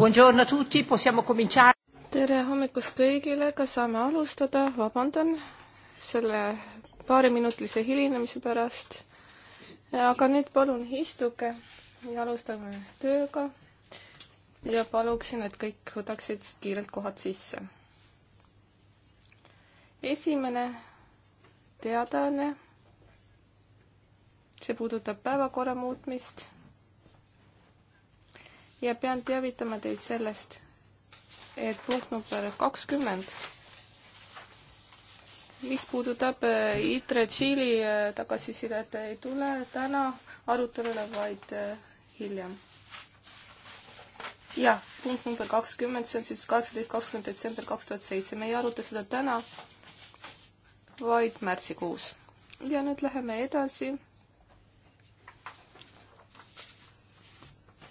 Buongiorno a tutti, possiamo cominciare. tere hommikust kõigile, kas saame alustada, vabandan selle paariminutilise hilinemise pärast. aga nüüd palun istuge ja alustame tööga. ja paluksin, et kõik võtaksid kiirelt kohad sisse. esimene teadaanne. see puudutab päevakorra muutmist ja pean teavitama teid sellest, et punkt number kakskümmend, mis puudutab äh, ITRE Tšiili äh, tagasisidet, ei tule täna arutelule, vaid äh, hiljem. jah, punkt number kakskümmend, see on siis kaheksateist, kakskümmend detsember kaks tuhat seitse, me ei aruta seda täna, vaid märtsikuus. ja nüüd läheme edasi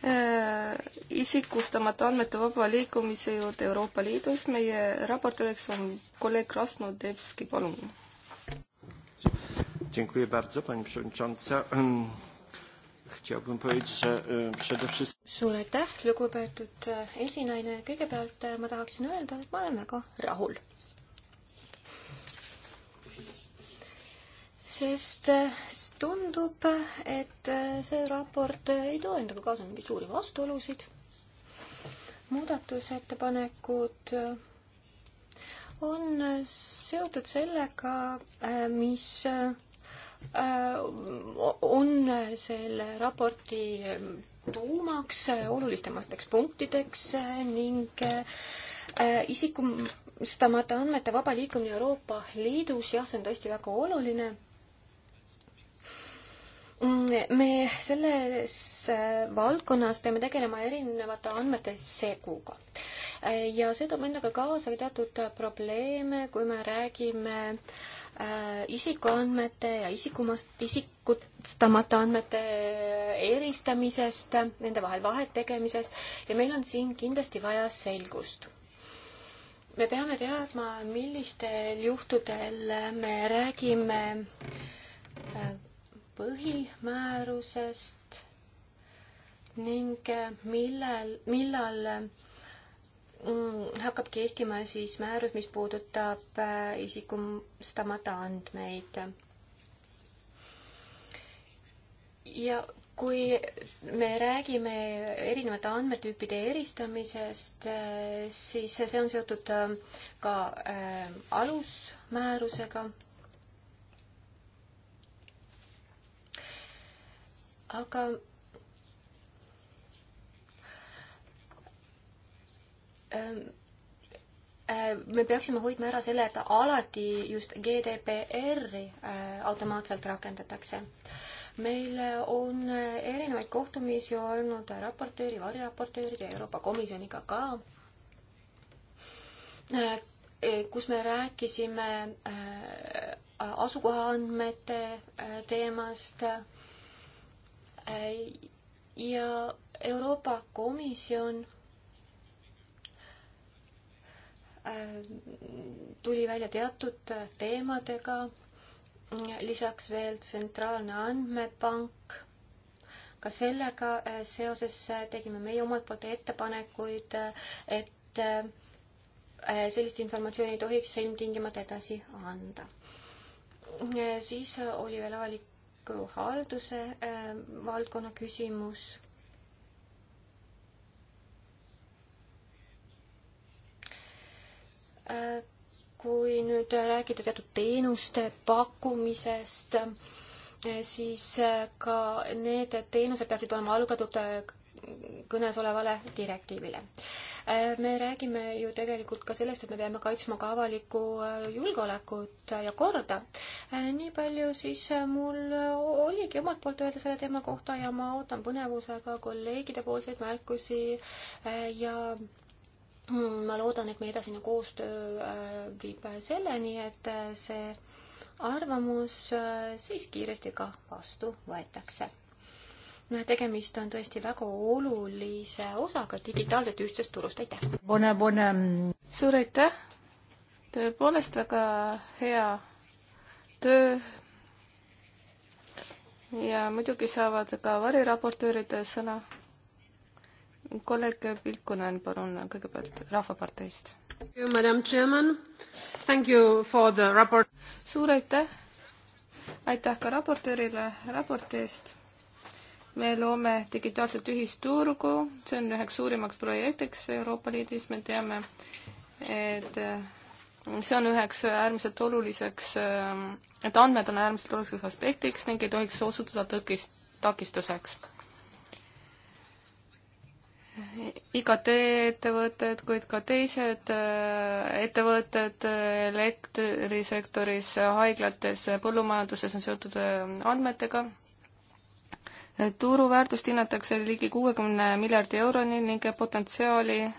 Äh, isikustamata andmete vaba liikumise juurde Euroopa Liidus. meie raportööriks on kolleeg Krasnodebski, palun. Dziękuję bardzo Pani Przewodnicząca. Chciałbym powiedzieć, że e, przede wszystkim... Suur aitäh, lugupeetud e, esinaine. Kõigepealt e, ma tahaksin öelda, et ma olen väga rahul sest äh, tundub, et äh, see raport äh, ei too endaga kaasa mingeid suuri vastuolusid. muudatusettepanekud on seotud sellega, mis on selle raporti tuumaks, olulisemateks punktideks ning isikustamata andmete vaba liikumine Euroopa Liidus, jah, see on tõesti väga oluline Mm, me selles äh, valdkonnas peame tegelema erinevate andmete seguga. Äh, ja see toob endaga kaasa teatud probleeme, kui me räägime äh, isikuandmete ja isikumast, isikutamata andmete eristamisest, nende vahel vahet tegemisest ja meil on siin kindlasti vaja selgust me peame teadma, millistel juhtudel me räägime põhimäärusest ning millel, millal mm, hakkab kehtima siis määrus, mis puudutab äh, isikustamata andmeid. ja kui me räägime erinevate andmetüüpide eristamisest, äh, siis see on seotud äh, ka alusmäärusega aga ähm, äh, me peaksime hoidma ära selle, et alati just GDPR-i äh, automaatselt rakendatakse. meil on äh, erinevaid kohtumisi olnud raportööri, variraportööride ja Euroopa Komisjoniga ka, e, kus me rääkisime asukohaandmete teemast Äh, ja Euroopa Komisjon äh, tuli välja teatud äh, teemadega, lisaks veel tsentraalne andmepank ka sellega seoses tegime meie omalt poolt ettepanekuid, et sellist informatsiooni ei tohiks ilmtingimata edasi anda. siis oli veel avalik turuhalduse äh, valdkonna küsimus äh, kui nüüd rääkida teatud teenuste pakkumisest, äh, siis ka need teenused peaksid olema allutatud kõnesolevale direktiivile me räägime ju tegelikult ka sellest, et me peame kaitsma ka avalikku äh, julgeolekut ja korda. Äh, nii palju siis äh, mul oligi omalt poolt öelda selle teema kohta ja ma ootan põnevusega kolleegide poolseid märkusi ja mm, ma loodan, et meie edasine koostöö viib selleni, et see arvamus siis kiiresti ka vastu võetakse Noh, tegemist on tõesti väga olulise osaga digitaalselt ühtsest turust, aitäh! suur aitäh! tõepoolest väga hea töö ja muidugi saavad ka variraportöörid sõna. kolleeg Pilkunen, palun kõigepealt Rahvaparteist. suur aitäh, aitäh ka raportöörile raporti eest me loome digitaalset ühisturgu, see on üheks suurimaks projektiks Euroopa Liidus, me teame, et äh, see on üheks äärmiselt oluliseks, äh, et andmed on äärmiselt oluliseks aspektiks ning ei tohiks osutuda tõkis, takistuseks. IKT ettevõtted, kuid ka teised äh, ettevõtted elektrisektoris, haiglates, põllumajanduses on seotud andmetega turuväärtust hinnatakse ligi kuuekümne miljardi euroni ning potentsiaali äh,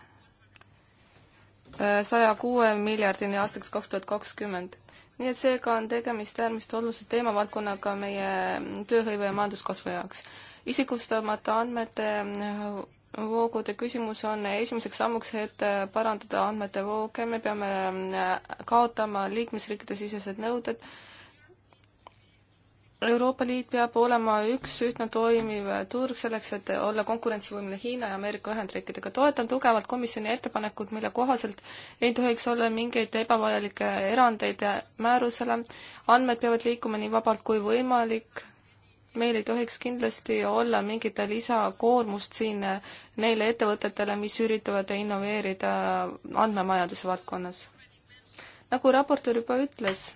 saja kuue miljardini aastaks kaks tuhat kakskümmend. nii et seega on tegemist äärmiselt olulise teemavaldkonnaga meie tööhõive ja majanduskasvu jaoks. isikustamata andmete äh, voogude küsimus on esimeseks sammuks, et äh, parandada andmete vooge, me peame kaotama liikmesriikide sisesed nõuded Euroopa Liit peab olema üks ühtne toimiv turg selleks, et olla konkurentsivõimeline Hiina ja Ameerika Ühendriikidega. toetan tugevalt komisjoni ettepanekut, mille kohaselt ei tohiks olla mingeid ebavajalikke erandeid määrusele. andmed peavad liikuma nii vabalt kui võimalik. meil ei tohiks kindlasti olla mingit lisakoormust siin neile ettevõtetele, mis üritavad innoveerida andmemajanduse valdkonnas. nagu raportöör juba ütles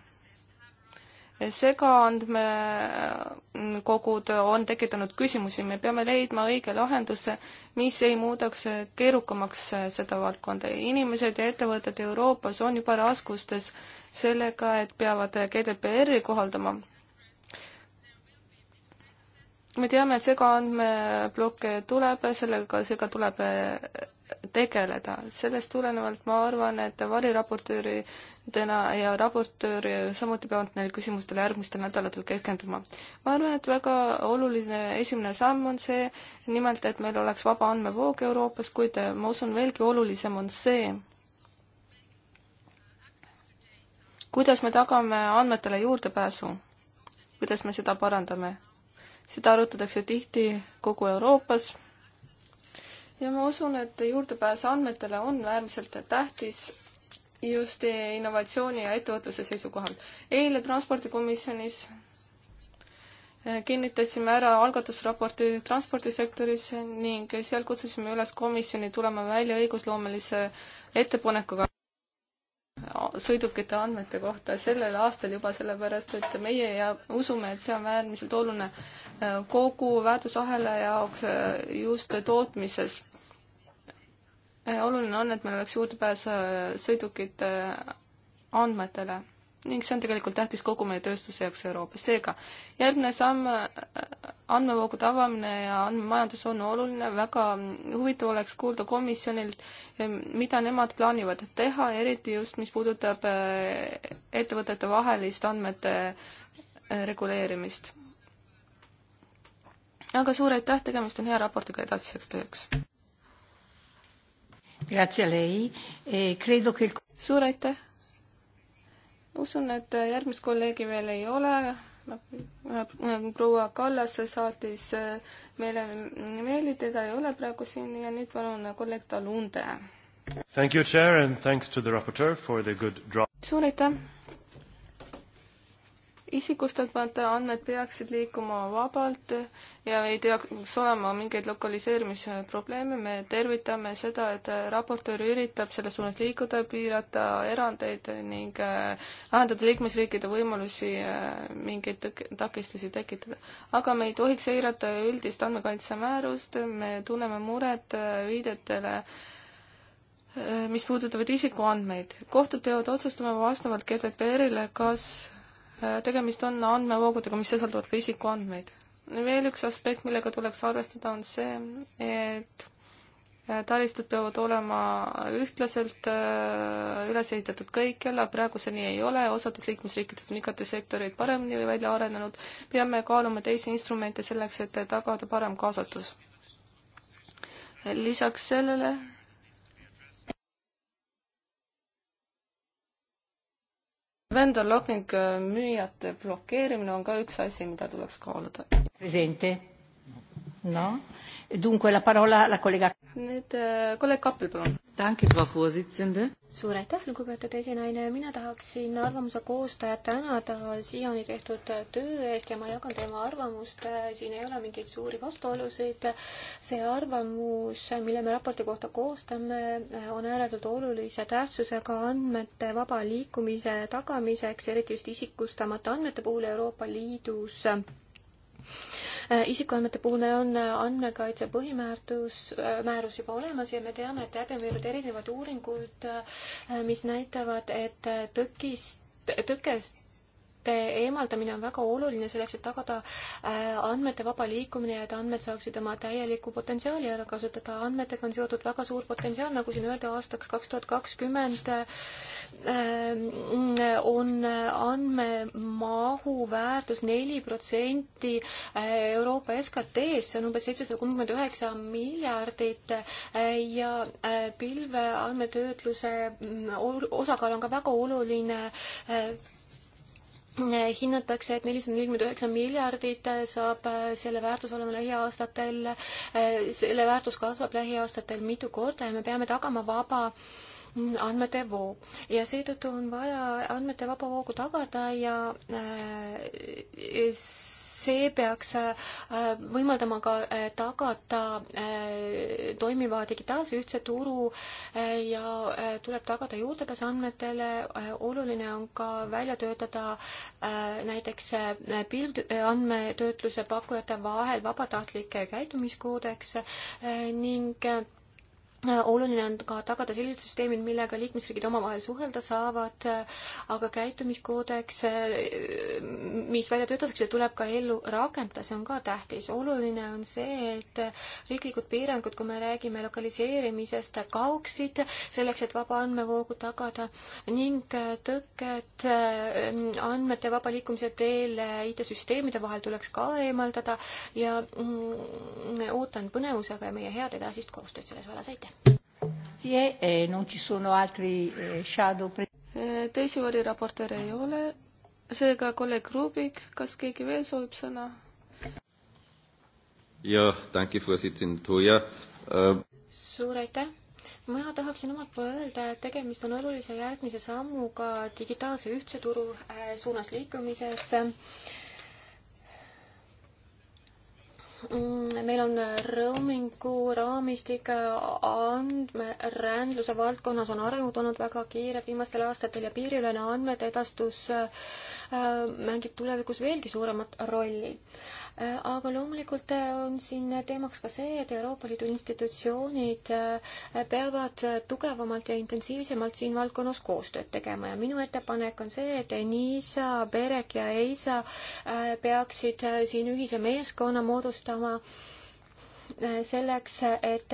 segaandmekogud on tekitanud küsimusi, me peame leidma õige lahenduse, mis ei muudaks keerukamaks seda valdkonda. inimesed ja ettevõtted Euroopas on juba raskustes sellega, et peavad GDPR-i kohaldama. me teame, et segaandmeblokke tuleb, sellega, seega tuleb tegeleda. sellest tulenevalt ma arvan, et variraportööridena ja raportöör samuti peavad neile küsimustele järgmistel nädalatel keskenduma. ma arvan, et väga oluline esimene samm on see, nimelt et meil oleks vaba andmevoog Euroopas, kuid ma usun, veelgi olulisem on see, kuidas me tagame andmetele juurdepääsu, kuidas me seda parandame. seda arutatakse tihti kogu Euroopas ja ma usun, et juurdepääs andmetele on äärmiselt tähtis just innovatsiooni ja ettevõtluse seisukohalt. eile transpordikomisjonis eh, kinnitasime ära algatusraporti transpordisektoris ning seal kutsusime üles komisjoni tulema välja õigusloomelise ettepanekuga sõidukite andmete kohta sellel aastal juba, sellepärast et meie ja usume, et see on äärmiselt oluline eh, kogu väärtusahela jaoks eh, just tootmises Äh, oluline on, et meil oleks juurdepääs äh, sõidukite äh, andmetele ning see on tegelikult tähtis kogu meie tööstuse jaoks Euroopas. seega järgmine samm, andmevoogude avamine ja andmemajandus on oluline, väga huvitav oleks kuulda komisjonilt, mida nemad plaanivad teha, eriti just, mis puudutab ettevõtete vahelist andmete reguleerimist. aga suur aitäh, tegemist on hea raportiga edasiseks tööks! E suur aitäh! usun, et järgmist kolleegi veel ei ole, proua Kallas saatis äh, meile meeli, teda ei ole praegu siin ja nüüd palun äh, kolleeg Talunde. suur aitäh! isikustamata andmed peaksid liikuma vabalt ja ei peaks olema mingeid lokaliseerimise probleeme. me tervitame seda, et raportöör üritab selles suunas liikuda, piirata erandeid ning vähendada äh, liikmesriikide võimalusi äh, mingeid takistusi tekitada. aga me ei tohiks eirata üldist andmekaitsemäärust, me tunneme muret äh, viidetele mis puudutavad isikuandmeid. kohtud peavad otsustama vastavalt GDPR-ile, kas Äh, tegemist on andmevoogudega, mis sisaldavad ka isikuandmeid. veel üks aspekt, millega tuleks arvestada, on see, et äh, taristud peavad olema ühtlaselt äh, üles ehitatud kõikjal, praegu see nii ei ole, osades liikmesriikides on IKT-sektorid paremini välja arenenud, peame kaaluma teisi instrumente selleks, et tagada parem kaasatus. lisaks sellele Vendor locking äh, müüjate blokeerimine on ka üks asi, mida tuleks kaaluda. Presente? noh. Dunque la parola alla collega. nüüd äh, kolleeg Kappel, palun suur aitäh, lugupeetud esinaine, mina tahaksin arvamuse koostajat tänada siiani tehtud töö eest ja ma jagan tema arvamust, siin ei ole mingeid suuri vastuolusid. see arvamus, mille me raporti kohta koostame, on ääretult olulise tähtsusega andmete vaba liikumise tagamiseks, eriti just isikustamata andmete puhul Euroopa Liidus Äh, isikuandmete puhul meil on äh, andmekaitse põhimäärus, äh, määrus juba olemas ja me teame, et läbi on viidud erinevad uuringud, mis näitavad, et tõkist, tõkest andmete eemaldamine on väga oluline selleks, et tagada äh, andmete vaba liikumine ja et andmed saaksid oma täielikku potentsiaali ära kasutada. andmetega on seotud väga suur potentsiaal, nagu siin öeldi, aastaks kaks tuhat kakskümmend äh, on andmemahu väärtus neli protsenti äh, Euroopa SKT-s, see on umbes seitsesada kolmkümmend üheksa miljardit ja pilveandmetöötluse mm, osakaal on ka väga oluline hinnatakse, et nelisada nelikümmend üheksa miljardit saab äh, selle väärtus olema lähiaastatel, äh, selle väärtus kasvab lähiaastatel mitu korda ja me peame tagama vaba andmete voo ja seetõttu on vaja andmete vaba voogu tagada ja äh, see peaks äh, võimaldama ka äh, tagada toimiva digitaalse ühtse turu ja tuleb tagada juurdepääs andmetele. oluline on ka välja töötada näiteks pilvandmetöötluse pakkujate vahel vabatahtlik käitumiskoodeks ning Äh, oluline on ka tagada sellised süsteemid, millega liikmesriigid omavahel suhelda saavad, äh, aga käitumiskoodeks, äh, mis välja töötatakse, tuleb ka ellu rakendada, see on ka tähtis. oluline on see, et riiklikud piirangud, kui me räägime lokaliseerimisest, kaoksid selleks, et vaba andmevoogu tagada ning tõkked andmete vaba liikumise teel IT-süsteemide vahel tuleks ka eemaldada ja mm, ootan põnevusega meie head edasist koostööd selles vallas, aitäh! Grazie e non ci sono altri eh, shadow eh, teisi variraportööre ei ole, seega kolleeg Rubik, kas keegi veel soovib sõna? jah, tänki, president Hoia uh.... suur aitäh! ma tahaksin omalt poolt öelda, et tegemist on olulise järgmise sammuga digitaalse ühtse turu äh, suunas liikumises äh, Mm, meil on roamingu raamistik andmerändluse valdkonnas on arengud olnud väga kiired viimastel aastatel ja piiriülene andmete edastus äh, mängib tulevikus veelgi suuremat rolli aga loomulikult eh, on siin teemaks ka see, et Euroopa Liidu institutsioonid eh, peavad tugevamalt ja intensiivsemalt siin valdkonnas koostööd tegema ja minu ettepanek on see, et Enisa, Berek ja Eisa eh, peaksid siin ühise meeskonna moodustama selleks, et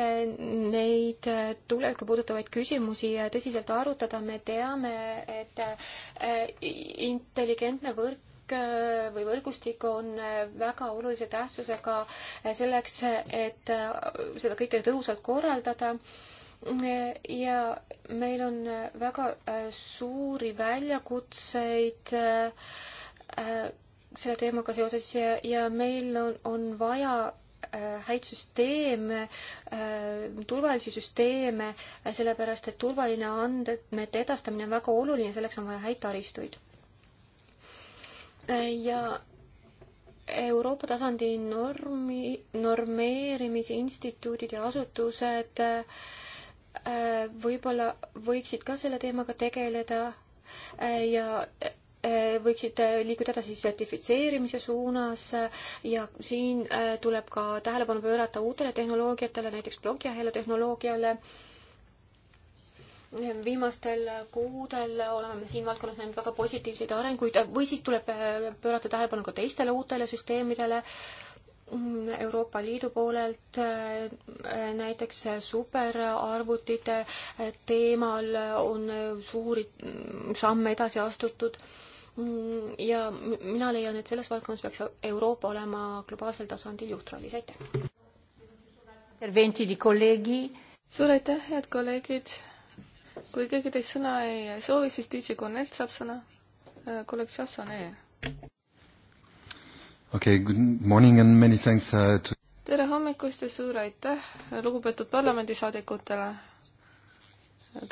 neid tulevikku puudutavaid küsimusi tõsiselt arutada, me teame, et intelligentne võrk võrk äh, või võrgustik on äh, väga olulise tähtsusega äh, selleks, et seda kõike tõhusalt korraldada ja meil on väga suuri väljakutseid selle teemaga seoses ja, ja meil on, on vaja häid süsteeme, turvalisi süsteeme, sellepärast et turvaline andmete edastamine on väga oluline, selleks on vaja häid taristuid ja Euroopa tasandi normi, normeerimise instituudid ja asutused äh, võib-olla võiksid ka selle teemaga tegeleda äh, ja äh, võiksid liikuda edasi sertifitseerimise suunas ja siin tuleb ka tähelepanu pöörata uutele tehnoloogiatele, näiteks plokiahela tehnoloogiale, tehnoloogiale viimastel kuudel oleme siin valdkonnas näinud väga positiivseid arenguid või siis tuleb äh, pöörata tähelepanu ka teistele uutele süsteemidele Euroopa Liidu poolelt äh, näiteks superarvutite äh, teemal on suuri mm, samme edasi astutud mm, ja mina leian, et selles valdkonnas peaks Euroopa olema globaalsel tasandil juhtrollis, aitäh! suur aitäh, head kolleegid, kui keegi teist sõna ei soovi, siis DJ Connect saab sõna. Äh, kolleeg Šassane. okei okay,, good morning and many thanks uh, to tere hommikust ja suur aitäh lugupeetud parlamendisaadikutele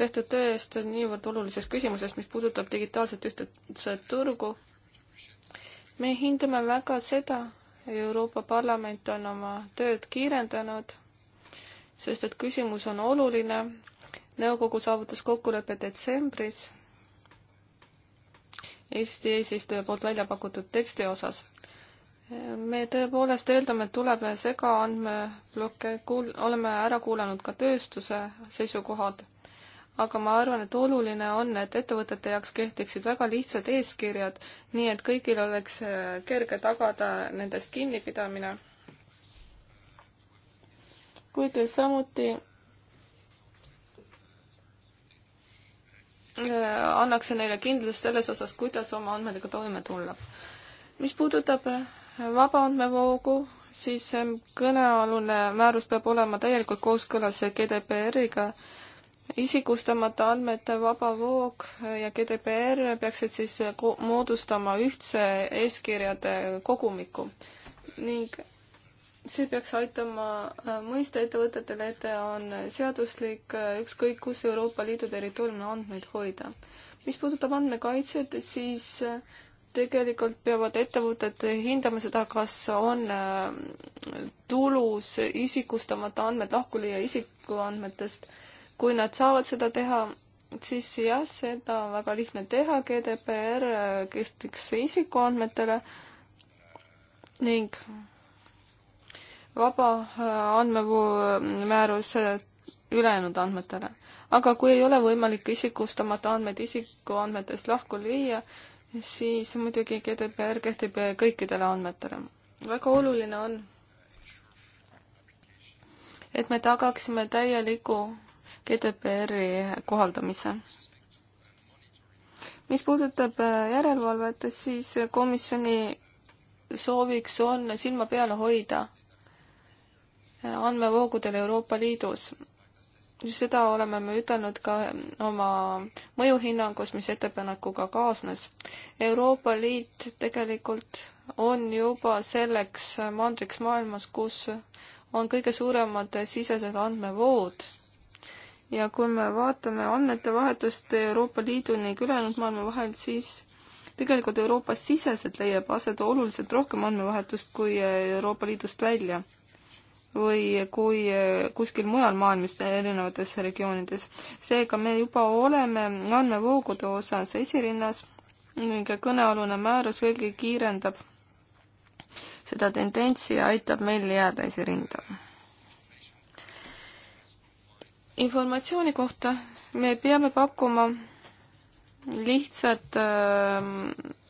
tehtud töö eest niivõrd olulises küsimuses, mis puudutab digitaalset ühtset turgu. me hindame väga seda, Euroopa Parlament on oma tööd kiirendanud, sest et küsimus on oluline nõukogu saavutas kokkuleppe detsembris Eesti eesistuja poolt välja pakutud teksti osas. me tõepoolest eeldame, et tuleb segaandmeblokke, kuul-, oleme ära kuulanud ka tööstuse seisukohad, aga ma arvan, et oluline on, et ettevõtete jaoks kehtiksid väga lihtsad eeskirjad, nii et kõigil oleks äh, kerge tagada nendest kinnipidamine. kuid samuti Äh, annaks see neile kindlust selles osas, kuidas oma andmetega toime tulla. mis puudutab äh, vaba andmevoogu, siis ähm, kõnealune määrus peab olema täielikult kooskõlas GDPR-iga. isikustamata andmete vaba voog äh, ja GDPR peaksid siis moodustama ühtse eeskirjade kogumiku ning see peaks aitama äh, mõista ettevõtetele, et on seaduslik äh, ükskõik kus Euroopa Liidu territooriumil andmeid hoida. mis puudutab andmekaitset, siis äh, tegelikult peavad ettevõtted hindama seda, kas on tulus isikustamata andmed lahkulüüa isikuandmetest. kui nad saavad seda teha, siis jah, seda on väga lihtne teha, GDPR kehtiks isikuandmetele ning vaba äh, andmevoo määrus äh, ülejäänud andmetele. aga kui ei ole võimalik isikustamata andmeid isikuandmetest lahku lüüa, siis muidugi GDPR kehtib äh, kõikidele andmetele. väga oluline on, et me tagaksime täieliku GDPR-i kohaldamise. mis puudutab järelevalvet, siis komisjoni sooviks on silma peal hoida andmevoogudel Euroopa Liidus. seda oleme me ütelnud ka oma mõjuhinnangus, mis ettepanekuga kaasnes. Euroopa Liit tegelikult on juba selleks mandriks maailmas, kus on kõige suuremad sisesed andmevood. ja kui me vaatame andmete vahetust Euroopa Liidu ning ülejäänud maailma vahel, siis tegelikult Euroopas siseselt leiab aset oluliselt rohkem andmevahetust kui Euroopa Liidust välja või kui kuskil mujal maailmas erinevates regioonides. seega me juba oleme andmevoogude osas esirinnas ning kõnealune määrus veelgi kiirendab seda tendentsi ja aitab meil jääda esirinda. informatsiooni kohta me peame pakkuma lihtsat äh,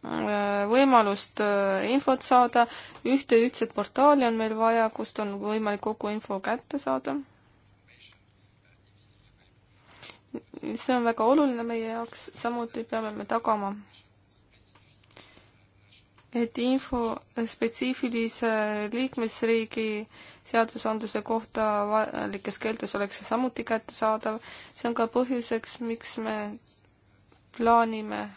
võimalust äh, infot saada, ühte ühtset portaali on meil vaja, kust on võimalik kogu info kätte saada. see on väga oluline meie jaoks, samuti peame me tagama, et info spetsiifilise liikmesriigi seadusandluse kohta vajalikes keeltes oleks see samuti kättesaadav. see on ka põhjuseks, miks me plaanime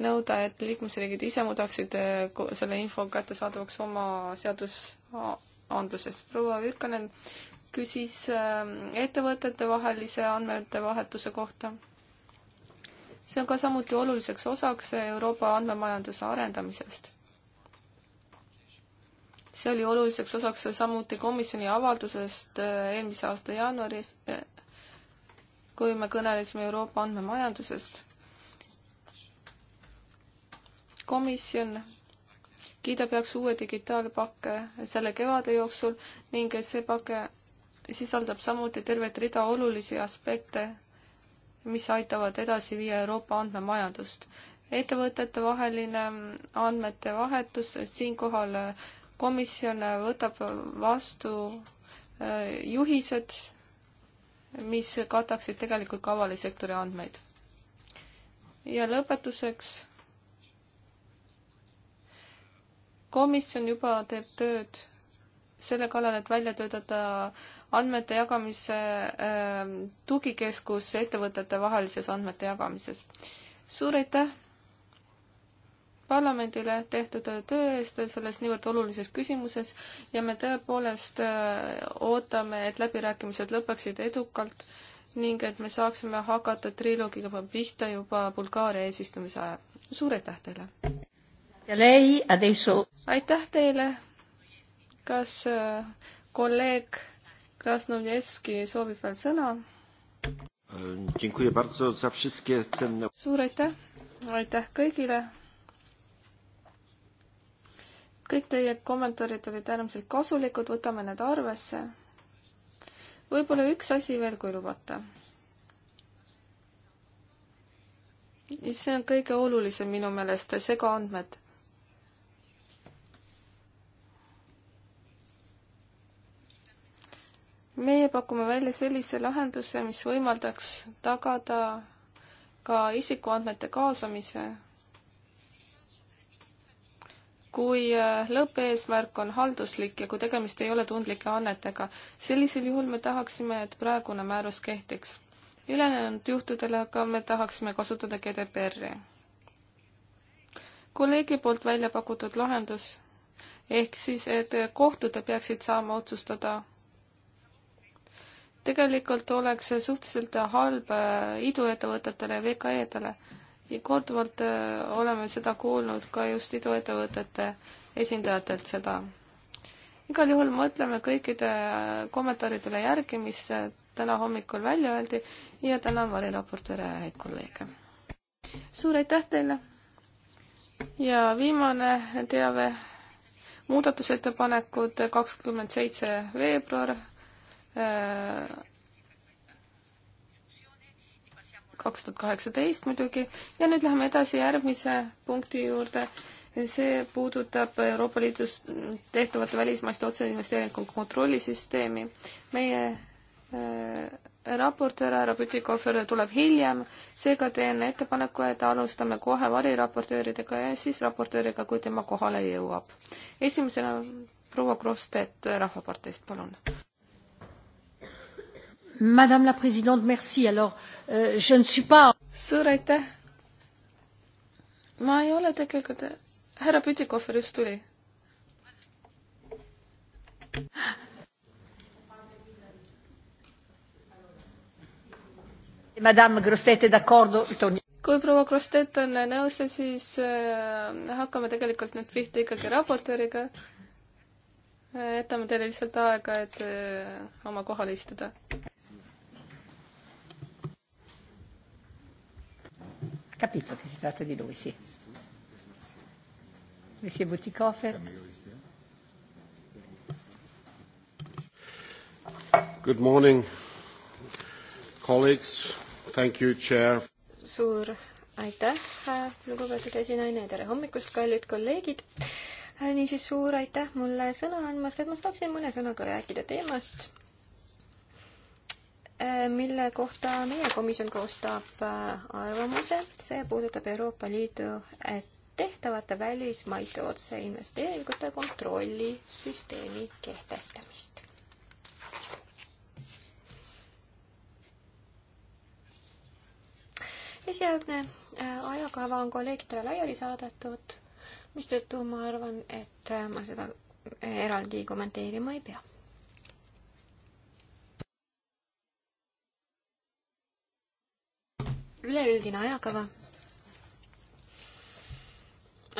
nõuda, et liikmesriigid ise muudaksid äh, selle info kättesaadavaks oma seadusandluses. proua Virkanen küsis äh, ettevõtetevahelise andmete vahetuse kohta. see on ka samuti oluliseks osaks Euroopa andmemajanduse arendamisest. see oli oluliseks osaks samuti komisjoni avaldusest äh, eelmise aasta jaanuaris, kui me kõnelesime Euroopa andmemajandusest komisjon kiidab heaks uue digitaalpakke selle kevade jooksul ning see pake sisaldab samuti tervet rida olulisi aspekte, mis aitavad edasi viia Euroopa andmemajandust. ettevõtetevaheline andmete vahetus, siinkohal komisjon võtab vastu äh, juhised, mis kataksid tegelikult ka avalisektori andmeid. ja lõpetuseks komisjon juba teeb tööd selle kallal, et välja töötada andmete jagamise äh, tugikeskus ettevõtete vahelises andmete jagamises. suur aitäh parlamendile tehtud töö eest selles niivõrd olulises küsimuses ja me tõepoolest äh, ootame, et läbirääkimised lõpeksid edukalt ning et me saaksime hakata triloogiga pihta juba Bulgaaria eesistumise ajal. suur aitäh teile! aitäh teile. kas äh, kolleeg Krasnovjevski soovib veel sõna? suur aitäh, aitäh kõigile. kõik teie kommentaarid olid äärmiselt kasulikud, võtame need arvesse. võib-olla üks asi veel, kui lubate see on kõige olulisem minu meelest, segaandmed. meie pakume välja sellise lahenduse, mis võimaldaks tagada ka isikuandmete kaasamise, kui äh, lõppeesmärk on halduslik ja kui tegemist ei ole tundlike annetega. sellisel juhul me tahaksime, et praegune määrus kehtiks. ülejäänud juhtudel aga me tahaksime kasutada GDPR-i. kolleegi poolt välja pakutud lahendus ehk siis, et kohtud peaksid saama otsustada tegelikult oleks see suhteliselt halb äh, iduettevõtetele ja VKE-dele. ja korduvalt äh, oleme seda kuulnud ka just iduettevõtete esindajatelt seda. igal juhul mõtleme kõikide äh, kommentaaridele järgi, mis täna hommikul välja öeldi ja tänan variraportööre ja häid kolleege. suur aitäh teile! ja viimane teave, muudatusettepanekud kakskümmend seitse veebruar kaks tuhat kaheksateist muidugi ja nüüd läheme edasi järgmise punkti juurde. see puudutab Euroopa Liidus tehtavate välismaiste otseinvesteeringu kontrollisüsteemi. meie äh, raportöör härra Pütikofer tuleb hiljem, seega teen ettepaneku, et alustame kohe variraportööridega ja siis raportööriga, kui tema kohale jõuab. esimesena proua Krosstet Rahvaparteist, palun Madame la présidente, merci. Alors, euh, je ne suis pas... suur aitäh. ma ei ole tegelikult, härra Pütikofer just tuli. Madame Grossette d'accordo, torni- kui proua Krostet on nõus, siis äh, hakkame tegelikult nüüd pihta ikkagi raportööriga. Äh, jätame teile lihtsalt aega, et äh, oma kohale istuda. capito che si tratta di lui, sì. Monsieur Butikofer. Good morning, colleagues. Thank you, chair. suur aitäh, lugupeetud esinaine, tere hommikust, kallid kolleegid. niisiis suur aitäh mulle sõna andmast, et ma saaksin mõne sõnaga rääkida teemast, Äh, mille kohta meie komisjon koostab äh, arvamuse. see puudutab Euroopa Liidu äh, tehtavate välismaiste otseinvesteeringute kontrolli süsteemi kehtestamist. esialgne ajakava on kolleegidele laiali saadetud, mistõttu ma arvan, et ma seda eraldi kommenteerima ei pea üleüldine ajakava.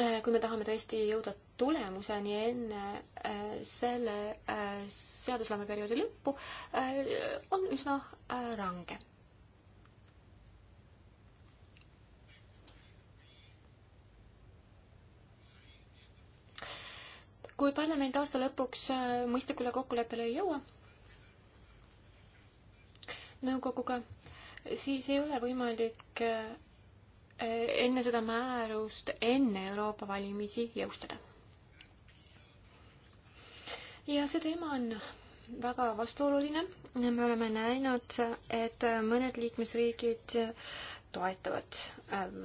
Äh, kui me tahame tõesti jõuda tulemuseni enne äh, selle äh, seadusloome perioodi lõppu, on üsna range kui parlament aasta lõpuks mõistlikule kokkuleppele ei jõua nõukoguga, siis ei ole võimalik eh, enne seda määrust, enne Euroopa valimisi jõustada. ja see teema on väga vastuoluline. me oleme näinud, et mõned liikmesriigid toetavad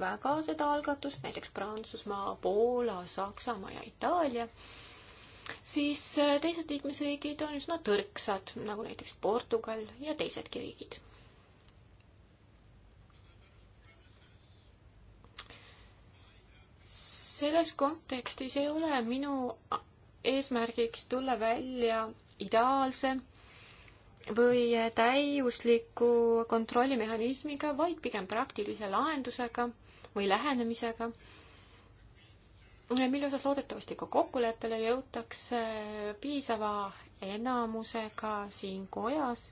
väga seda algatust, näiteks Prantsusmaa, Poola, Saksamaa ja Itaalia, siis teised liikmesriigid on üsna tõrksad, nagu näiteks Portugal ja teisedki riigid. selles kontekstis ei ole minu eesmärgiks tulla välja ideaalse või täiusliku kontrollimehhanismiga, vaid pigem praktilise lahendusega või lähenemisega, mille osas loodetavasti ka kokkuleppele jõutakse piisava enamusega siin kojas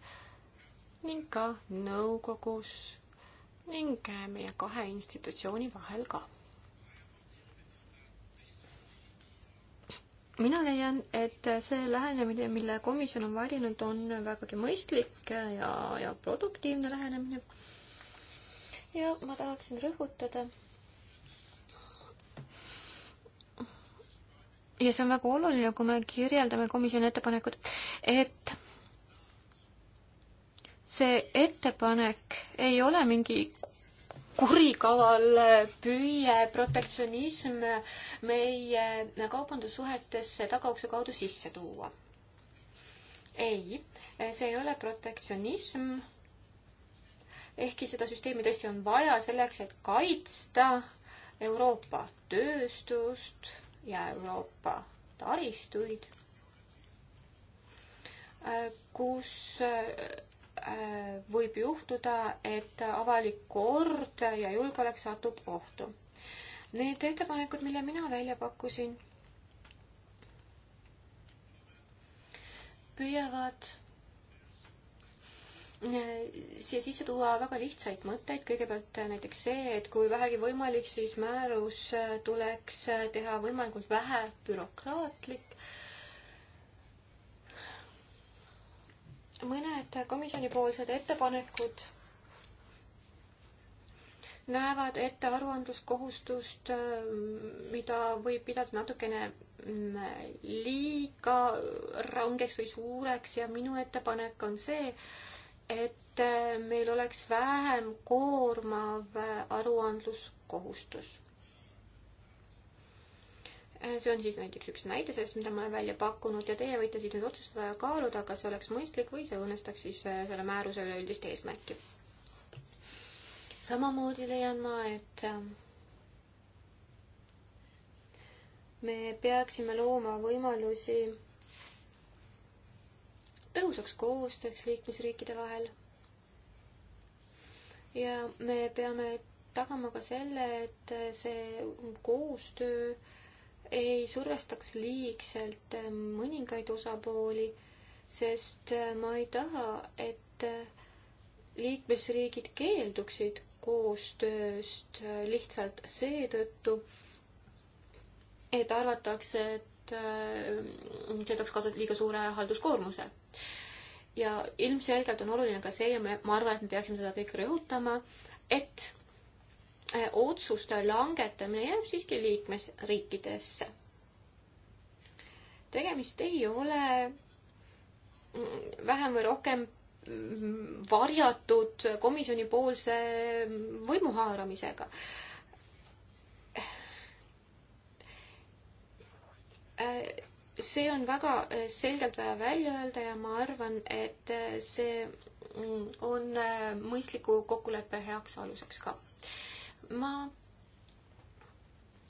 ning ka nõukogus ning meie kahe institutsiooni vahel ka mina leian, et see lähenemine, mille komisjon on valinud, on vägagi mõistlik ja, ja produktiivne lähenemine. ja ma tahaksin rõhutada. ja see on väga oluline, kui me kirjeldame komisjoni ettepanekut, et see ettepanek ei ole mingi kurikaval püüe protektsionism meie kaubandussuhetesse tagaukse kaudu sisse tuua. ei, see ei ole protektsionism, ehkki seda süsteemi tõesti on vaja selleks, et kaitsta Euroopa tööstust ja Euroopa taristuid, kus Äh, võib juhtuda, et avalik kord ja julgeolek satub ohtu. Need ettepanekud, mille mina välja pakkusin, püüavad äh, siia sisse tuua väga lihtsaid mõtteid, kõigepealt näiteks see, et kui vähegi võimalik, siis määrus tuleks teha võimalikult vähe bürokraatlik mõned komisjonipoolsed ettepanekud näevad ette aruandluskohustust, mida võib pidada natukene mm, liiga rangeks või suureks ja minu ettepanek on see, et meil oleks vähem koormav aruandluskohustus. Äh, see on siis näiteks üks näide sellest, mida ma olen välja pakkunud ja teie võite siis nüüd otsustada ja kaaluda, kas see oleks mõistlik või see õõnestaks siis äh, selle määruse üleüldist eesmärki. samamoodi leian ma, et äh, me peaksime looma võimalusi tõhusaks koostööks liikmesriikide vahel. ja me peame tagama ka selle, et see koostöö ei survestaks liigselt äh, mõningaid osapooli, sest äh, ma ei taha, et äh, liikmesriigid keelduksid koostööst lihtsalt seetõttu, et arvatakse, et see tooks kaasa liiga suure halduskoormuse. ja ilmselgelt on oluline ka see ja me, ma arvan, et me peaksime seda kõik rõhutama, et Äh, otsuste langetamine jääb siiski liikmesriikidesse. tegemist ei ole mm, vähem või rohkem mm, varjatud komisjonipoolse võimu haaramisega. Äh, see on väga äh, selgelt vaja välja öelda ja ma arvan, et see mm, on mõistliku kokkuleppe heaks aluseks ka ma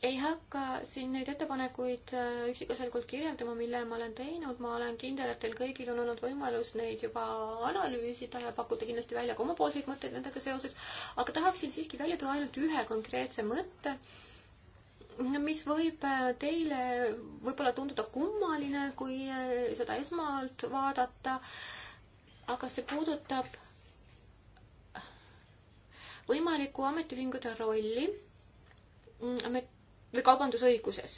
ei hakka siin neid ettepanekuid äh, üksikasjalikult kirjeldama, mille ma olen teinud, ma olen kindel, et teil kõigil on olnud võimalus neid juba analüüsida ja pakkuda kindlasti välja ka omapoolseid mõtteid nendega seoses, aga tahaksin siiski välja tuua ainult ühe konkreetse mõtte, mis võib äh, teile võib-olla tunduda kummaline, kui äh, seda esmalt vaadata, aga see puudutab võimaliku ametiühingute rolli mm, amet- või kaubandusõiguses.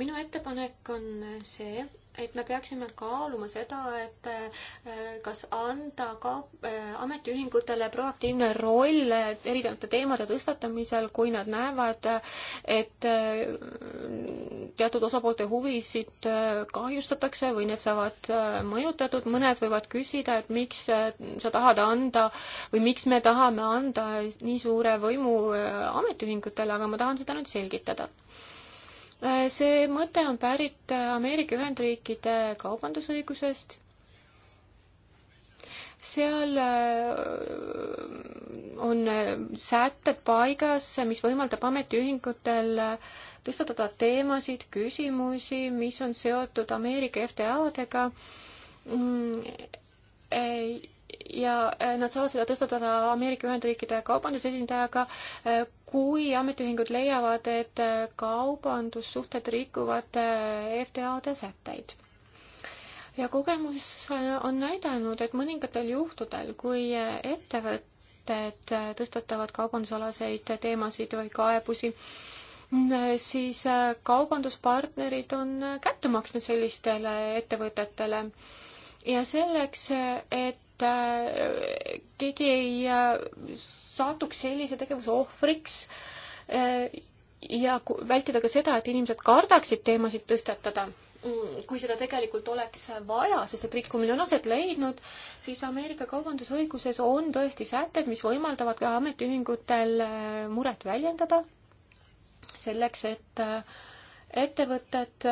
minu ettepanek on see, et me peaksime kaaluma seda, et äh, kas anda ka äh, ametiühingutele proaktiivne roll äh, erinevate teemade tõstatamisel, kui nad näevad, et teatud osapoolte huvisid kahjustatakse või need saavad mõjutatud, mõned võivad küsida, et miks sa tahad anda või miks me tahame anda nii suure võimu ametiühingutele, aga ma tahan seda nüüd selgitada Äh, see mõte on pärit äh, Ameerika Ühendriikide kaubandusõigusest. seal äh, on sätted paigas, mis võimaldab ametiühingutel tõstatada teemasid, küsimusi, mis on seotud Ameerika FTA-dega ja äh, nad saavad seda tõstatada Ameerika Ühendriikide kaubandusesindajaga, äh, kui ametiühingud leiavad, et äh, kaubandussuhted rikuvad FTA-de sätteid ja kogemus on näidanud, et mõningatel juhtudel, kui ettevõtted tõstatavad kaubandusalaseid teemasid või kaebusi, mm, siis kaubanduspartnerid on kätte maksnud sellistele ettevõtetele ja selleks, et et äh, keegi ei äh, satuks sellise tegevuse ohvriks äh, ja vältida ka seda, et inimesed kardaksid teemasid tõstatada. Mm, kui seda tegelikult oleks vaja, sest et rikkumine on aset leidnud, siis Ameerika kaubandusõiguses on tõesti sätted, mis võimaldavad ka ametiühingutel muret väljendada selleks, et ettevõtted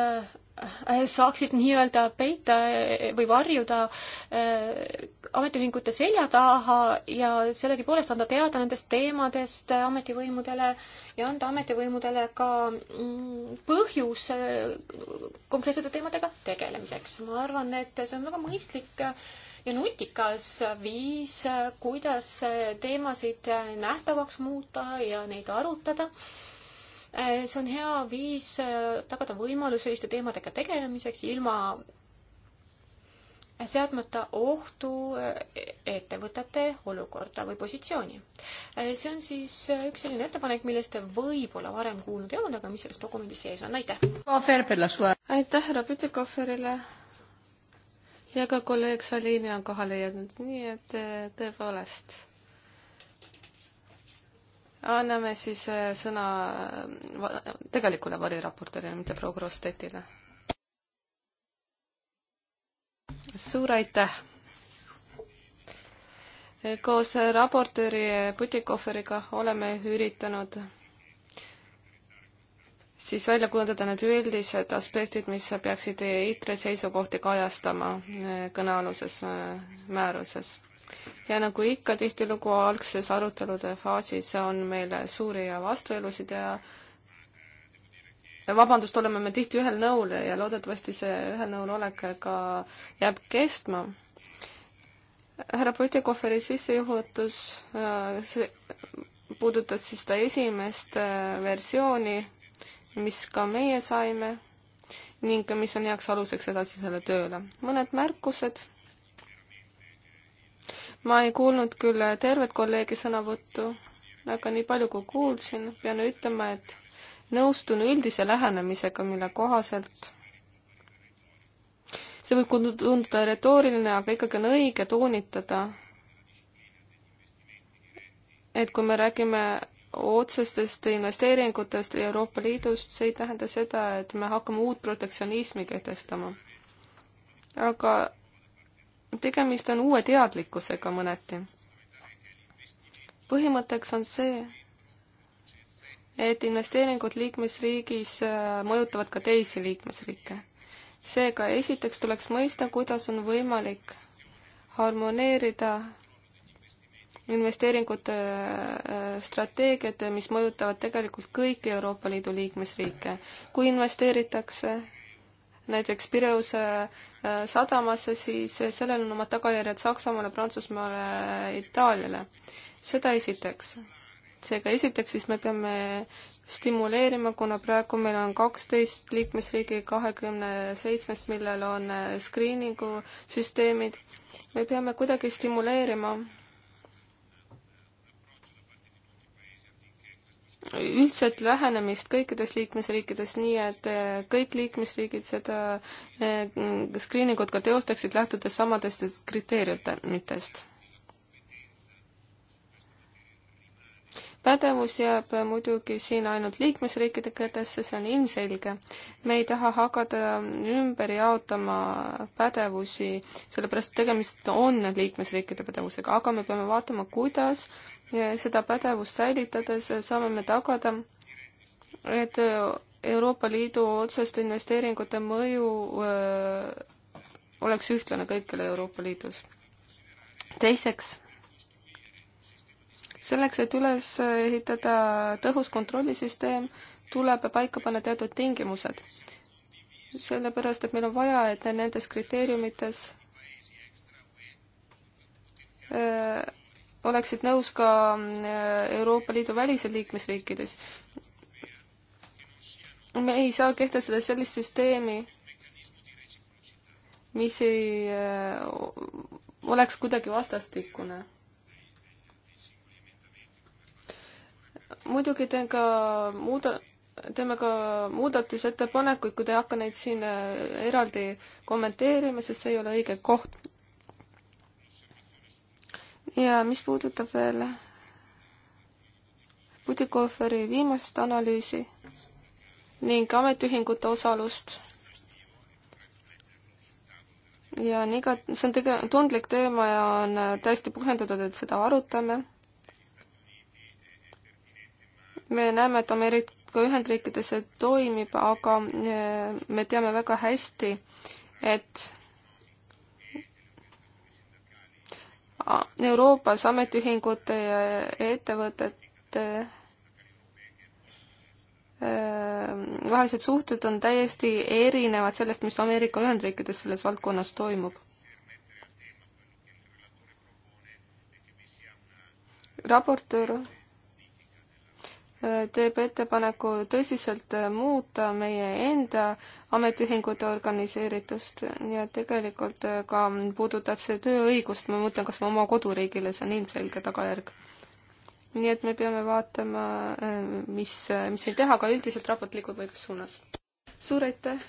Äh, saaksid nii-öelda peita äh, või varjuda äh, ametiühingute selja taha ja sellegipoolest anda teada nendest teemadest ametivõimudele ja anda ametivõimudele ka mm, põhjus konkreetsete teemadega tegelemiseks. ma arvan, et see on väga mõistlik ja nutikas viis, kuidas teemasid nähtavaks muuta ja neid arutada Äh, see on hea viis äh, tagada võimalus selliste teemadega tegelemiseks ilma seadmata ohtu äh, ettevõtete olukorda või positsiooni. see on siis üks selline ettepanek, millest te võib-olla varem kuulnud ei olnud, aga mis selles dokumendis sees on, aitäh! aitäh härra Pütikohverile ja ka kolleeg Salini on kohale jäänud, nii et tõepoolest anname siis äh, sõna äh, tegelikule variraportorile, mitte proua Krosstetile. suur aitäh! koos raportööri Putikoferiga oleme üritanud siis välja kujundada need üldised aspektid, mis peaksid ITRE e seisukohti kajastama äh, kõnealuses määruses ja nagu ikka tihtilugu algses arutelude faasis on meil suuri ja vastuelusid ja vabandust, oleme me tihti ühel nõul ja loodetavasti see ühel nõul olek ka jääb kestma. härra Putikoferi sissejuhatus äh, see puudutas siis seda esimest äh, versiooni, mis ka meie saime ning mis on heaks aluseks edasisele tööle. mõned märkused ma ei kuulnud küll tervet kolleegi sõnavõttu, aga nii palju kui kuulsin, pean ütlema, et nõustun üldise lähenemisega, mille kohaselt see võib tunduda retooriline, aga ikkagi on õige toonitada, et kui me räägime otsestest investeeringutest Euroopa Liidust, see ei tähenda seda, et me hakkame uut protektsionismi kehtestama. aga tegemist on uue teadlikkusega mõneti. põhimõtteks on see, et investeeringud liikmesriigis äh, mõjutavad ka teisi liikmesriike. seega esiteks tuleks mõista, kuidas on võimalik harmoneerida investeeringute äh, strateegiad, mis mõjutavad tegelikult kõiki Euroopa Liidu liikmesriike. kui investeeritakse näiteks Pireuse äh, sadamasse, siis sellel on omad tagajärjed Saksamaale, Prantsusmaale, Itaaliale. seda esiteks. seega esiteks siis me peame stimuleerima, kuna praegu meil on kaksteist liikmesriigi kahekümne seitsmest, millel on äh, screening'u süsteemid. me peame kuidagi stimuleerima ühtset lähenemist kõikides liikmesriikides, nii et äh, kõik liikmesriigid seda äh, screening ut ka teostaksid, lähtudes samadest kriteeriumitest. pädevus jääb muidugi siin ainult liikmesriikide kätesse, see on ilmselge. me ei taha hakata ümber jaotama pädevusi, sellepärast tegemist on liikmesriikide pädevusega, aga me peame vaatama, kuidas äh, seda pädevust säilitades saame me tagada, et Euroopa Liidu otseste investeeringute mõju äh, oleks ühtlane kõikjal Euroopa Liidus. teiseks selleks, et üles ehitada tõhus kontrollisüsteem, tuleb paika panna teatud tingimused. sellepärast, et meil on vaja, et nendes kriteeriumites äh, oleksid nõus ka mm, Euroopa Liidu välised liikmesriikides. me ei saa kehtestada sellist süsteemi, mis ei eh, oleks kuidagi vastastikune. muidugi teen ka muuda-, teeme ka muudatusettepanekuid, kuid ei hakka neid siin eh, eraldi kommenteerima, sest see ei ole õige koht ja mis puudutab veel Budikoferi viimast analüüsi ning ametiühingute osalust, ja on iga, see on tege-, tundlik teema ja on täiesti põhjendatud, et seda arutame. me näeme, et Ameerika Ühendriikides see toimib, aga eh, me teame väga hästi, et Euroopas ametiühingute ja ettevõtete äh, vahelised suhted on täiesti erinevad sellest, mis Ameerika Ühendriikides selles valdkonnas toimub. raportöör teeb ettepaneku tõsiselt muuta meie enda ametiühingute organiseeritust ja tegelikult ka puudutab see tööõigust, ma mõtlen kas või oma koduriigile, see on ilmselge tagajärg. nii et me peame vaatama, mis, mis siin teha, aga üldiselt raport liigub õiges suunas. suur aitäh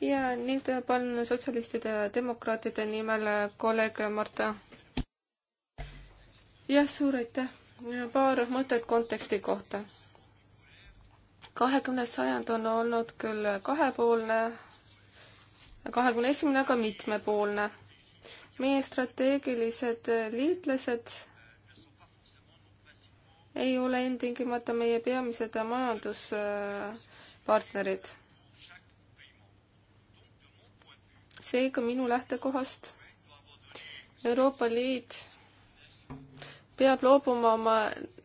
ja nüüd palun sotsialistide ja demokraatide nimel kolleeg Marta. jah, suur aitäh paar mõtet konteksti kohta. kahekümnes sajand on olnud küll kahepoolne, kahekümne esimene aga mitmepoolne. meie strateegilised liitlased ei ole ilmtingimata meie peamised majanduspartnerid. seega minu lähtekohast Euroopa Liit peab loobuma oma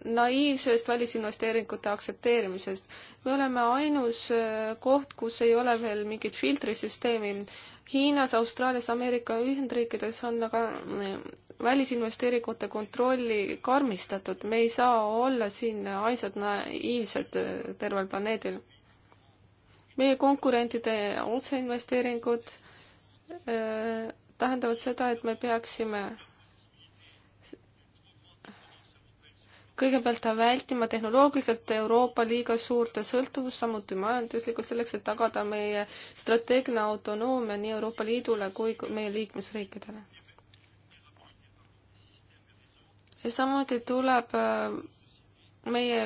naiivsest välisinvesteeringute aktsepteerimisest. me oleme ainus äh, koht, kus ei ole veel mingit filtrisüsteemi. Hiinas, Austraalias, Ameerika Ühendriikides on aga äh, välisinvesteeringute kontrolli karmistatud, me ei saa olla siin ainsad naiivsed äh, tervel planeedil. meie konkurentide otseinvesteeringud tähendavad seda, et me peaksime kõigepealt vältima tehnoloogiliselt Euroopa liiga suurte sõltuvust, samuti majanduslikult, selleks et tagada meie strateegiline autonoomia nii Euroopa Liidule kui meie liikmesriikidele. ja samuti tuleb äh, meie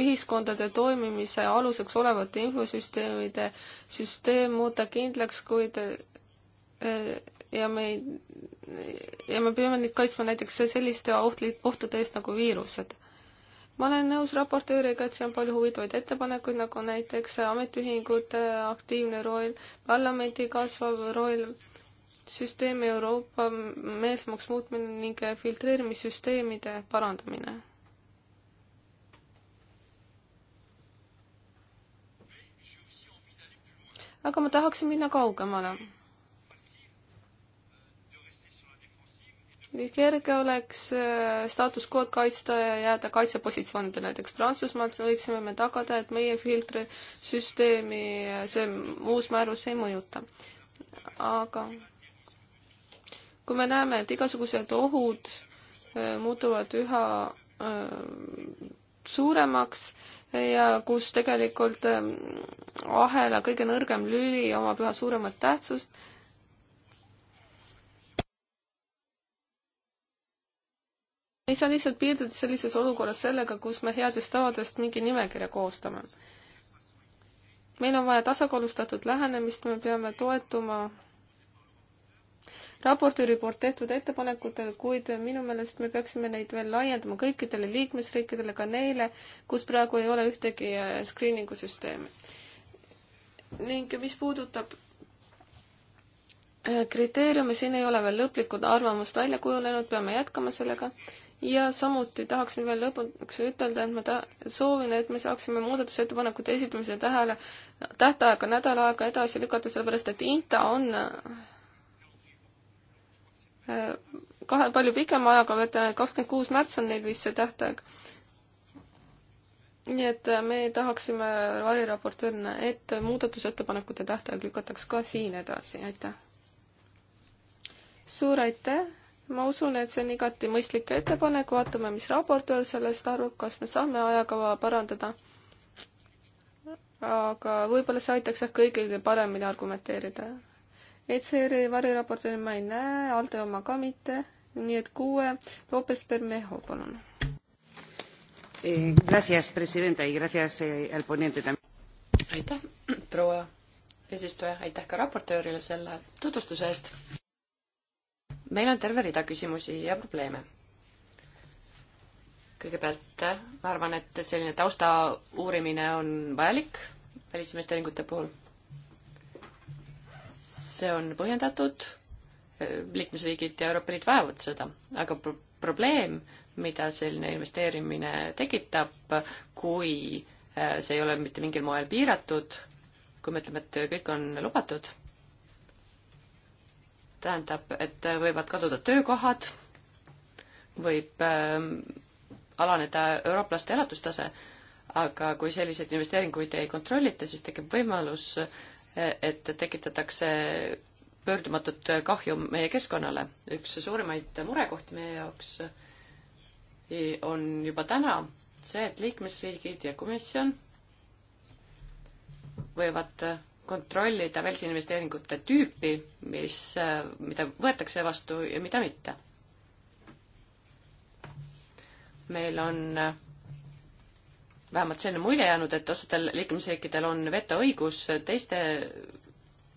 ühiskondade toimimise aluseks olevate infosüsteemide süsteem muuta kindlaks, kuid äh, ja me ei, ja me peame neid kaitsma näiteks selliste ohtli-, ohtude eest nagu viirused. ma olen nõus raportööriga, et siin on palju huvitavaid ettepanekuid, nagu näiteks ametiühingute aktiivne roll, parlamendi kasvav roll, süsteemi Euroopa meelsemaks muutmine ning filtreerimissüsteemide parandamine aga ma tahaksin minna kaugemale. kerge oleks äh, staatus quo'd kaitsta ja jääda kaitsepositsioonidele, näiteks Prantsusmaalt võiksime me tagada, et meie filtrisüsteemi äh, see uus määrus ei mõjuta. aga kui me näeme, et igasugused ohud äh, muutuvad üha suuremaks ja kus tegelikult ahela kõige nõrgem lüli omab üha suuremat tähtsust, ei saa lihtsalt piirduda sellises olukorras sellega, kus me headest tavadest mingi nimekirja koostame. meil on vaja tasakaalustatud lähenemist, me peame toetuma raportööri poolt tehtud ettepanekutele, kuid minu meelest me peaksime neid veel laiendama kõikidele liikmesriikidele, ka neile, kus praegu ei ole ühtegi äh, screening'u süsteemi. ning mis puudutab äh, kriteeriume, siin ei ole veel lõplikud arvamust välja kujunenud, peame jätkama sellega ja samuti tahaksin veel lõpuks ütelda, et ma ta-, soovin, et me saaksime muudatusettepanekute esitamise tähele, tähtaega nädal aega edasi lükata, sellepärast et INTA on äh, kahe, palju pikema ajaga, ma ütlen, et kakskümmend kuus märts on neil vist see tähtaeg. nii et äh, me tahaksime variraportöörina, et muudatusettepanekute tähtaeg lükataks ka siin edasi, aitäh! suur aitäh! ma usun, et see on igati mõistlik ettepanek, vaatame, mis raportöör sellest arvab, kas me saame ajakava parandada. aga võib-olla see aitaks jah kõigil paremini argumenteerida. ECR-i variraportööri ma ei näe, Alte oma ka mitte, nii et kuue, Lopez Bermejo, palun. Eh, eh, aitäh, proua eesistuja, aitäh ka raportöörile selle tutvustuse eest meil on terve rida küsimusi ja probleeme. kõigepealt äh, ma arvan, et selline tausta uurimine on vajalik välisinvesteeringute puhul. see on põhjendatud, äh, liikmesriigid ja Euroopa Liit vajavad seda, aga pro probleem, mida selline investeerimine tekitab, kui äh, see ei ole mitte mingil moel piiratud, kui me ütleme, et kõik on lubatud tähendab, et võivad kaduda töökohad, võib äh, alaneda eurooplaste elatustase, aga kui selliseid investeeringuid ei kontrollita, siis tekib võimalus, e, et tekitatakse pöördumatut kahju meie keskkonnale. üks suurimaid murekohti meie jaoks on juba täna see, et liikmesriigid ja komisjon võivad kontrollida välisinvesteeringute tüüpi, mis, mida võetakse vastu ja mida mitte. meil on vähemalt selline mulje jäänud, et osadel liikmesriikidel on vetoõigus teiste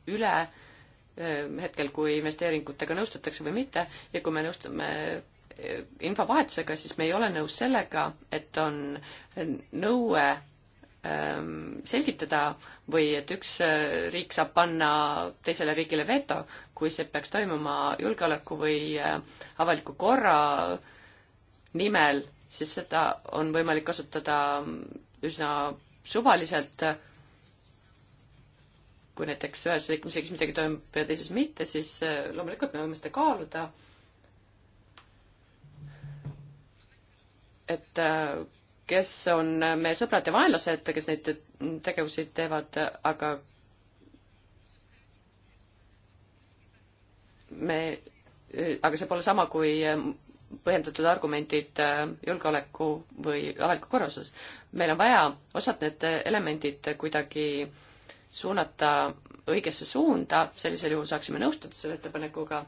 üle eh, hetkel, kui investeeringutega nõustutakse või mitte ja kui me nõustume eh, infovahetusega, siis me ei ole nõus sellega, et on nõue Ähm, selgitada või et üks äh, riik saab panna teisele riigile veto, kui see peaks toimuma julgeoleku või äh, avaliku korra nimel, siis seda on võimalik kasutada üsna suvaliselt. kui näiteks ühes liikmesriigis midagi toimub ja teises mitte, siis äh, loomulikult me võime seda kaaluda. et kes on meie sõbrad ja vaenlased, kes neid tegevusi teevad, aga me, aga see pole sama kui põhjendatud argumendid äh, julgeoleku või avaliku korra osas. meil on vaja osad need elemendid kuidagi suunata õigesse suunda, sellisel juhul saaksime nõustuda selle ettepanekuga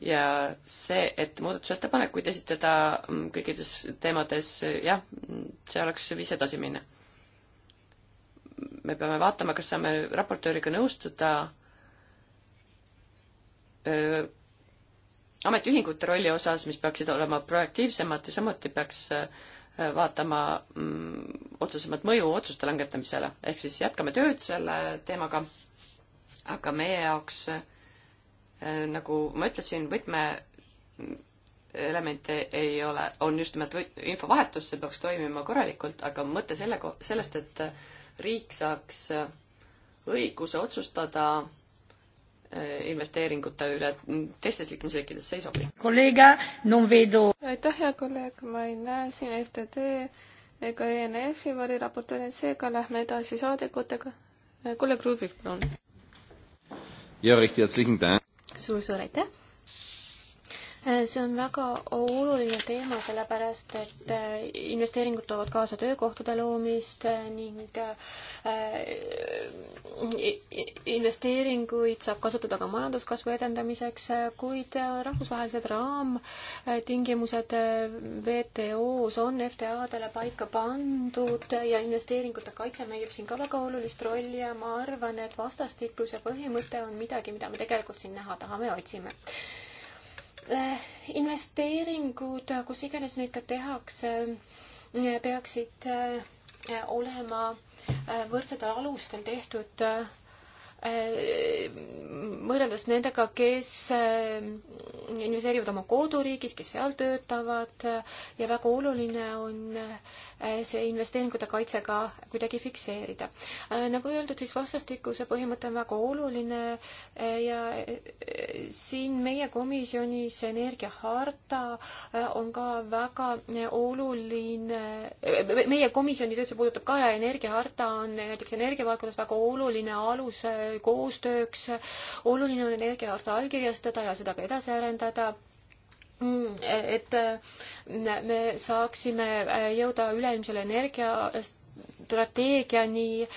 ja see, et muudatusettepanekuid esitada mm, kõikides teemades, jah, see oleks viis edasi minna. me peame vaatama, kas saame raportööriga nõustuda öö, ametiühingute rolli osas, mis peaksid olema proaktiivsemad ja samuti peaks vaatama mm, otsesemat mõju otsuste langetamisele. ehk siis jätkame tööd selle teemaga, aga meie jaoks öö, Äh, nagu ma ütlesin, võtme elemente ei ole, on just nimelt infovahetus, see peaks toimima korralikult, aga mõte selle, sellest, et riik saaks õiguse otsustada äh, investeeringute üle teistes liikmesriikides, see ei sobi. kolleega, non vedo. aitäh, hea kolleeg, ma ei näe siin FTD ega ENF-i variraportööri, seega lähme edasi saadikutega. Äh, kolleeg Rubik, palun. ja, rikki, herzlichen Dank suur-suur aitäh! Äh, see on väga oluline teema, sellepärast et äh, investeeringud toovad kaasa töökohtade loomist äh, ning investeeringuid saab kasutada ka majanduskasvu edendamiseks, kuid rahvusvahelised raamtingimused WTO-s on FTA-dele paika pandud ja investeeringute kaitse mängib siin ka väga olulist rolli ja ma arvan, et vastastikuse põhimõte on midagi, mida me tegelikult siin näha tahame ja otsime Äh, investeeringud, kus iganes neid ka tehakse, äh, peaksid äh, olema võrdsetel alustel tehtud võrreldes nendega, kes investeerivad oma koduriigis, kes seal töötavad ja väga oluline on Äh, see investeeringute kaitse ka kuidagi fikseerida. Äh, nagu öeldud, siis vastastikuse põhimõte on väga oluline äh, ja siin meie komisjonis energiaharta on ka väga oluline, meie komisjoni tööd see puudutab ka ja energiaharta on näiteks energiavaldkonnas väga oluline alus koostööks, oluline on energiaharta allkirjastada ja seda ka edasi arendada et me saaksime jõuda üleilmsele energiastrateegiani.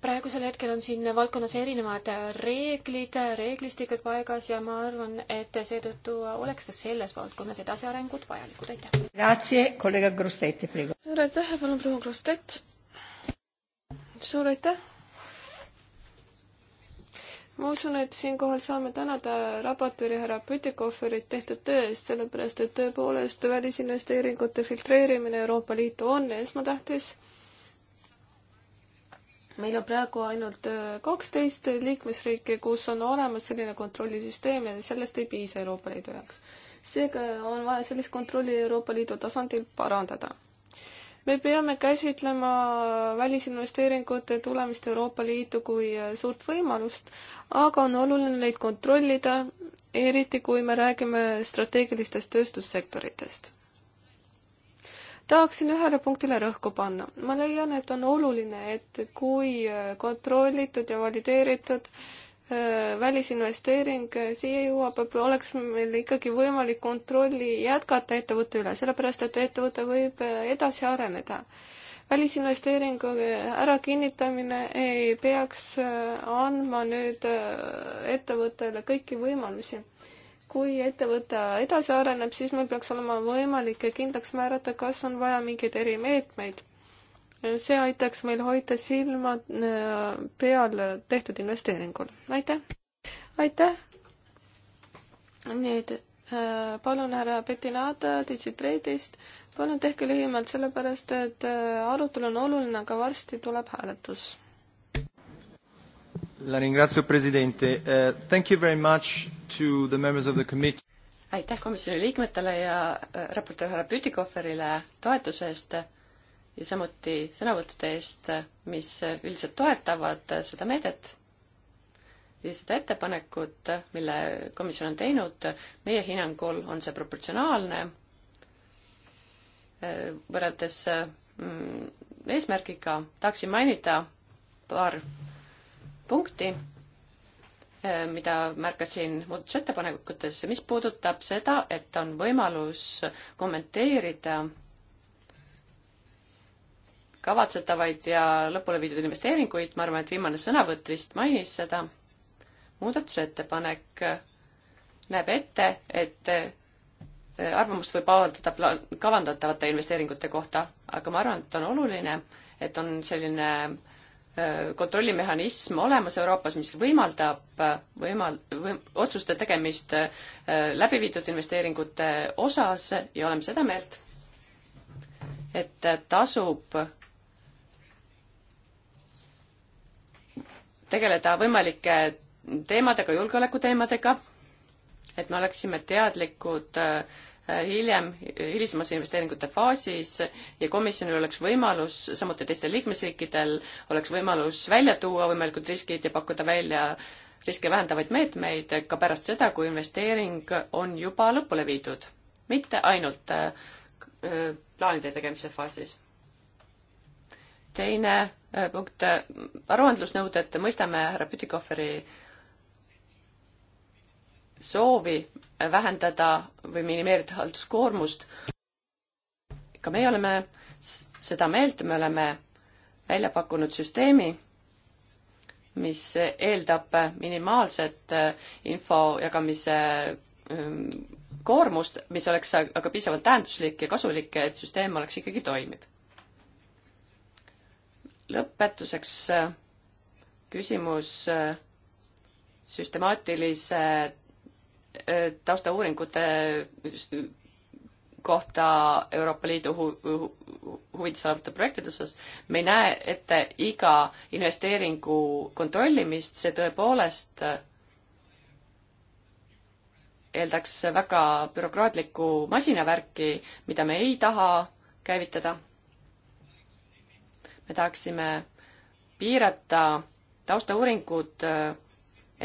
praegusel hetkel on siin valdkonnas erinevad reeglid, reeglistikud paigas ja ma arvan, et seetõttu oleks ka selles valdkonnas edasiarengud vajalikud, aitäh. Grazie, kolleeg Grostetti, prego. suur aitäh ja palun proua Grostett. suur aitäh ma usun, et siinkohal saame tänada raportööri härra Pütikoferit tehtud töö eest, sellepärast et tõepoolest välisinvesteeringute filtreerimine Euroopa Liitu on esmatähtis. meil on praegu ainult äh, kaksteist liikmesriiki, kus on olemas selline kontrollisüsteem ja sellest ei piisa Euroopa Liidu jaoks. seega on vaja sellist kontrolli Euroopa Liidu tasandil parandada me peame käsitlema välisinvesteeringute tulemist Euroopa Liitu kui äh, suurt võimalust, aga on oluline neid kontrollida, eriti kui me räägime strateegilistest tööstussektoritest. tahaksin ühele punktile rõhku panna. ma leian, et on oluline, et kui äh, kontrollitud ja valideeritud äh, Äh, välisinvesteering äh, siia jõuab, oleks meil ikkagi võimalik kontrolli jätkata ettevõtte üle, sellepärast et ettevõte võib äh, edasi areneda. välisinvesteeringu ärakinnitamine ei peaks andma nüüd ettevõttele kõiki võimalusi. kui ettevõte edasi areneb, siis meil peaks olema võimalik kindlaks määrata, kas on vaja mingeid erimeetmeid see aitaks meil hoida silmad äh, peal tehtud investeeringul. aitäh! aitäh! nüüd äh, palun härra Petinada Digitrade'ist, palun tehke lühimalt, sellepärast et äh, arutelu on oluline, aga varsti tuleb hääletus. La ringrazio presidente uh,. Thank you very much to the members of the committee. aitäh komisjoni liikmetele ja raportöör härra Pütikoferile toetuse eest ja samuti sõnavõttude eest, mis üldiselt toetavad seda meedet ja seda ettepanekut, mille komisjon on teinud, meie hinnangul on see proportsionaalne äh, võrreldes mm, eesmärgiga, tahaksin mainida paar punkti, äh, mida märkasin muudatusettepanekutesse, mis puudutab seda, et on võimalus kommenteerida kavatsetavaid ja lõpule viidud investeeringuid, ma arvan, et viimane sõnavõtt vist mainis seda, muudatusettepanek näeb ette, et äh, arvamust võib avaldada plaan, kavandatavate investeeringute kohta, aga ma arvan, et on oluline, et on selline äh, kontrollimehhanism olemas Euroopas, mis võimaldab võimal- või,, otsuste tegemist äh, läbi viidud investeeringute osas ja oleme seda meelt, et tasub tegeleda võimalike teemadega, julgeolekuteemadega, et me oleksime teadlikud äh, hiljem, hilisemas investeeringute faasis ja komisjonil oleks võimalus, samuti teistel liikmesriikidel, oleks võimalus välja tuua võimalikud riskid ja pakkuda välja riske vähendavaid meetmeid ka pärast seda, kui investeering on juba lõpule viidud, mitte ainult äh, äh, plaanide tegemise faasis. teine Äh, punkt, äh, aruandlusnõuded, mõistame härra Pütikoferi soovi vähendada või minimeerida halduskoormust. ka meie oleme seda meelt, me oleme välja pakkunud süsteemi, mis eeldab minimaalset äh, info jagamise ähm, koormust, mis oleks aga piisavalt tähenduslik ja kasulik, et süsteem oleks ikkagi toimiv lõpetuseks äh, küsimus äh, süstemaatilise äh, taustauuringute kohta Euroopa Liidu hu-, hu-, huvides olevate projektide osas, me ei näe ette iga investeeringu kontrollimist, see tõepoolest eeldaks väga bürokraatlikku masinavärki, mida me ei taha käivitada me tahaksime piirata taustauuringud,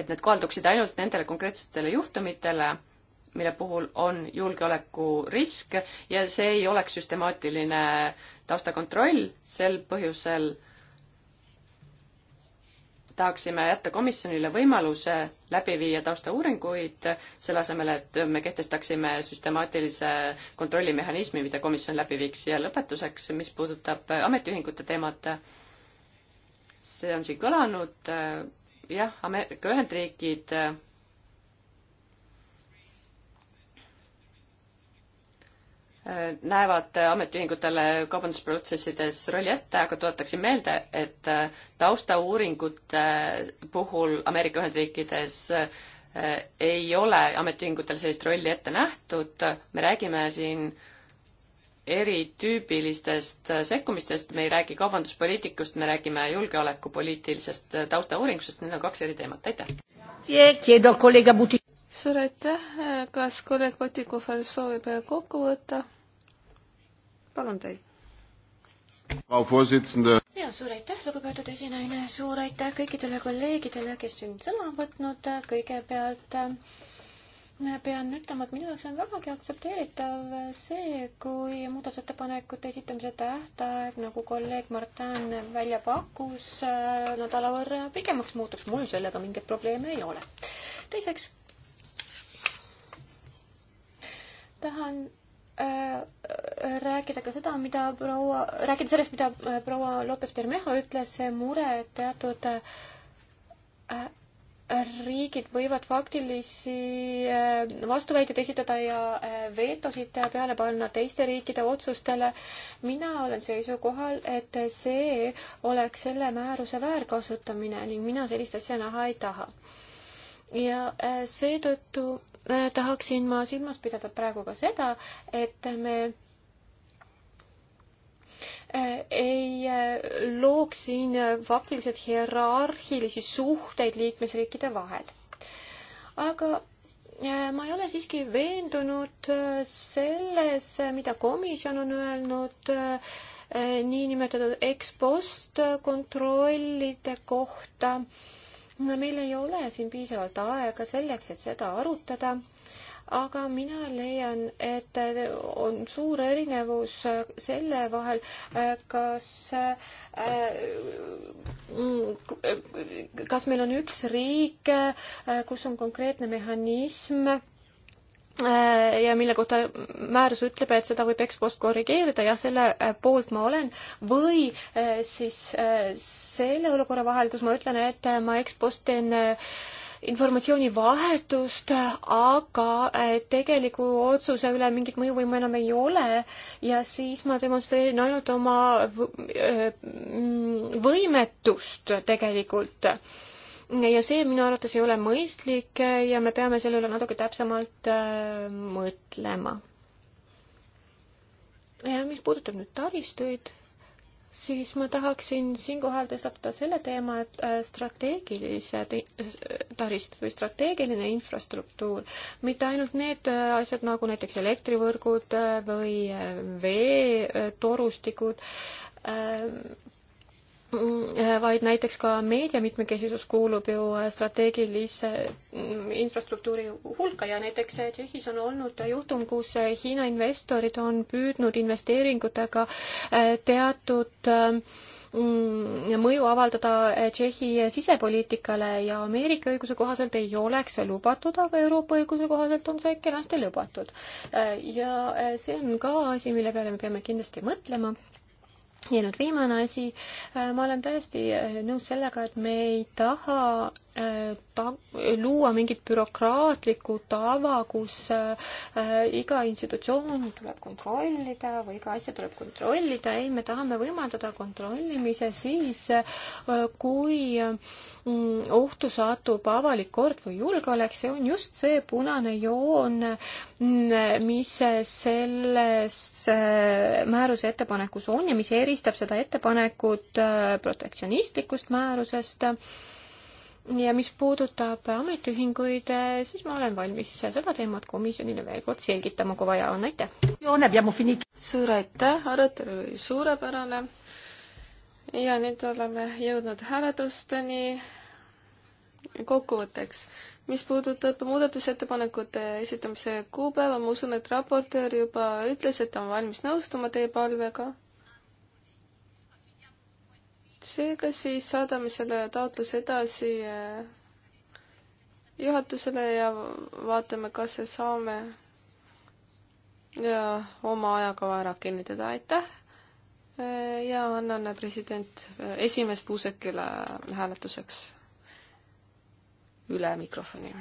et need kohalduksid ainult nendele konkreetsetele juhtumitele, mille puhul on julgeolekurisk ja see ei oleks süstemaatiline taustakontroll sel põhjusel, tahaksime jätta komisjonile võimaluse läbi viia taustauuringuid, selle asemel, et me kehtestaksime süstemaatilise kontrollimehhanismi, mida komisjon läbi viiks ja lõpetuseks, mis puudutab ametiühingute teemat, see on siin kõlanud, jah, Ameerika Ühendriigid näevad ametiühingutele kaubandusprotsessides rolli ette, aga tuletaksin meelde, et äh, taustauuringute äh, puhul Ameerika Ühendriikides äh, ei ole ametiühingutel sellist rolli ette nähtud, me räägime siin eritüübilistest sekkumistest, me ei räägi kaubanduspoliitikust, me räägime julgeolekupoliitilisest taustauuringusest, need on kaks eri teemat, aitäh! suur aitäh, kas kolleeg Potikofer soovib kokku võtta? palun teid. ja suur aitäh, lugupeetud esinaine, suur aitäh kõikidele kolleegidele, kes siin sõna on võtnud, kõigepealt äh, pean ütlema, et minu jaoks on vägagi aktsepteeritav see, kui muudatusettepanekute esitamise tähtaeg, nagu kolleeg Martin välja pakkus, äh, nädala võrra pikemaks muutuks. mul sellega mingeid probleeme ei ole. teiseks tahan Äh, äh, rääkida ka seda, mida proua, rääkida sellest, mida äh, proua Lopez Bermejo ütles, see mure, et teatud riigid võivad faktilisi vastuväiteid esitada ja veetosid peale panna teiste riikide otsustele. mina olen seisukohal, et see oleks selle määruse väärkasutamine ning mina sellist asja näha ei taha. ja seetõttu Äh, tahaksin ma silmas pidada praegu ka seda, et me äh, ei äh, looks siin faktiliselt hierarhilisi suhteid liikmesriikide vahel. aga ma ei ole siiski veendunud selles, mida komisjon on öelnud niinimetatud ex post kontrollide kohta äh, meil ei ole siin piisavalt aega selleks, et seda arutada, aga mina leian, et on suur erinevus selle vahel, kas, äh, mm, kas meil on üks riik, äh, kus on konkreetne mehhanism, Äh, ja mille kohta määrus ütleb, et seda võib ekspost korrigeerida ja selle äh, poolt ma olen, või äh, siis selle olukorra vahel, kus ma ütlen, et ma ekspost teen informatsioonivahetust, aga tegeliku otsuse üle mingit mõjuvõimu enam ei ole ja siis ma demonstreerin ainult oma võimetust tegelikult ja see minu arvates ei ole mõistlik ja me peame selle üle natuke täpsemalt äh, mõtlema. ja mis puudutab nüüd taristuid, siis ma tahaksin siinkohal tõstatada selle teema, et äh, strateegilise taristu või strateegiline infrastruktuur, mitte ainult need äh, asjad nagu näiteks elektrivõrgud või veetorustikud, Mm, äh, vaid näiteks ka meedia mitmekesisus kuulub ju äh, strateegilise mm, infrastruktuuri hulka ja näiteks äh, Tšehhis on olnud juhtum, kus Hiina investorid on püüdnud investeeringutega teatud ähm, mm, mõju avaldada Tšehhi sisepoliitikale ja Ameerika õiguse kohaselt ei oleks see lubatud, aga Euroopa õiguse kohaselt on see kenasti lubatud. ja see on ka asi, mille peale me peame kindlasti mõtlema ja nüüd viimane asi, äh, ma olen täiesti äh, nõus sellega, et me ei taha ta-, luua mingit bürokraatlikku tava, kus äh, iga institutsiooni tuleb kontrollida või iga asja tuleb kontrollida, ei, me tahame võimaldada kontrollimise siis, äh, kui mm, ohtu satub avalik kord või julgeolek, see on just see punane joon, mm, mis selles äh, määruse ettepanekus on ja mis eristab seda ettepanekut protektsionistlikust määrusest ja mis puudutab ametiühinguid, siis ma olen valmis seda teemat komisjonile veel kord selgitama, kui vaja on, aitäh! suur aitäh, arutelu oli suurepärane ja nüüd oleme jõudnud hääletusteni. kokkuvõtteks, mis puudutab muudatusettepanekute esitamise kuupäeva, ma usun, et raportöör juba ütles, et ta on valmis nõustuma teie palvega seega siis saadame selle taotluse edasi eh, juhatusele ja vaatame, kas saame ja oma ajakava ära kinnitada, aitäh! Eh, ja annan president, eh, esimees Puusekile hääletuseks üle mikrofoni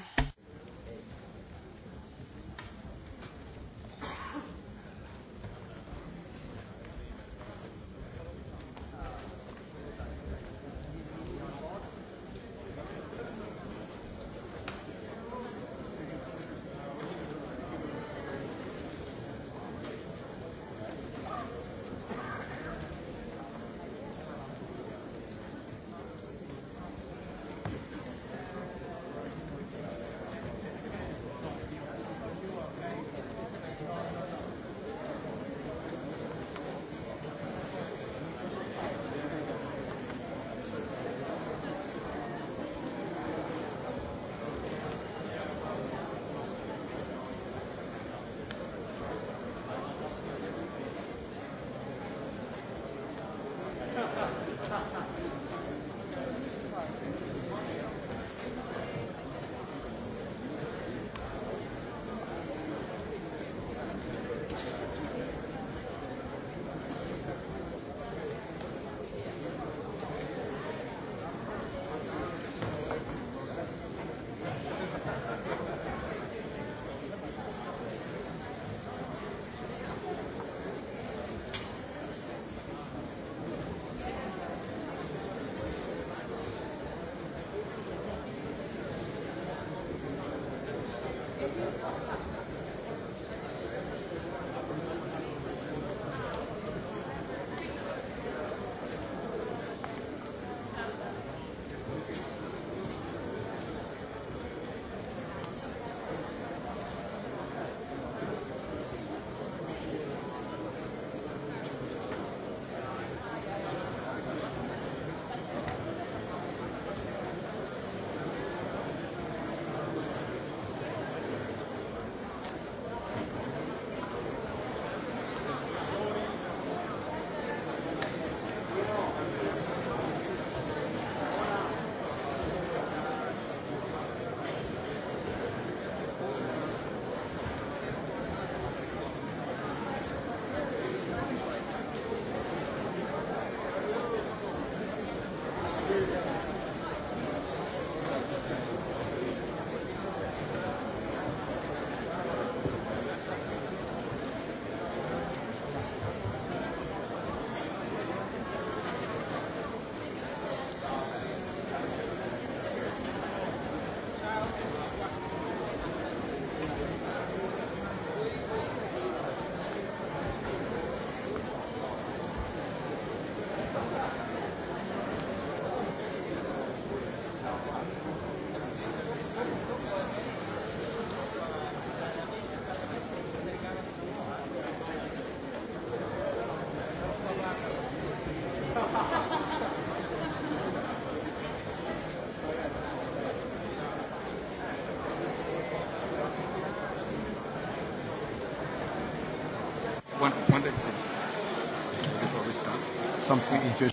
something interesting.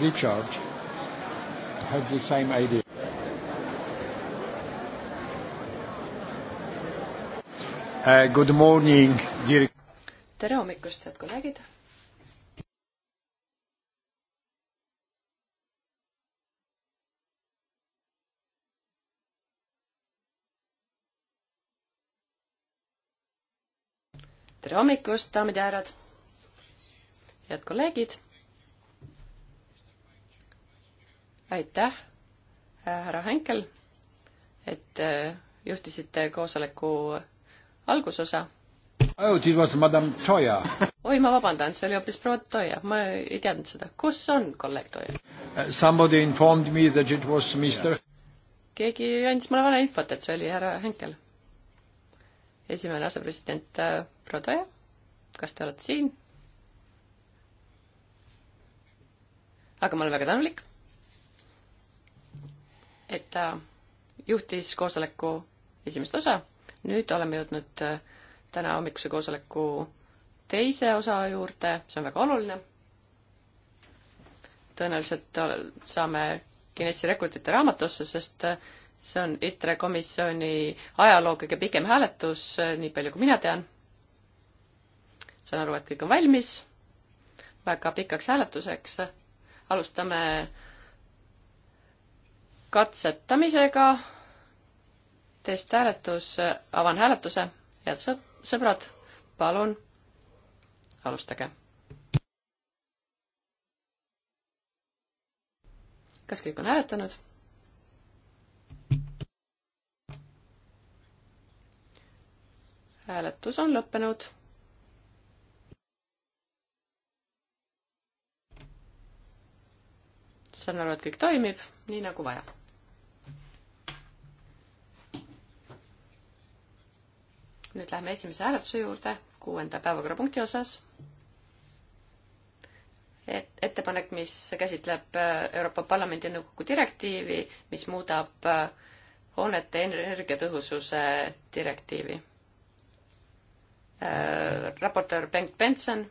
Richard had the same idea. Uh, good morning, dear. tere hommikust, head kolleegid tere hommikust, daamid ja härrad! head kolleegid! aitäh, härra Henkel, et äh, juhtisite koosoleku algusosa. Oh, oi, ma vabandan, see oli hoopis proua Toia, ma ei teadnud seda. kus on kolleeg Toia? Uh, somebody informed me that it was Mr. keegi andis mulle vale infot, et see oli härra Henkel esimene asepresident Prodoja, äh, kas te olete siin? aga ma olen väga tänulik, et ta juhtis koosoleku esimest osa. nüüd oleme jõudnud äh, täna hommikuse koosoleku teise osa juurde, see on väga oluline. tõenäoliselt saame Guinessi rekordite raamatusse, sest äh, see on ITRE komisjoni ajaloo kõige pikem hääletus, nii palju kui mina tean. saan aru, et kõik on valmis väga pikaks hääletuseks. alustame katsetamisega. testhääletus, avan hääletuse, head sõbrad, palun alustage. kas kõik on hääletanud? hääletus on lõppenud. saan aru, et kõik toimib nii nagu vaja. nüüd lähme esimese hääletuse juurde kuuenda päevakorrapunkti osas et ettepanek, mis käsitleb äh, Euroopa Parlamendi nõukogu direktiivi, mis muudab äh, hoonete energiatõhususe direktiivi äh, raportöör Bengt Benson,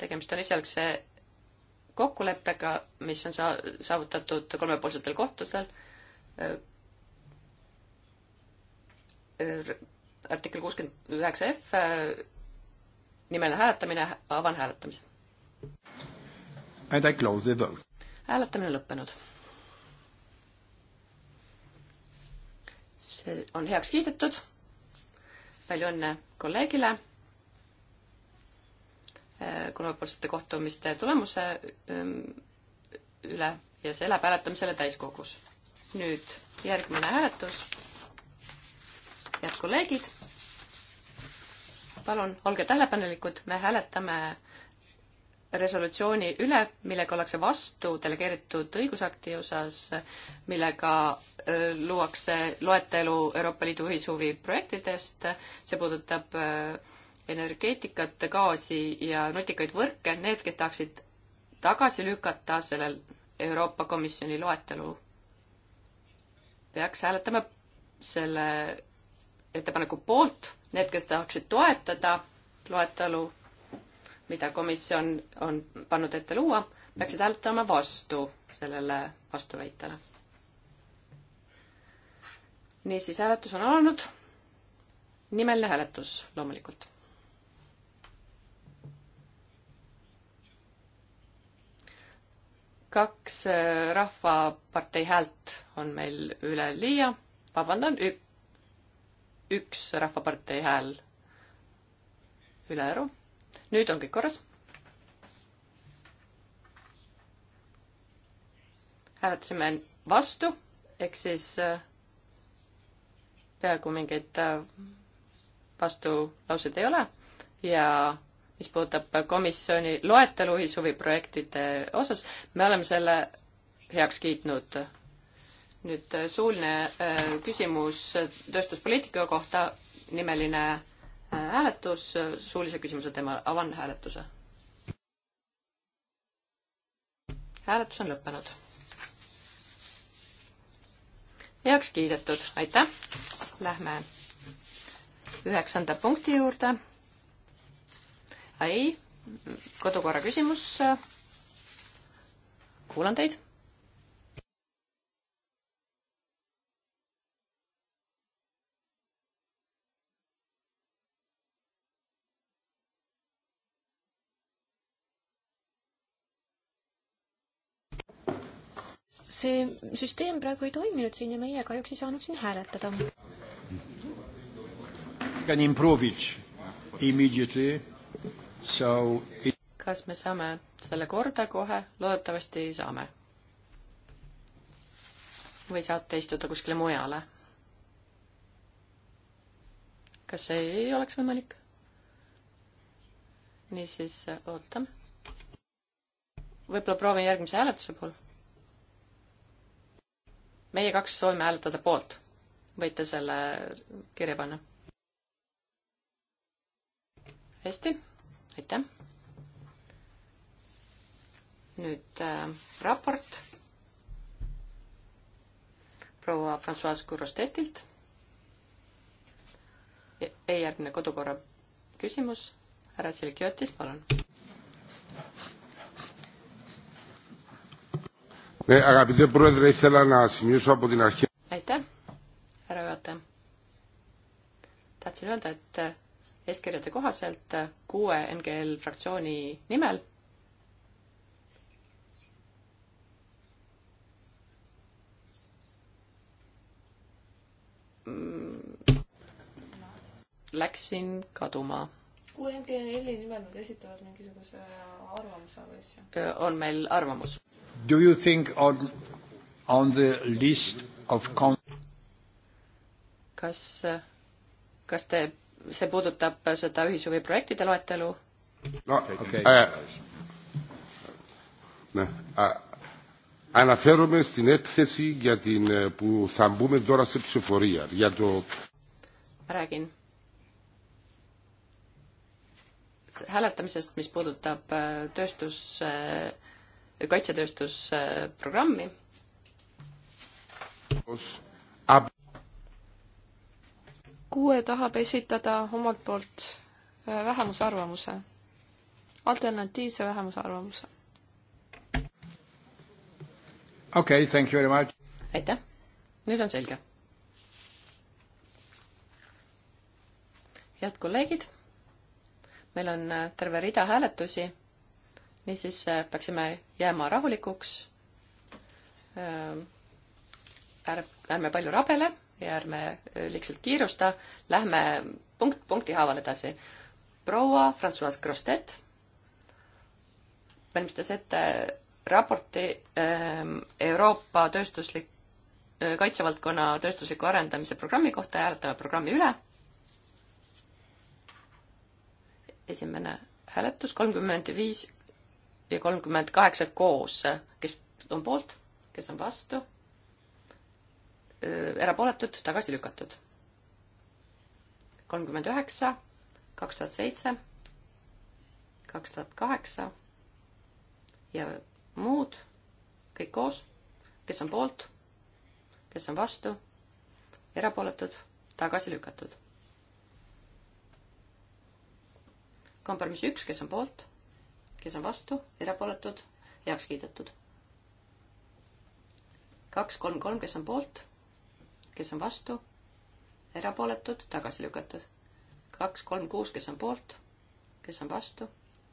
tegemist on esialgse kokkuleppega, mis on saa-, saavutatud kolmepoolsetel kohtadel äh,, artikkel kuuskümmend üheksa F, äh, nimeline hääletamine, avan hääletamise. And I close the vote. hääletamine lõppenud. see on heaks kiidetud. palju õnne kolleegile Äh, kolmepoolsete kohtumiste tulemuse ähm, üle ja see läheb hääletamisele täiskogus. nüüd järgmine hääletus. head kolleegid, palun olge tähelepanelikud, me hääletame resolutsiooni üle, millega ollakse vastu delegeeritud õigusakti osas, millega äh, luuakse loetelu Euroopa Liidu ühishuvi projektidest, see puudutab äh, energeetikat, gaasi ja nutikaid võrke, need, kes tahaksid tagasi lükata sellel Euroopa Komisjoni loetelu, peaks hääletama selle ettepaneku poolt, need, kes tahaksid toetada loetelu, mida komisjon on pannud ette luua, peaksid hääletama vastu sellele vastuväitele. niisiis, hääletus on alanud. nimeline hääletus loomulikult kaks äh, Rahvapartei häält on meil üleliia, vabandan, üks Rahvapartei hääl ülearu. nüüd on kõik korras. hääletasime vastu, ehk siis äh, peaaegu mingeid äh, vastulauseid ei ole ja mis puudutab komisjoni loetelu ühishuviprojektide osas, me oleme selle heaks kiitnud. nüüd äh, suuline äh, küsimus tööstuspoliitika kohta, nimeline äh, hääletus suulise küsimuse teemal, avan hääletuse. hääletus on lõppenud. heaks kiidetud, aitäh. Lähme üheksanda punkti juurde ei, kodukorra küsimus. kuulan teid. see süsteem praegu ei toiminud siin ja meie kahjuks ei saanud siin hääletada. Can improve it immediately It... kas me saame selle korda kohe? loodetavasti saame. või saate istuda kuskile mujale? kas see ei oleks võimalik? niisiis, ootame. võib-olla proovin järgmise hääletuse puhul. meie kaks soovime hääletada poolt. võite selle kirja panna. hästi aitäh. nüüd äh, raport proua Francoise Kurostetilt e. e-järgne kodukorra küsimus, härra Tšelikiotis, palun. aitäh, härra juhataja. tahtsin öelda, et eeskirjade kohaselt kuue NGL fraktsiooni nimel. Läksin kaduma. kuue NGL-i nimel nad esitavad mingisuguse arvamuse või asja? on meil arvamus. Do you think on, on the list of kas, kas te see puudutab seda ühishuvi projektide loetelu. no okei okay. äh,. Eh, noh äh,, Αναφέρομαι στην έκθεση για την, που θα μπούμε τώρα σε ψηφορία. Για το... Räägin. hääletamisest, mis puudutab tööstus, äh, kaitsetööstusprogrammi kuue tahab esitada omalt poolt äh, vähemusarvamuse, alternatiivse vähemusarvamuse. okei okay,, thank you very much. aitäh, nüüd on selge. head kolleegid, meil on äh, terve rida hääletusi, niisiis äh, peaksime jääma rahulikuks. ärme palju rabele ja ärme äh, liigselt kiirusta, lähme punkt punkti haaval edasi. proua Francoise Grostet valmistas ette raporti ähm, Euroopa tööstuslik, äh, kaitsevaldkonna tööstusliku arendamise programmi kohta ja hääletame programmi üle. esimene hääletus kolmkümmend viis ja kolmkümmend kaheksa koos, kes on poolt, kes on vastu Äh, erapooletud, tagasi lükatud. kolmkümmend üheksa, kaks tuhat seitse, kaks tuhat kaheksa ja muud, kõik koos, kes on poolt, kes on vastu, erapooletud, tagasi lükatud. kompromiss üks, kes on poolt, kes on vastu, erapooletud, heaks kiidetud. kaks, kolm, kolm, kes on poolt kes on vastu, erapooletud, tagasi lükatud. kaks, kolm, kuus, kes on poolt, kes on vastu,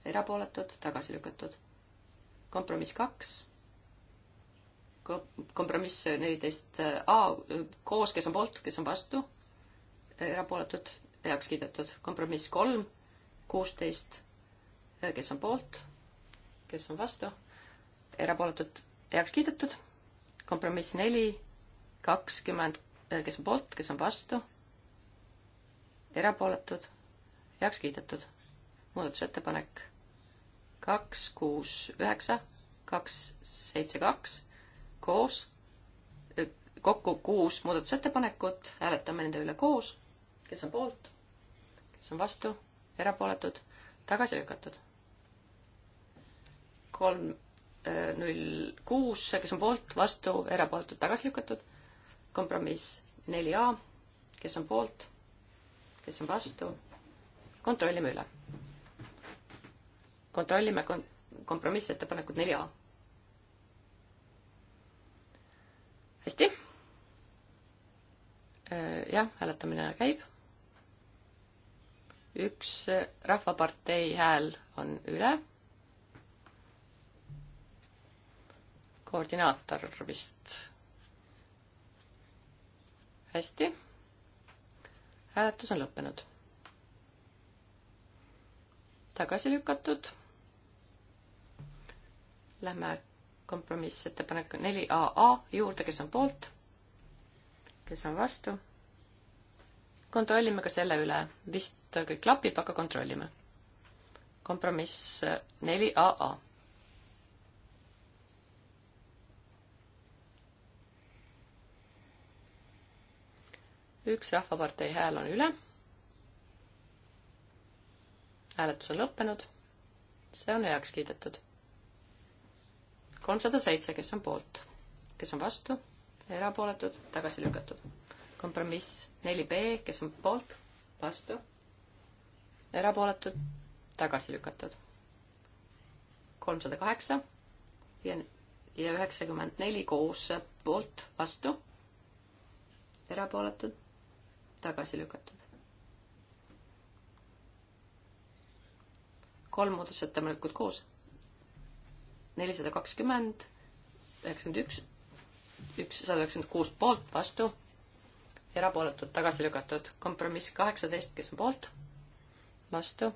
erapooletud, tagasi lükatud. kompromiss kaks, kompromiss neliteist A koos, kes on poolt, kes on vastu, erapooletud, heaks kiidetud. kompromiss kolm, kuusteist, kes on poolt, kes on vastu, erapooletud, heaks kiidetud. kompromiss neli, kakskümmend Äh, kes on poolt, kes on vastu, erapooletud, heaks kiidetud. muudatusettepanek kaks, kuus, üheksa, kaks, seitse, kaks koos, äh, kokku kuus muudatusettepanekut, hääletame nende üle koos, kes on poolt, kes on vastu, erapooletud, tagasi lükatud. kolm, äh, null, kuus, kes on poolt, vastu, erapooletud, tagasi lükatud kompromiss neli A, kes on poolt, kes on vastu, kontrollime üle. kontrollime kon-, kompromissettepanekut neli A. hästi. Äh, jah, hääletamine käib. üks äh, Rahvapartei hääl on üle koordinaator vist hästi. hääletus on lõppenud. tagasi lükatud. Lähme kompromissettepaneku neli AA juurde, kes on poolt, kes on vastu. kontrollime ka selle üle, vist kõik klapib, aga kontrollime. kompromiss neli AA üks Rahvapartei hääl on üle. hääletus on lõppenud. see on heaks kiidetud. kolmsada seitse, kes on poolt, kes on vastu, erapooletud, tagasi lükatud. kompromiss neli B, kes on poolt, vastu, erapooletud, tagasi lükatud. kolmsada kaheksa ja ja üheksakümmend neli koos poolt, vastu, erapooletud tagasi lükatud. kolm muudatusettepanekut koos. nelisada kakskümmend, üheksakümmend üks, ükssada üheksakümmend kuus poolt, vastu, erapooletud, tagasi lükatud. kompromiss kaheksateist, kes on poolt, vastu,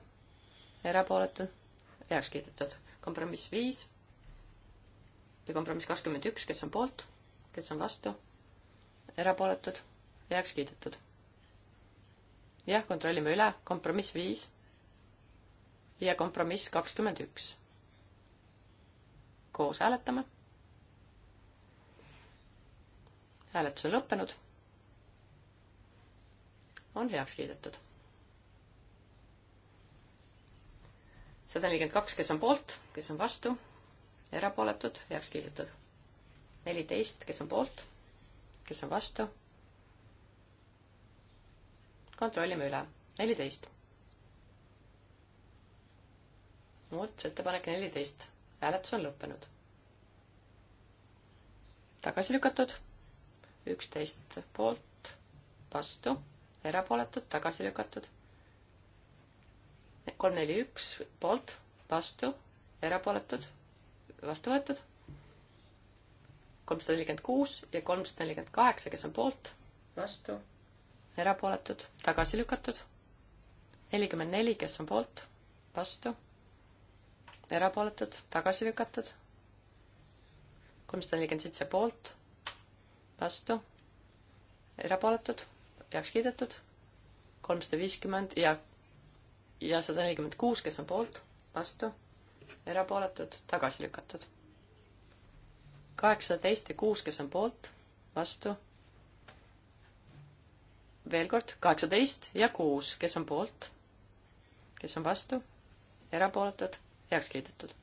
erapooletud, heaks kiidetud. kompromiss viis ja kompromiss kakskümmend üks, kes on poolt, kes on vastu, erapooletud, heaks kiidetud jah, kontrollime üle, kompromiss viis ja kompromiss kakskümmend üks. koos hääletame. hääletus on lõppenud. on heaks kiidetud. sada nelikümmend kaks, kes on poolt, kes on vastu, erapooletud, heaks kiidetud. neliteist, kes on poolt, kes on vastu kontrollime üle. neliteist. muudatusettepanek neliteist. hääletus on lõppenud. tagasi lükatud. üksteist poolt, vastu, erapooletud, tagasi lükatud. kolm, neli, üks poolt, vastu, erapooletud, vastu võetud kolmsada nelikümmend kuus ja kolmsada nelikümmend kaheksa, kes on poolt, vastu, erapooletud, tagasi lükatud. nelikümmend neli, kes on poolt, vastu, erapooletud, tagasi lükatud. kolmsada nelikümmend seitse poolt, vastu, erapooletud, heaks kiidetud. kolmsada viiskümmend ja, ja sada nelikümmend kuus, kes on poolt, vastu, erapooletud, tagasi lükatud. kaheksateist ja kuus, kes on poolt, vastu veel kord, kaheksateist ja kuus, kes on poolt, kes on vastu, erapooletud, heaks kiidetud.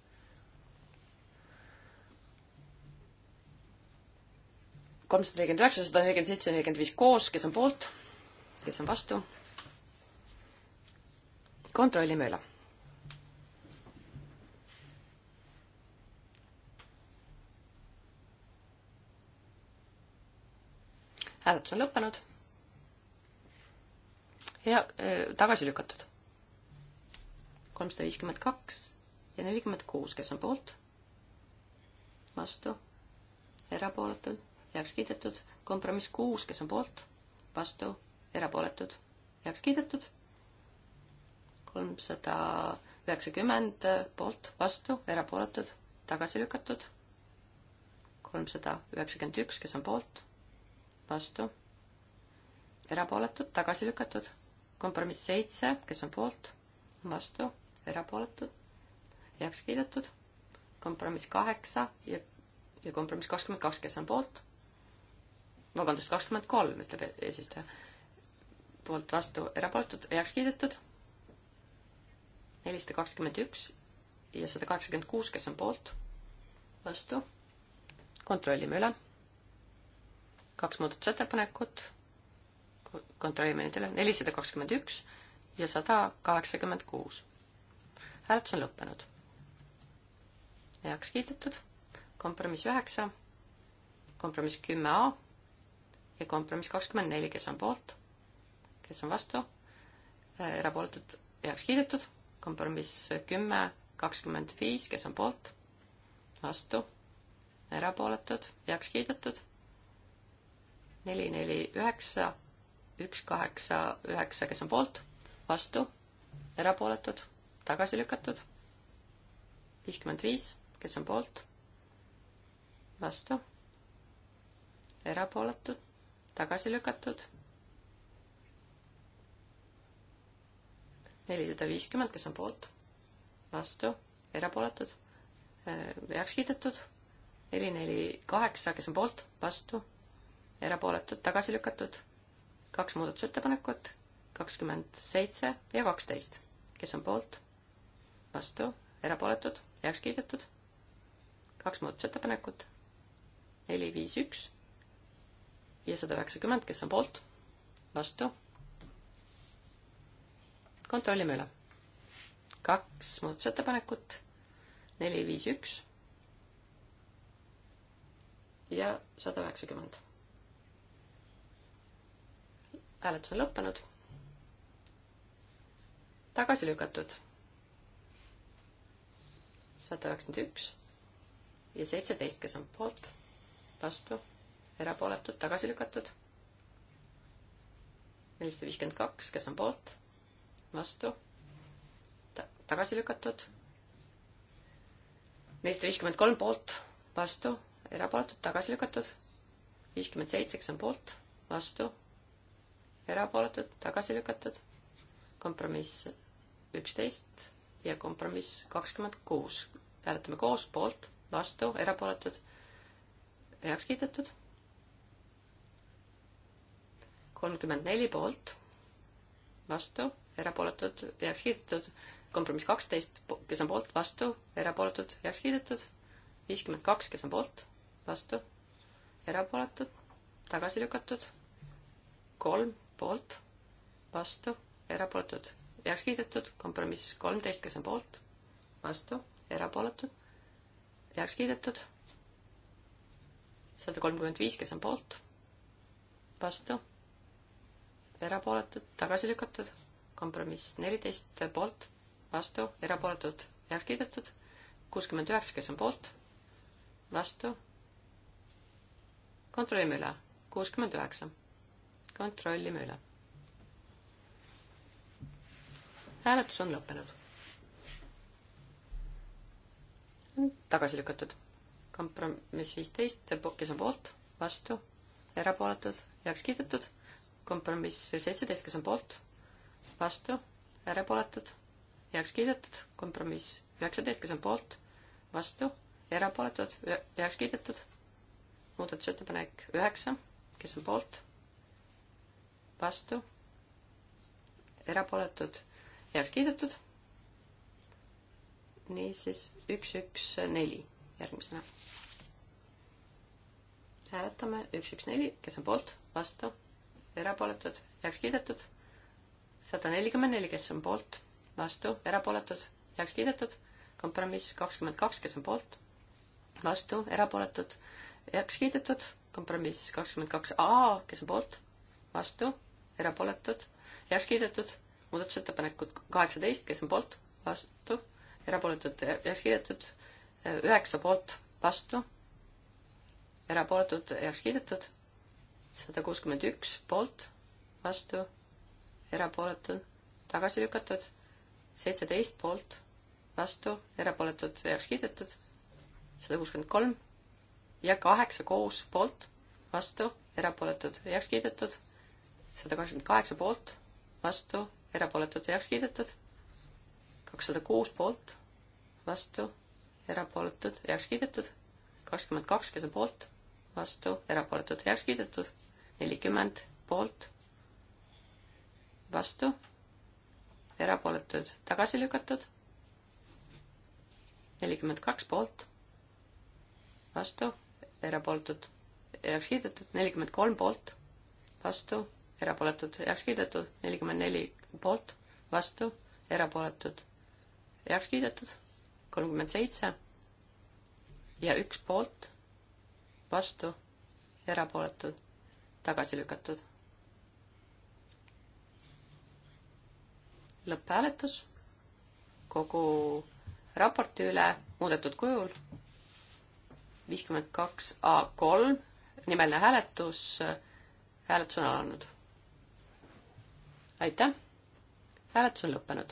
kolmsada nelikümmend üheksa, sada nelikümmend seitse, nelikümmend viis koos, kes on poolt, kes on vastu. kontrollime üle hääletus on lõppenud hea, äh, tagasi lükatud. kolmsada viiskümmend kaks ja nelikümmend kuus, kes on poolt, vastu, erapooletud, heaks kiidetud, kompromiss kuus, kes on poolt, vastu, erapooletud, heaks kiidetud, kolmsada üheksakümmend äh, poolt, vastu, erapooletud, tagasi lükatud, kolmsada üheksakümmend üks, kes on poolt, vastu, erapooletud, tagasi lükatud kompromiss seitse, kes on poolt, vastu, erapooletud, heaks kiidetud. kompromiss kaheksa ja, ja kompromiss kakskümmend kaks, kes on poolt. vabandust, kakskümmend kolm, ütleb e-, eesistuja. poolt, vastu, erapooletud, heaks kiidetud. nelisada kakskümmend üks ja sada kaheksakümmend kuus, kes on poolt, vastu. kontrollime üle. kaks muudatusettepanekut kontrollime need üle, nelisada kakskümmend üks ja sada kaheksakümmend kuus. hääletus on lõppenud. heaks kiidetud, kompromiss üheksa, kompromiss kümme A ja kompromiss kakskümmend neli, kes on poolt, kes on vastu, erapooletud heaks kiidetud, kompromiss kümme, kakskümmend viis, kes on poolt, vastu, erapooletud, heaks kiidetud, neli, neli, üheksa üks, kaheksa, üheksa, kes on poolt, vastu, erapooletud, tagasi lükatud. viiskümmend viis, kes on poolt, vastu, erapooletud, tagasi lükatud. nelisada viiskümmend, kes on poolt, vastu, erapooletud, eh, heaks kiidetud. neli, neli, kaheksa, kes on poolt, vastu, erapooletud, tagasi lükatud kaks muudatusettepanekut, kakskümmend seitse ja kaksteist. kes on poolt? vastu, erapooletud, heaks kiidetud. kaks muudatusettepanekut, neli, viis, üks ja sada üheksakümmend, kes on poolt, vastu. kontrollime üle. kaks muudatusettepanekut, neli, viis, üks ja sada üheksakümmend hääletus on lõppenud. tagasi lükatud. sada üheksakümmend üks ja seitseteist, kes on poolt, vastu, erapooletud, tagasi lükatud. nelisada viiskümmend kaks, kes on poolt, vastu ta, tagasi lükatud. nelisada viiskümmend kolm poolt, vastu, erapooletud, tagasi lükatud. viiskümmend seitse, kes on poolt, vastu erapooletud, tagasi lükatud, kompromiss üksteist ja kompromiss kakskümmend kuus. hääletame koos, poolt, vastu, erapooletud, heaks kiidetud. kolmkümmend neli poolt, vastu, erapooletud, heaks kiidetud, kompromiss kaksteist, kes on poolt, vastu, erapooletud, heaks kiidetud, viiskümmend kaks, kes on poolt, vastu, erapooletud, tagasi lükatud, kolm poolt, vastu, erapooletud, heaks kiidetud, kompromiss kolmteist, kes on poolt, vastu, erapooletud, heaks kiidetud, sada kolmkümmend viis, kes on poolt, vastu, erapooletud, tagasi lükatud, kompromiss neliteist poolt, vastu, erapooletud, heaks kiidetud, kuuskümmend üheksa, kes on poolt, vastu, kontrollime üle, kuuskümmend üheksa kontrollime üle. hääletus on lõppenud. tagasi lükatud. kompromiss viisteist, kes on poolt, vastu, erapooletud, heaks kiidetud. kompromiss seitseteist, kes on poolt, vastu, erapooletud, heaks kiidetud. kompromiss üheksateist, kes on poolt, vastu, erapooletud, heaks kiidetud. muudatusettepanek üheksa, kes on poolt vastu, erapooletud, heaks kiidetud. niisiis üks, üks, neli järgmisena. hääletame üks, üks, neli, kes on poolt, vastu, erapooletud, heaks kiidetud. sada nelikümmend neli, kes on poolt, vastu, erapooletud, heaks kiidetud. kompromiss kakskümmend kaks, kes on poolt, vastu, erapooletud, heaks kiidetud. kompromiss kakskümmend kaks A, kes on poolt, vastu erapooletud, heaks kiidetud, muudatusettepanekud kaheksateist, kes on poolt, vastu, erapooletud, heaks kiidetud, üheksa poolt, vastu, erapooletud, heaks kiidetud, sada kuuskümmend üks poolt, vastu, erapooletud, tagasi lükatud, seitseteist poolt, vastu, erapooletud, heaks kiidetud, sada kuuskümmend kolm ja kaheksa koos poolt, vastu, erapooletud, heaks kiidetud sada kaheksakümmend kaheksa poolt, vastu, erapooletud, heaks kiidetud. kakssada kuus poolt, vastu, erapooletud, heaks kiidetud. kakskümmend kaks, kes on poolt, vastu, erapooletud, heaks kiidetud. nelikümmend poolt, vastu, erapooletud, tagasi lükatud. nelikümmend kaks poolt, vastu, erapooletud, heaks kiidetud. nelikümmend kolm poolt, vastu erapooletud, heaks kiidetud, nelikümmend neli poolt, vastu, erapooletud, heaks kiidetud, kolmkümmend seitse ja üks poolt, vastu, erapooletud, tagasi lükatud. lõpphääletus kogu raporti üle muudetud kujul viiskümmend kaks A kolm, nimeline hääletus, hääletus on alanud aitäh. hääletus on lõppenud.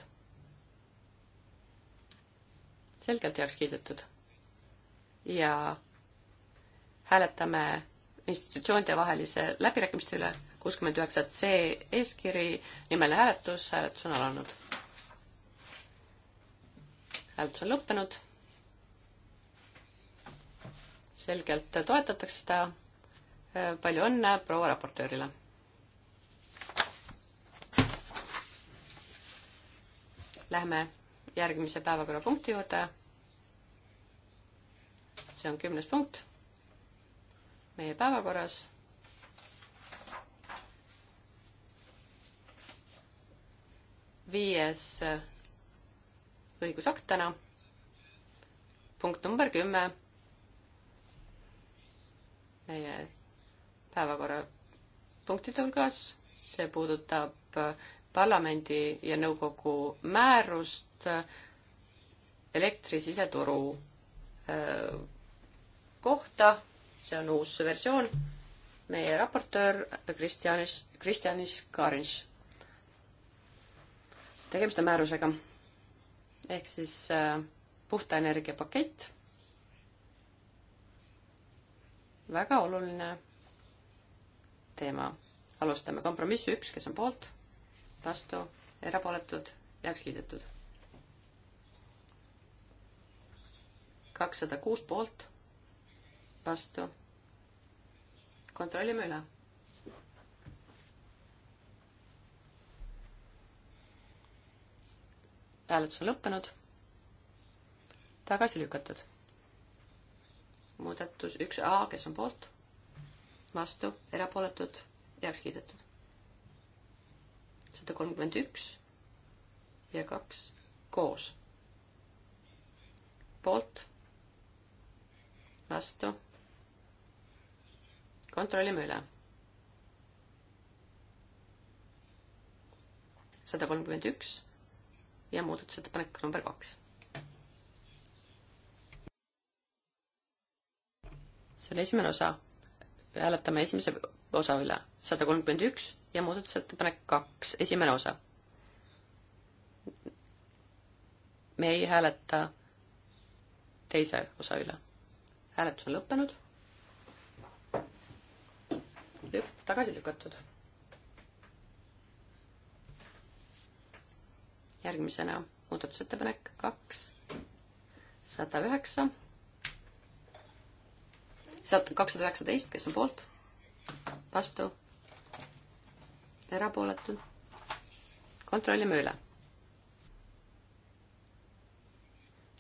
selgelt heaks kiidetud. ja hääletame institutsioonide vahelise läbirääkimiste üle kuuskümmend üheksa C eeskiri, nimeline hääletus, hääletus on alanud. hääletus on lõppenud. selgelt toetatakse seda. palju õnne proua raportöörile Lähme järgmise päevakorrapunkti juurde. see on kümnes punkt meie päevakorras. viies õigusakt täna. punkt number kümme. meie päevakorrapunktide hulgas, see puudutab parlamendi ja nõukogu määrust äh, elektrisiseturu äh, kohta, see on uus versioon, meie raportöör Kristjanis, äh, Kristjanis Karins. tegemist on määrusega. ehk siis äh, puhta energia pakett. väga oluline teema. alustame kompromissi üks, kes on poolt vastu, erapooletud, heaks kiidetud. kakssada kuus poolt, vastu. kontrollime üle. hääletus on lõppenud. tagasi lükatud. muudatus üks A, kes on poolt, vastu, erapooletud, heaks kiidetud sada kolmkümmend üks ja kaks koos. poolt, vastu. kontrollime üle. sada kolmkümmend üks ja muudatusettepanek number kaks. see on esimene osa. hääletame esimese osa üle sada kolmkümmend üks ja muudatusettepanek kaks, esimene osa. me ei hääleta teise osa üle. hääletus on lõppenud. lükk, tagasi lükatud. järgmisena muudatusettepanek kaks, sada üheksa, sada, kakssada üheksateist, kes on poolt, vastu erapooletud. kontrollime üle.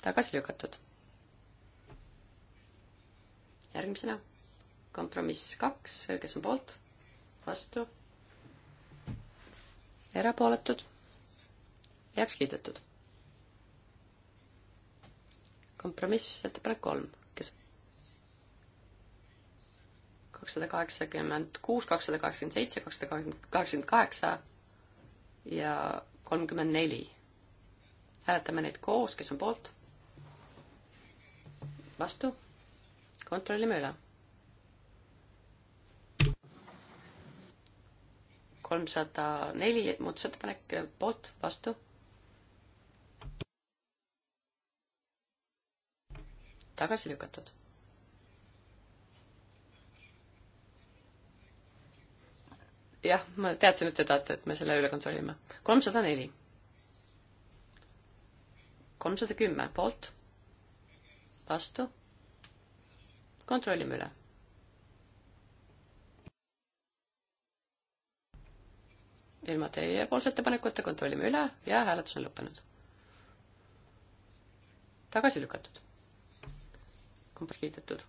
tagasi lükatud. järgmisena kompromiss kaks, kes on poolt, vastu, erapooletud, heaks kiidetud. kompromiss ettepanek kolm kakssada kaheksakümmend kuus, kakssada kaheksakümmend seitse, kakssada kaheksakümmend kaheksa ja kolmkümmend neli. hääletame neid koos, kes on poolt? vastu? kontrollime üle. kolmsada neli muudatusettepanek poolt, vastu tagasi lükatud jah, ma teadsin, et te tahate, et me selle üle kontrollime. kolmsada neli. kolmsada kümme poolt, vastu, kontrollime üle. ilma teiepoolse ettepanekuta kontrollime üle ja hääletus on lõppenud. tagasi lükatud. kompleks kiidetud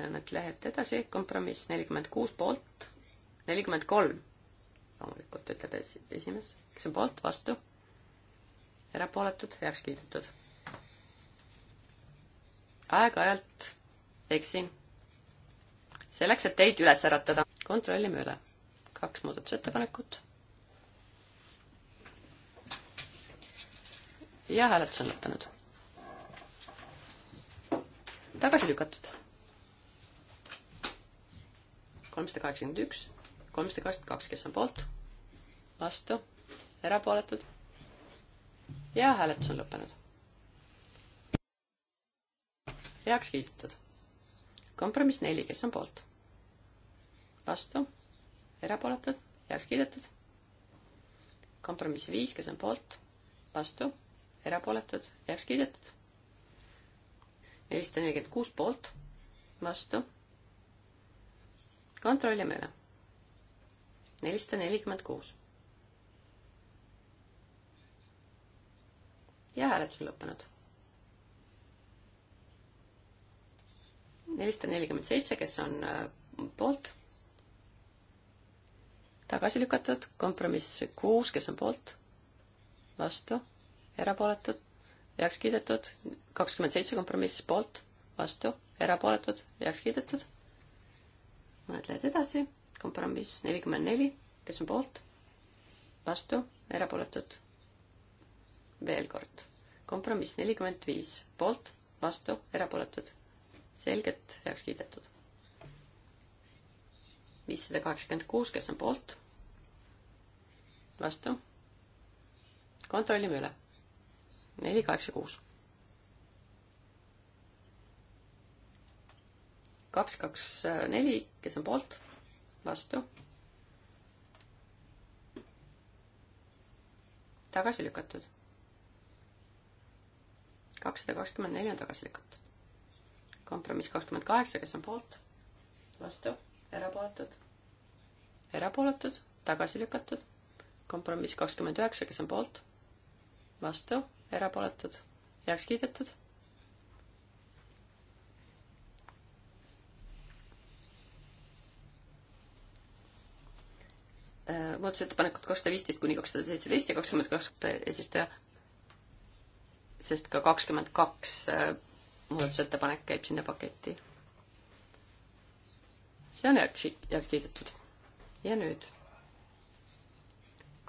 mõned lehed edasi, kompromiss nelikümmend kuus poolt, nelikümmend kolm loomulikult ütleb esimees, kes on poolt, vastu, erapooletud, heaks kiidetud. aeg-ajalt eksin. selleks, et teid üles äratada, kontrollime üle. kaks muudatusettepanekut. ja hääletus on lõppenud. tagasi lükatud kolmsada kaheksakümmend üks, kolmsada kakskümmend kaks, kes on poolt, vastu, erapooletud ja hääletus on lõppenud. heaks kiidetud. kompromiss neli, kes on poolt, vastu, erapooletud, heaks kiidetud. kompromiss viis, kes on poolt, vastu, erapooletud, heaks kiidetud. nelisada nelikümmend kuus poolt, vastu kontrollime üle. nelisada nelikümmend kuus. ja hääletus on lõppenud. nelisada nelikümmend seitse, kes on äh, poolt, tagasi lükatud, kompromiss kuus, kes on poolt, vastu, erapooletud, heaks kiidetud, kakskümmend seitse kompromiss poolt, vastu, erapooletud, heaks kiidetud mõned lehed edasi, kompromiss nelikümmend neli, kes on poolt, vastu, erapooletud. veel kord, kompromiss nelikümmend viis, poolt, vastu, erapooletud. selgelt heaks kiidetud. viissada kaheksakümmend kuus, kes on poolt, vastu, kontrollime üle. neli, kaheksa, kuus kaks, kaks, neli, kes on poolt, vastu. tagasi lükatud. kakssada kakskümmend neli on tagasi lükatud. kompromiss kakskümmend kaheksa, kes on poolt, vastu, erapooletud, erapooletud, tagasi lükatud. kompromiss kakskümmend üheksa, kes on poolt, vastu, erapooletud, heaks kiidetud Äh, muudatusettepanekud kakssada viisteist kuni kakssada seitseteist ja kakskümmend kaks esistaja, sest ka kakskümmend kaks äh, muudatusettepanek käib sinna paketti. see on heaks, heaks kiidetud. ja nüüd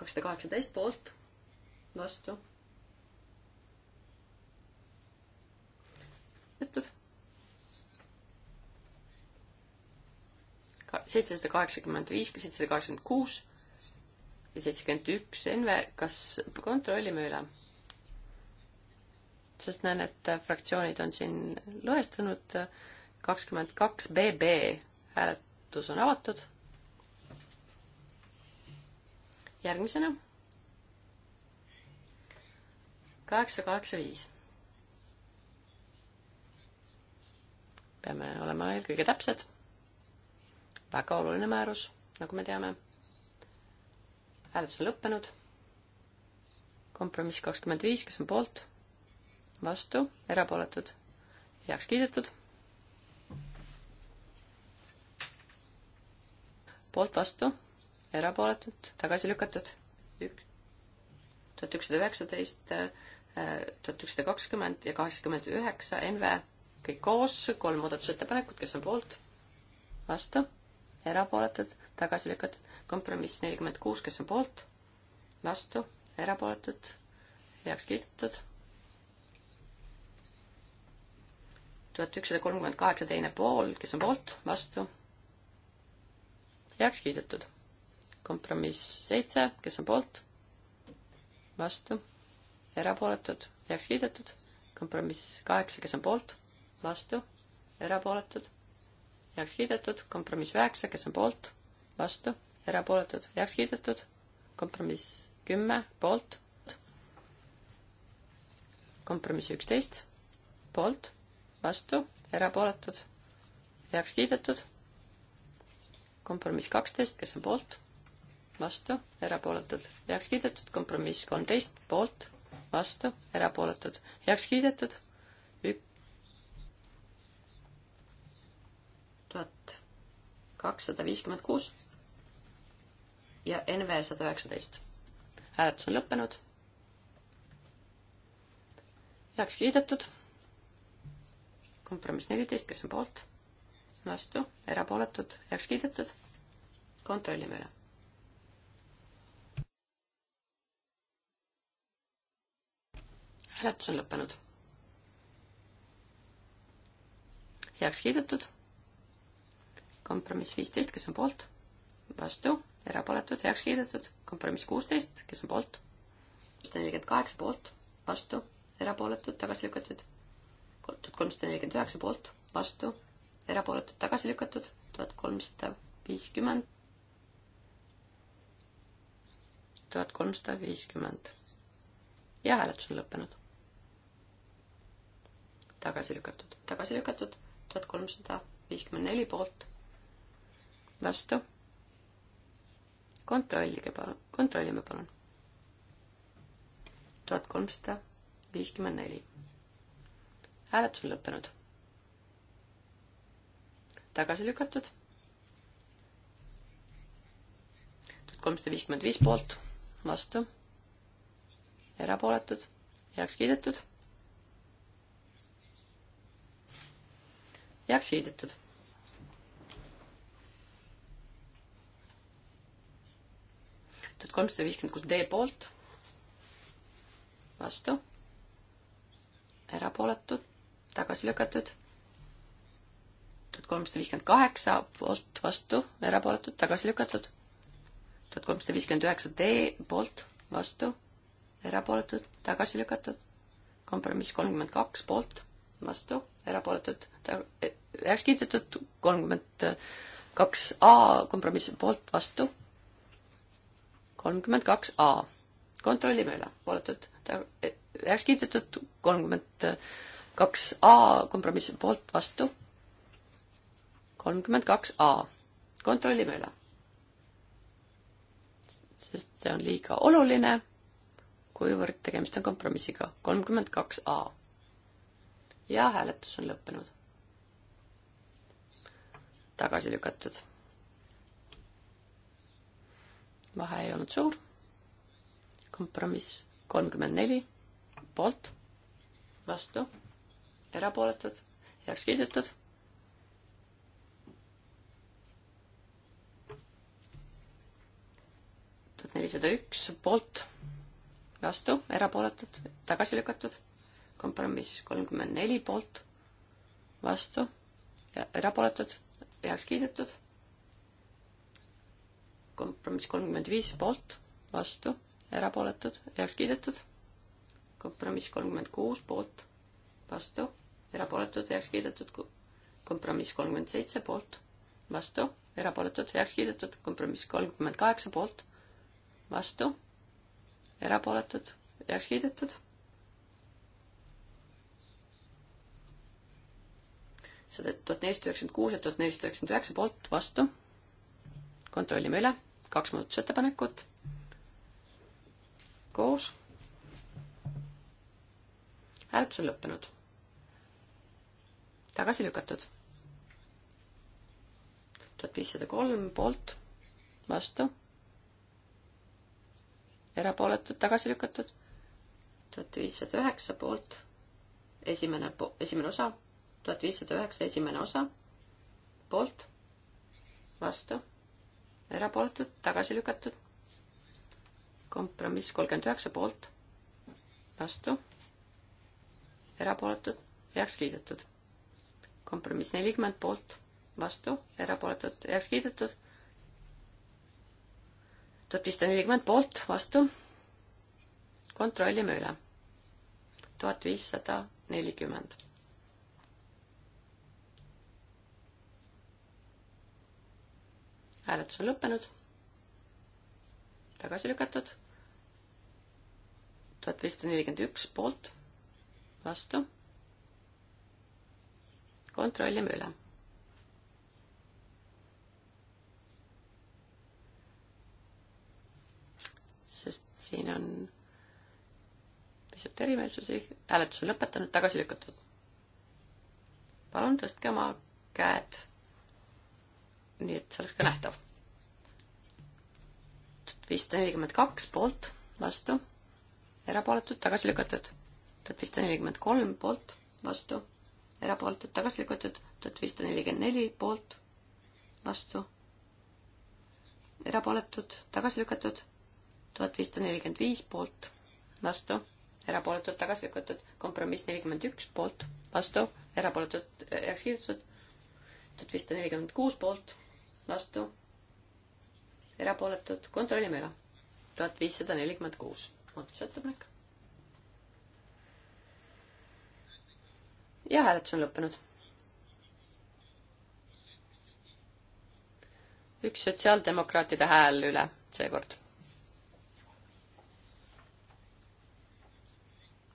kakssada kaheksateist poolt, vastu. tehtud seitsesada kaheksakümmend viis, seitsesada kaheksakümmend kuus ja seitsekümmend üks. Enve, kas kontrollime üle? sest näen, et fraktsioonid on siin lõhestunud. kakskümmend kaks BB hääletus on avatud. järgmisena kaheksa, kaheksa, viis. peame olema eelkõige täpsed väga oluline määrus, nagu me teame. hääletus on lõppenud. kompromiss kakskümmend viis, kes on poolt, vastu, erapooletud, heaks kiidetud. poolt, vastu, erapooletud, tagasi lükatud, üks, tuhat ükssada üheksateist, äh, tuhat ükssada kakskümmend ja kaheksakümmend üheksa, NV, kõik koos, kolm muudatusettepanekut, kes on poolt, vastu erapooletud, tagasi lükatud. kompromiss nelikümmend kuus, kes on poolt, vastu, erapooletud, heaks kiidetud. tuhat ükssada kolmkümmend kaheksa teine pool, kes on poolt, vastu, heaks kiidetud. kompromiss seitse, kes on poolt, vastu, erapooletud, heaks kiidetud. kompromiss kaheksa, kes on poolt, vastu, erapooletud heaks kiidetud, kompromiss üheksa, kes on poolt, vastu, erapooletud, heaks kiidetud, kompromiss kümme, poolt, kompromiss üksteist, poolt, vastu, erapooletud, heaks kiidetud, kompromiss kaksteist, kes on poolt, vastu, erapooletud, heaks kiidetud, kompromiss kolmteist, poolt, vastu, erapooletud, heaks kiidetud tuhat kakssada viiskümmend kuus ja NV sada üheksateist. hääletus on lõppenud. heaks kiidetud. kompromiss neliteist, kes on poolt? vastu, erapooletud, heaks kiidetud. kontrollime üle. hääletus on lõppenud. heaks kiidetud kompromiss viisteist, kes on poolt, vastu, erapooletud, heaks kiidetud, kompromiss kuusteist, kes on poolt, sada nelikümmend kaheksa poolt, vastu, erapooletud, tagasi lükatud, tuhat kolmsada nelikümmend üheksa poolt, vastu, erapooletud, tagasi lükatud, tuhat kolmsada viiskümmend, tuhat kolmsada viiskümmend. ja hääletus on lõppenud tagasi lükatud, tagasi lükatud, tuhat kolmsada viiskümmend neli poolt, vastu. kontrollige palun, kontrollime palun. tuhat kolmsada viiskümmend neli. hääletus on lõppenud. tagasi lükatud. tuhat kolmsada viiskümmend viis poolt, vastu, erapooletud, heaks kiidetud heaks kiidetud võetud kolmsada viiskümmend kuus D poolt, vastu, erapooletud, tagasi lükatud, tuhat kolmsada viiskümmend kaheksa poolt, vastu, erapooletud, tagasi lükatud, tuhat kolmsada viiskümmend üheksa D poolt, vastu, erapooletud, tagasi lükatud, kompromiss kolmkümmend kaks poolt, vastu, erapooletud, eh, heaks kiidetud, kolmkümmend kaks A kompromissi poolt, vastu kolmkümmend kaks A. kontrollime üle, pooletud, e, heaks kiidetud kolmkümmend kaks A kompromissi poolt vastu. kolmkümmend kaks A, kontrollime üle. sest see on liiga oluline, kuivõrd tegemist on kompromissiga, kolmkümmend kaks A. ja hääletus on lõppenud. tagasi lükatud vahe ei olnud suur. kompromiss kolmkümmend neli poolt, vastu, erapooletud, heaks kiidetud. tuhat nelisada üks poolt, vastu, erapooletud, tagasi lükatud. kompromiss kolmkümmend neli poolt, vastu, erapooletud, heaks kiidetud kompromiss kolmkümmend viis poolt, vastu, erapooletud, heaks kiidetud. kompromiss kolmkümmend kuus poolt, vastu, erapooletud, heaks kiidetud. kompromiss kolmkümmend seitse poolt, vastu, erapooletud, heaks kiidetud. kompromiss kolmkümmend kaheksa poolt, vastu, erapooletud, heaks kiidetud. sada tuhat nelisada üheksakümmend kuus ja tuhat nelisada üheksakümmend üheksa poolt, vastu kontrollime üle kaks muudatusettepanekut koos. hääletus on lõppenud. tagasi lükatud. tuhat viissada kolm poolt, vastu, erapooletud, tagasi lükatud. tuhat viissada üheksa poolt, esimene po-, esimene osa, tuhat viissada üheksa, esimene osa, poolt, vastu erapooletud, tagasi lükatud. kompromiss kolmkümmend üheksa poolt, vastu, erapooletud, heaks kiidetud. kompromiss nelikümmend poolt, vastu, erapooletud, heaks kiidetud. tuhat viissada nelikümmend poolt, vastu. kontrollime üle. tuhat viissada nelikümmend hääletus on lõppenud. tagasi lükatud. tuhat viissada nelikümmend üks poolt, vastu. kontrollime üle. sest siin on pisut erimeelsusi, hääletus on lõpetanud, tagasi lükatud. palun tõstke oma käed nii et see oleks ka nähtav. viissada nelikümmend kaks poolt, vastu, erapooletud, tagasi lükatud. tuhat viissada nelikümmend kolm poolt, vastu, erapooletud, tagasi lükatud. tuhat viissada nelikümmend neli poolt, vastu, erapooletud, tagasi lükatud. tuhat viissada nelikümmend viis poolt, vastu erapooletud tagasi lükatud, kompromiss nelikümmend üks poolt, vastu, erapooletud heaks kiidetud, tuhat viissada nelikümmend kuus poolt, vastu, erapooletud, kontrollime üle. tuhat viissada nelikümmend kuus muudatusettepanek. ja hääletus on lõppenud. üks sotsiaaldemokraatide hääl üle seekord.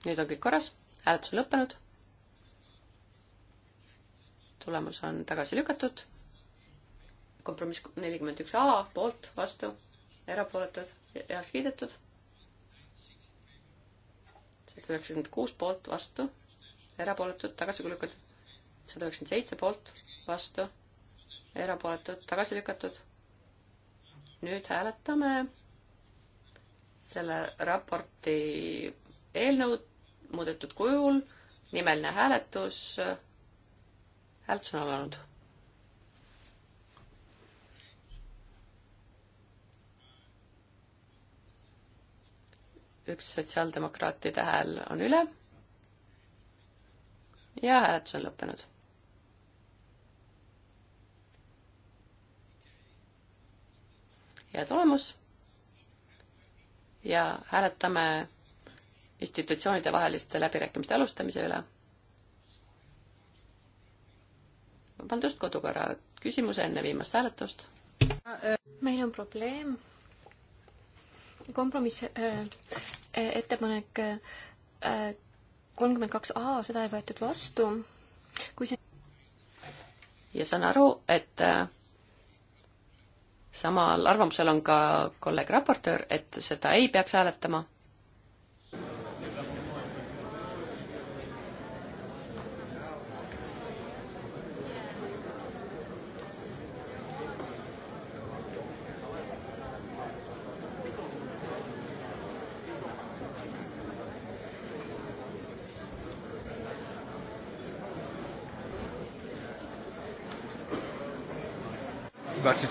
nüüd on kõik korras, hääletus on lõppenud. tulemus on tagasi lükatud kompromiss nelikümmend üks A poolt, vastu, erapooletud, heaks kiidetud. sada üheksakümmend kuus poolt, vastu, erapooletud, tagasi lükatud. sada üheksakümmend seitse poolt, vastu, erapooletud, tagasi lükatud. nüüd hääletame selle raporti eelnõu muudetud kujul, nimeline hääletus, hääletus on alanud üks sotsiaaldemokraatide hääl on üle ja hääletus on lõppenud. hea tulemus. ja hääletame institutsioonide vaheliste läbirääkimiste alustamise üle. vabandust, kodukorra küsimus enne viimast hääletust. meil on probleem kompromiss äh,, äh ettepanek äh, kolmkümmend kaks A, seda ei võetud vastu, kui see ja saan aru, et äh, samal arvamusel on ka kolleeg raportöör, et seda ei peaks hääletama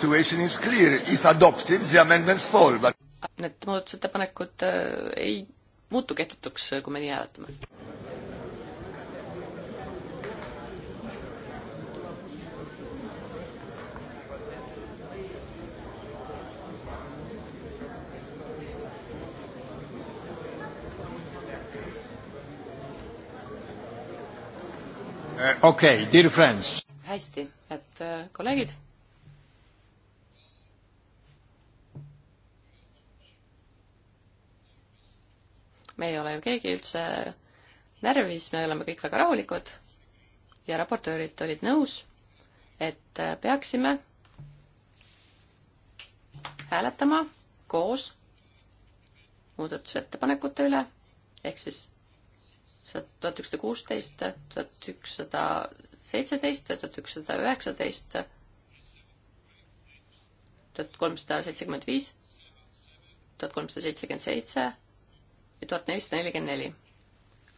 situation is clear. If adopted, the amendments fall. But... Need muudatusettepanekud äh, ei muutu kehtetuks, äh, kui me nii hääletame. okei äh, okay,, dear friends. hästi, head äh, kolleegid me ei ole ju keegi üldse närvis, me oleme kõik väga rahulikud ja raportöörid olid nõus, et peaksime hääletama koos muudatusettepanekute üle, ehk siis tuhat ükssada kuusteist, tuhat ükssada seitseteist, tuhat ükssada üheksateist, tuhat kolmsada seitsekümmend viis, tuhat kolmsada seitsekümmend seitse, tuhat nelisada nelikümmend neli.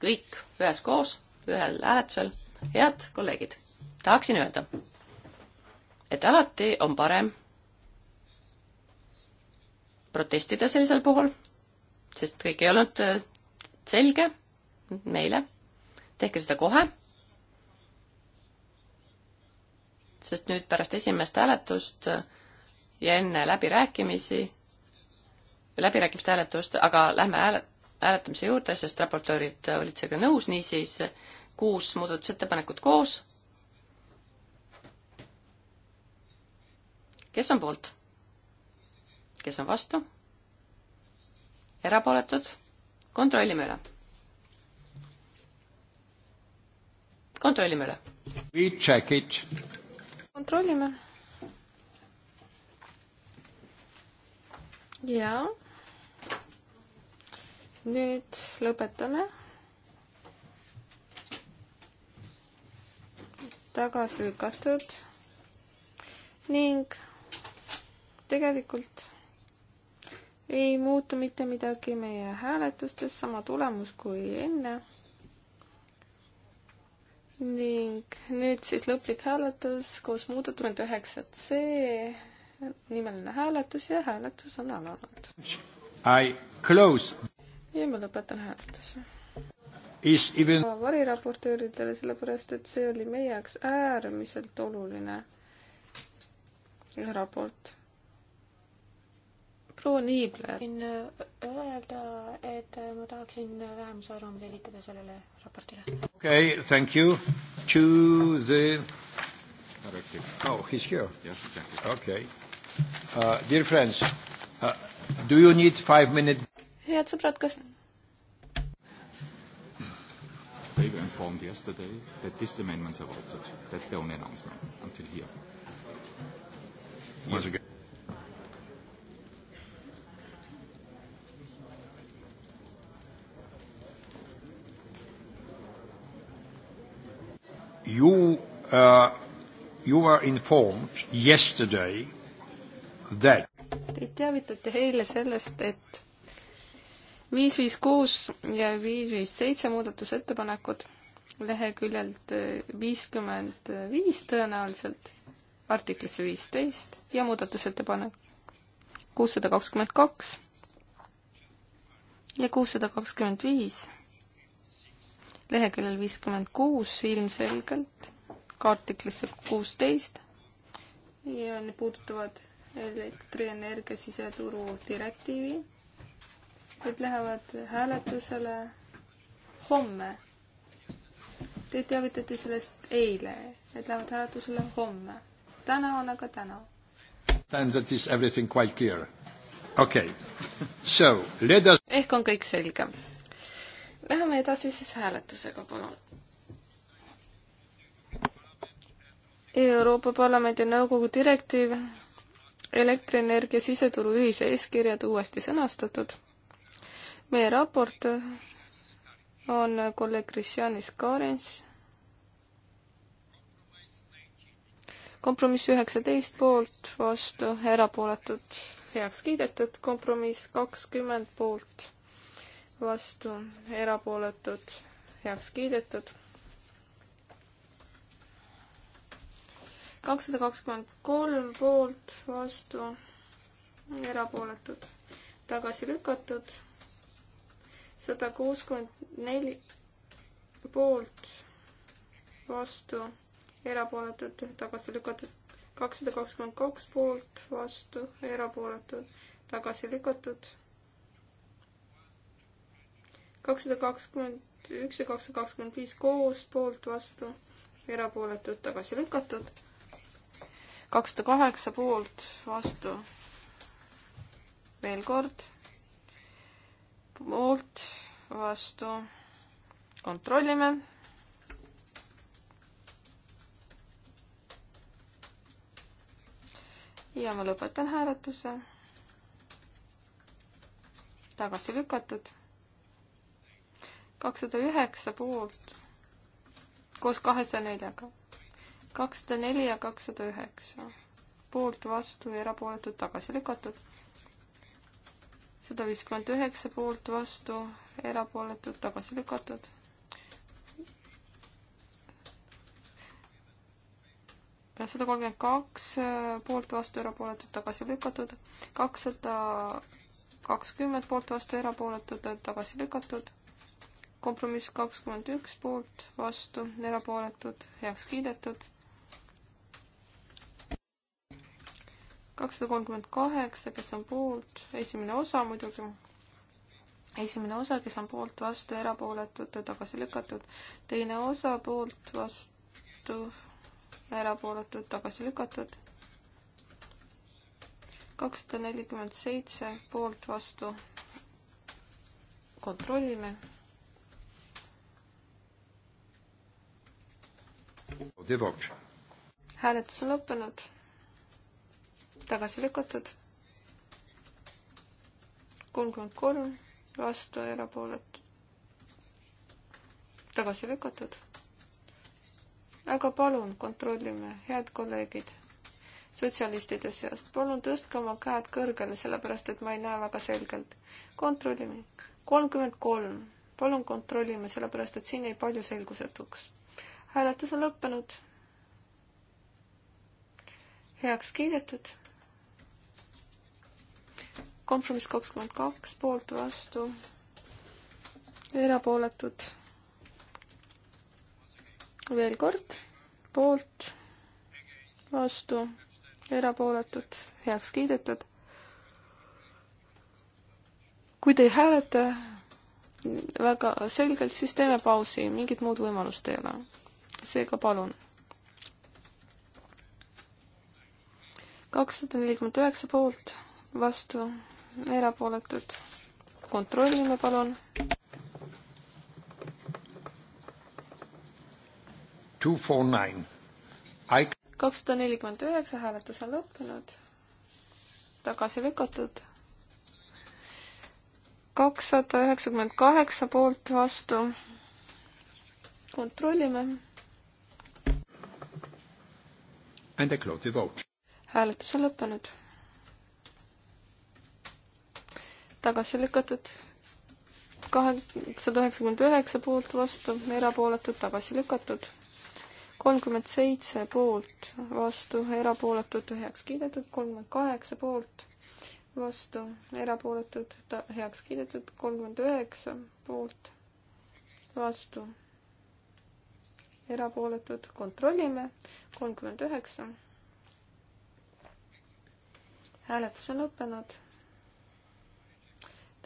kõik üheskoos, ühel hääletusel. head kolleegid, tahaksin öelda, et alati on parem protestida sellisel puhul, sest kõik ei olnud äh, selge meile. tehke seda kohe. sest nüüd pärast esimest hääletust ja enne läbirääkimisi, läbirääkimiste hääletust, aga lähme hääle-, hääletamise juurde, sest raportöörid olid sellega nõus, niisiis kuus muudatusettepanekut koos. kes on poolt? kes on vastu? erapooletud? kontrollime üle. kontrollime üle. We check it. kontrollime. jaa nüüd lõpetame. tagasi lükatud ning tegelikult ei muutu mitte midagi meie hääletustes, sama tulemus kui enne. ning nüüd siis lõplik hääletus koos muudetud üheksat C nimeline hääletus ja hääletus on alanud. I close ja ma lõpetan hääletuse. Even... variraportööridele, sellepärast et see oli meie jaoks äärmiselt oluline raport proua Niibler. võin äh, öelda, et äh, ma tahaksin äh, vähemuse arvamuse esitada sellele raportile. okei okay,, thank you. To the oh, he is here. okei. Uh, dear friends uh,, do you need five minutes? head sõbrad, kas They were informed yesterday that this amendment is adopted. That's the only announcement until here. Once yes. again. You, uh, you were informed yesterday that Teid teavitati eile sellest, et viis, viis, kuus ja viis, viis, seitse muudatusettepanekut leheküljelt eh, viiskümmend eh, viis tõenäoliselt, artiklisse viisteist ja muudatusettepanek kuussada kakskümmend kaks ja kuussada kakskümmend viis. leheküljel viiskümmend kuus ilmselgelt ka artiklisse kuusteist ja need puudutavad elektrienergia siseturu direktiivi Need lähevad hääletusele homme. Te teavitati sellest eile, need lähevad hääletusele homme. täna on aga täna. That is everything quite clear. Okay. So, let us... ehk on kõik selge. Läheme edasi siis hääletusega, palun. Euroopa Parlamendi Nõukogu direktiiv elektrienergia siseturu ühise eeskirjad uuesti sõnastatud meie raportöör on kolleeg Kristjanis Kaarens. kompromiss üheksateist poolt, vastu, erapooletud, heaks kiidetud, kompromiss kakskümmend poolt, vastu, erapooletud, heaks kiidetud. kakssada kakskümmend kolm poolt, vastu, erapooletud, tagasi lükatud sada kuuskümmend neli poolt, vastu, erapooletud, tagasi lükatud. kakssada kakskümmend kaks poolt, vastu, erapooletud, tagasi lükatud. kakssada kakskümmend üks ja kakssada kakskümmend viis koos, poolt, vastu, erapooletud, tagasi lükatud. kakssada kaheksa poolt, vastu veel kord, poolt, vastu, kontrollime. ja ma lõpetan hääletuse. tagasi lükatud. kakssada üheksa poolt koos kahesaja neljaga. kakssada neli ja kakssada üheksa poolt, vastu ja erapooletud tagasi lükatud sada viiskümmend üheksa poolt, vastu, erapooletud, tagasi lükatud. sada kolmkümmend kaks äh, poolt, vastu, erapooletud, tagasi lükatud. kakssada kakskümmend poolt, vastu, erapooletud, tagasi lükatud. kompromiss kakskümmend üks poolt, vastu, erapooletud, heaks kiidetud kakssada kolmkümmend kaheksa, kes on poolt, esimene osa muidugi, esimene osa, kes on poolt, vastu, erapooletud, tagasi lükatud, teine osa poolt, vastu, erapooletud, tagasi lükatud, kakssada nelikümmend seitse poolt, vastu, kontrollime. hääletus on lõppenud tagasi lükatud. kolmkümmend kolm vastu ja erapooletu. tagasi lükatud. aga palun kontrollime, head kolleegid, sotsialistide seast, palun tõstke oma käed kõrgele, sellepärast et ma ei näe väga selgelt. kontrollime, kolmkümmend kolm, palun kontrollime, sellepärast et siin jäi palju selgusetuks. hääletus on lõppenud. heaks kiidetud kompromiss kakskümmend kaks, poolt, vastu, erapooletud. veel kord, poolt, vastu, erapooletud, heaks kiidetud. kui te ei hääleta väga selgelt, siis teeme pausi, mingit muud võimalust ei ole. seega palun. kakssada nelikümmend üheksa poolt, vastu erapooletud. kontrollime, palun. kakssada nelikümmend üheksa hääletus on lõppenud. tagasi lükatud. kakssada üheksakümmend kaheksa poolt vastu. kontrollime. And I close the vote. hääletus on lõppenud tagasi lükatud. kaheksasada üheksakümmend üheksa poolt vastu, erapooletud, tagasi lükatud. kolmkümmend seitse poolt vastu, erapooletud, heaks kiidetud, kolmkümmend kaheksa poolt vastu, erapooletud, heaks kiidetud, kolmkümmend üheksa poolt vastu, erapooletud, kontrollime, kolmkümmend üheksa. hääletus on lõppenud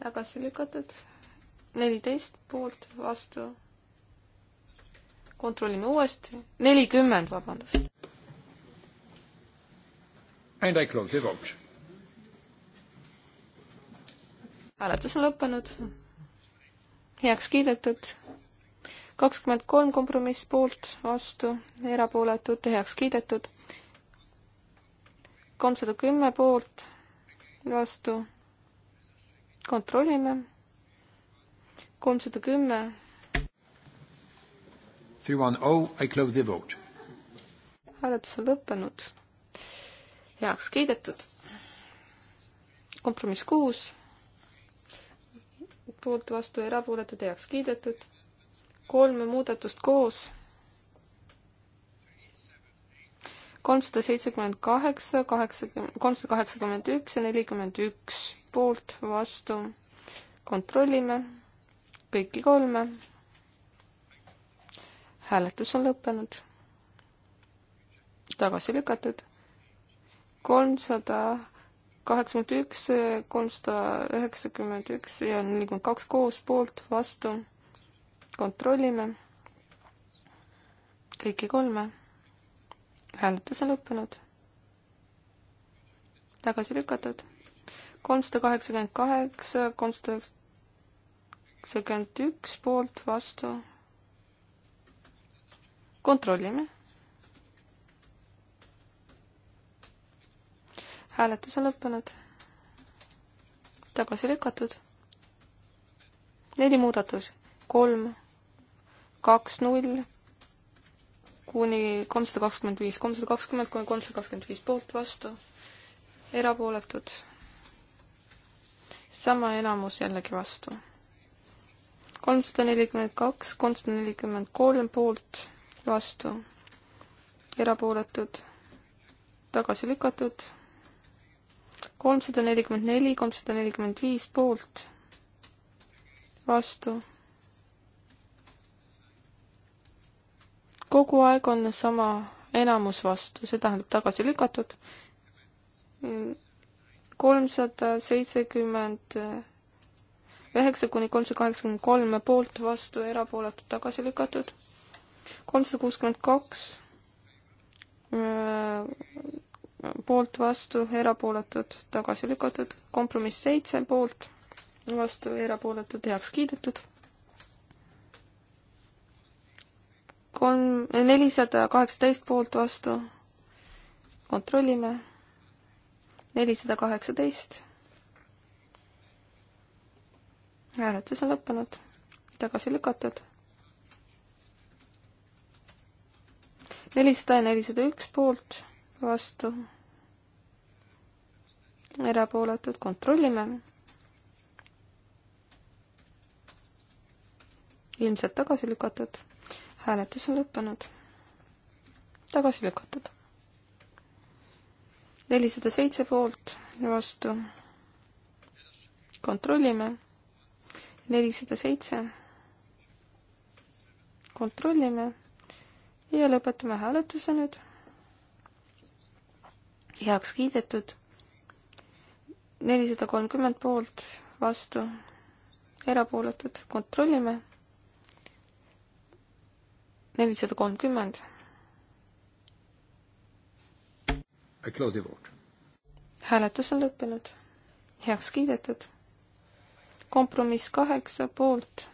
tagasi lükatud, neliteist poolt, vastu. kontrollime uuesti, nelikümmend, vabandust. And I close the vote. hääletus on lõppenud. heaks kiidetud. kakskümmend kolm kompromiss poolt, vastu, erapooletud, heaks kiidetud. kolmsada kümme poolt, vastu kontrollime. kolmsada kümme. Three one oh, I close the vote. hääletus on lõppenud. heaks kiidetud. kompromiss kuus. poolt, vastu, erapooletud, heaks kiidetud. kolm muudatust koos kolmsada seitsekümmend kaheksa, kaheksakümmend, kolmsada kaheksakümmend üks ja nelikümmend üks poolt, vastu. kontrollime kõiki kolme. hääletus on lõppenud. tagasi lükatud. kolmsada kaheksakümmend üks, kolmsada üheksakümmend üks ja nelikümmend kaks koos poolt, vastu. kontrollime kõiki kolme hääletus on lõppenud. tagasi lükatud. kolmsada kaheksakümmend kaheksa, kolmsada üheksakümmend üks poolt, vastu. kontrollime. hääletus on lõppenud. tagasi lükatud. neli muudatus, kolm, kaks, null kuni kolmsada kakskümmend viis, kolmsada kakskümmend kuni kolmsada kakskümmend viis poolt, vastu, erapooletud. sama enamus jällegi vastu. kolmsada nelikümmend kaks, kolmsada nelikümmend kolm poolt, vastu, erapooletud, tagasi lükatud. kolmsada nelikümmend neli, kolmsada nelikümmend viis poolt, vastu kogu aeg on sama enamus vastu, see tähendab tagasi lükatud. kolmsada seitsekümmend üheksa kuni kolmsada kaheksakümmend kolm poolt, vastu, erapooletud, tagasi lükatud. kolmsada kuuskümmend kaks poolt, vastu, erapooletud, tagasi lükatud. kompromiss seitse poolt, vastu, erapooletud, heaks kiidetud kolm, nelisada kaheksateist poolt vastu. kontrollime. nelisada kaheksateist. hääletus on lõppenud, tagasi lükatud. nelisada ja nelisada üks poolt vastu. erapooletud, kontrollime. ilmselt tagasi lükatud hääletus on lõppenud. tagasi lükatud. nelisada seitse poolt ja vastu. kontrollime. nelisada seitse. kontrollime ja lõpetame hääletuse nüüd. heaks kiidetud. nelisada kolmkümmend poolt, vastu, erapooletud, kontrollime nelisada kolmkümmend. hääletus on lõppenud, heaks kiidetud. kompromiss kaheksa poolt,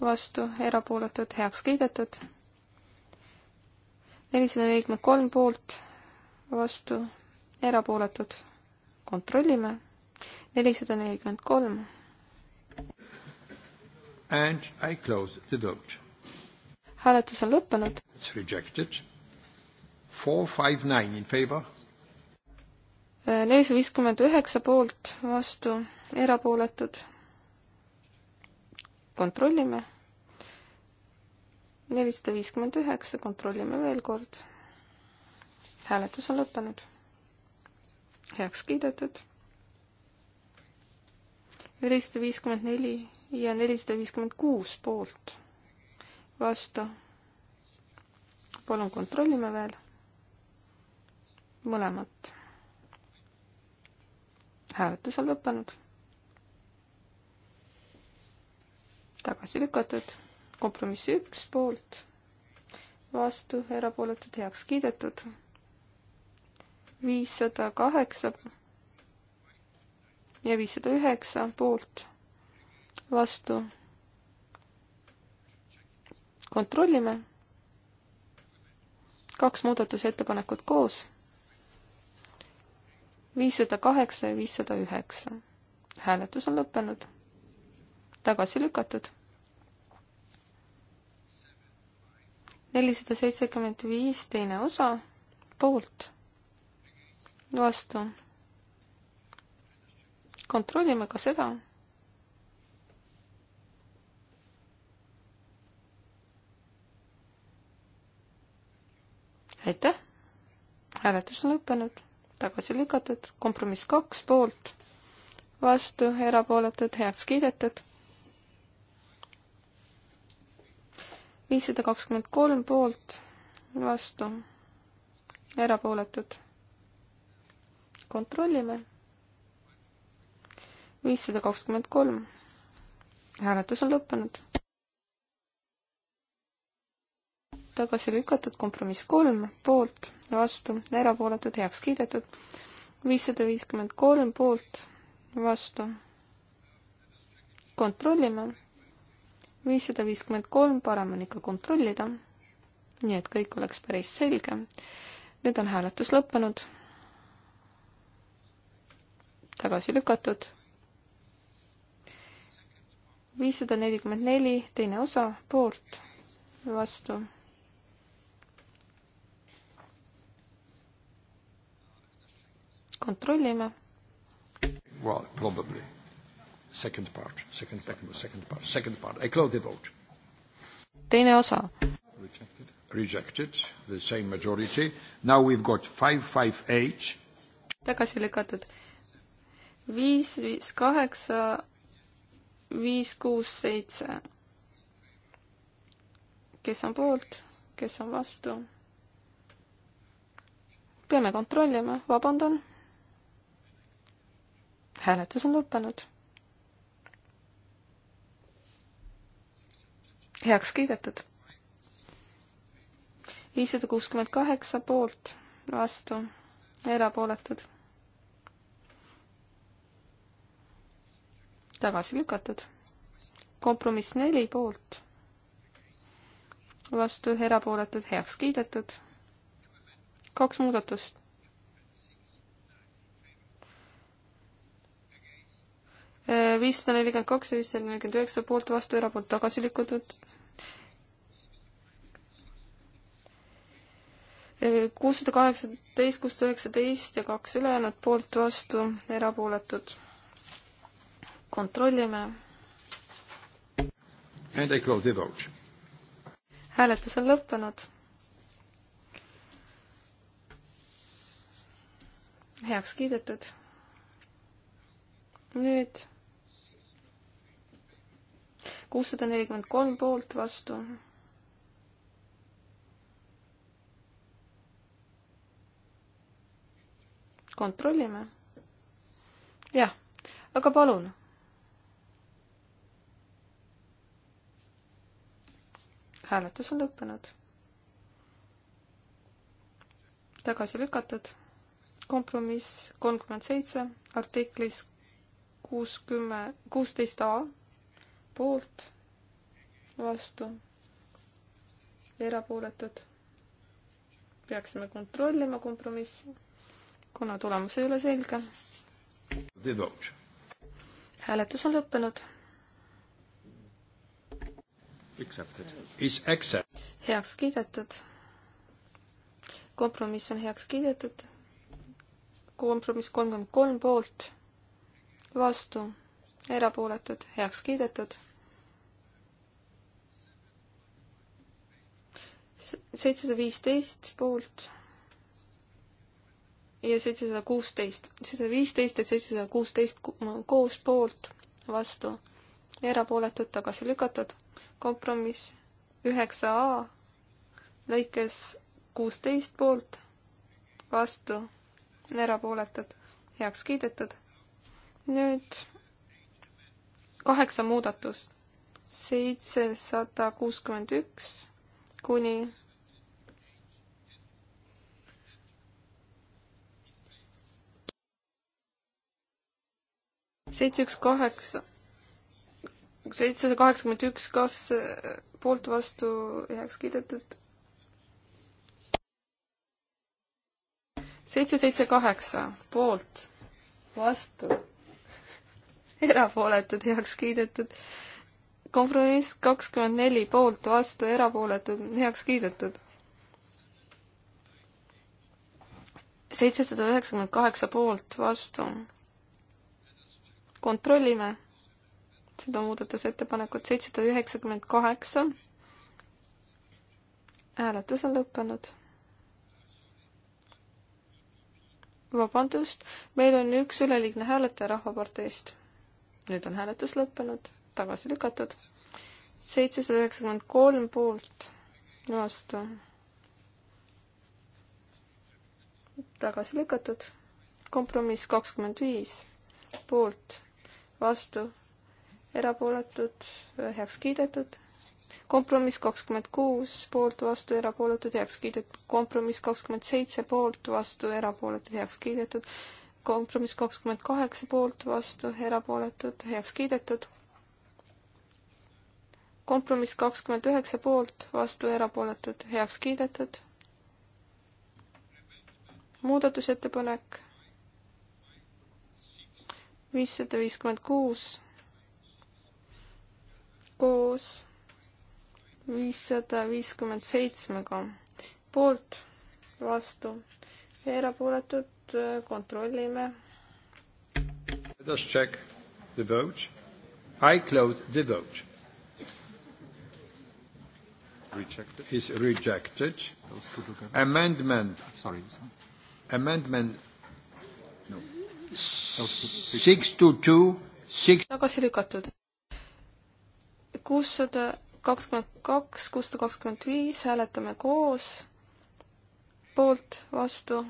vastu, erapooletud, heaks kiidetud. nelisada nelikümmend kolm poolt, vastu, erapooletud, kontrollime. nelisada nelikümmend kolm. And I close the vote hääletus on lõppenud. Äh, nelisada viiskümmend üheksa poolt, vastu, erapooletud. kontrollime. nelisada viiskümmend üheksa, kontrollime veel kord. hääletus on lõppenud. heaks kiidetud. nelisada viiskümmend neli ja nelisada viiskümmend kuus poolt vastu. palun kontrollime veel. mõlemat. hääletus on lõppenud. tagasi lükatud, kompromissi üks poolt, vastu, erapooletud, heaks kiidetud. viissada kaheksa ja viissada üheksa poolt, vastu kontrollime. kaks muudatusettepanekut koos. viissada kaheksa ja viissada üheksa. hääletus on lõppenud. tagasi lükatud. nelisada seitsekümmend viis, teine osa, poolt, vastu. kontrollime ka seda aitäh. hääletus on lõppenud, tagasi lükatud, kompromiss kaks poolt, vastu, erapooletud, heaks kiidetud. viissada kakskümmend kolm poolt, vastu, erapooletud. kontrollime. viissada kakskümmend kolm. hääletus on lõppenud tagasi lükatud, kompromiss kolm, poolt, vastu, erapooletud, heaks kiidetud, viissada viiskümmend kolm poolt, vastu. kontrollime, viissada viiskümmend kolm, parem on ikka kontrollida, nii et kõik oleks päris selge. nüüd on hääletus lõppenud, tagasi lükatud viissada nelikümmend neli, teine osa, poolt, vastu, kontrollime. Well, probably. Second part, second, second, second part, second part. I close the vote. teine osa. Rejected. Rejected, the same majority. Now we've got five, five, eight. tagasi lükatud. viis, viis, kaheksa, viis, kuus, seitse. kes on poolt, kes on vastu? peame kontrollima, vabandan hääletus on lõppenud. heaks kiidetud. viissada kuuskümmend kaheksa poolt, vastu, erapooletud. tagasi lükatud. kompromiss neli poolt, vastu, erapooletud, heaks kiidetud. kaks muudatust viissada nelikümmend kaks ja viissada nelikümmend üheksa poolt vastu, erapoolt tagasi lükatud. kuussada kaheksateist, kuussada üheksateist ja kaks ülejäänut poolt vastu, erapooletud. kontrollime. hääletus on lõppenud. heaks kiidetud. nüüd kuussada nelikümmend kolm poolt, vastu. kontrollime. jah, aga palun. hääletus on lõppenud. tagasi lükatud. kompromiss kolmkümmend seitse artiklis kuuskümmend, kuusteist A poolt, vastu, erapooletud. peaksime kontrollima kompromissi, kuna tulemus ei ole selge. hääletus on lõppenud. heaks kiidetud. kompromiss on heaks kiidetud kompromiss kolmkümmend kolm poolt, vastu, erapooletud, heaks kiidetud. seitsesada viisteist poolt ja seitsesada kuusteist. seitsesada viisteist ja seitsesada kuusteist koos poolt, vastu, erapooletud, tagasi lükatud. kompromiss üheksa A lõikes kuusteist poolt, vastu, erapooletud, heaks kiidetud. nüüd kaheksa muudatust. seitsesada kuuskümmend üks kuni seitse, üks, kaheksa, seitsesada kaheksakümmend üks, kas äh, poolt vastu heaks kiidetud? seitse, seitse, kaheksa, poolt, vastu, erapooletud, heaks kiidetud kompromiss kakskümmend neli poolt, vastu, erapooletud, heaks kiidetud. seitsesada üheksakümmend kaheksa poolt, vastu. kontrollime seda muudatusettepanekut, seitsesada üheksakümmend kaheksa. hääletus on lõppenud. vabandust, meil on üks üleliigne hääletaja Rahvaparteist. nüüd on hääletus lõppenud tagasi lükatud. seitsesada üheksakümmend kolm poolt, vastu. tagasi lükatud. kompromiss kakskümmend viis poolt, vastu, erapooletud, heaks kiidetud kompromiss kakskümmend kuus, poolt, vastu, erapooletud, heaks kiidetud, kompromiss kakskümmend seitse, poolt, vastu, erapooletud, heaks kiidetud, kompromiss kakskümmend kaheksa, poolt, vastu, erapooletud, heaks kiidetud, kompromiss kakskümmend üheksa poolt, vastu erapooletud, heaks kiidetud. muudatusettepanek viissada viiskümmend kuus koos viissada viiskümmend seitsmega. poolt, vastu, erapooletud, kontrollime. Let us check the vote. I close the vote. Rejected. Is rejected. Those two together. Amendment. Sorry. Amendment. No. Six to two. Six. tagasi lükatud. kuussada kakskümmend kaks, kuussada kakskümmend viis, hääletame koos. poolt, vastu,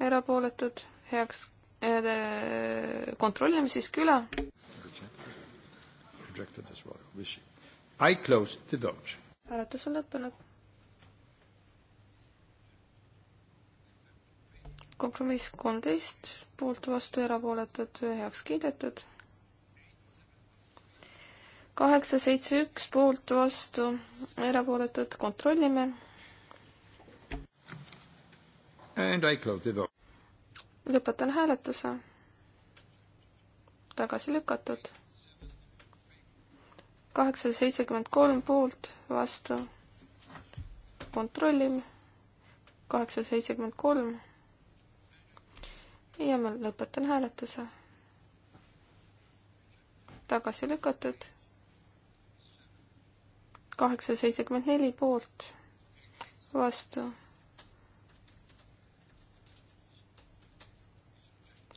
erapooletud, heaks äh,. äh kontrollime siiski üle. Rejected as well. I close the vote hääletus on lõppenud. kompromiss kolmteist, poolt, vastu, erapooletud, heaks kiidetud. kaheksa, seitse, üks, poolt, vastu, erapooletud, kontrollime. lõpetan hääletuse. tagasi lükatud kaheksasada seitsekümmend kolm poolt, vastu. kontrollime. kaheksasada seitsekümmend kolm. ja ma lõpetan hääletuse. tagasi lükatud. kaheksasada seitsekümmend neli poolt, vastu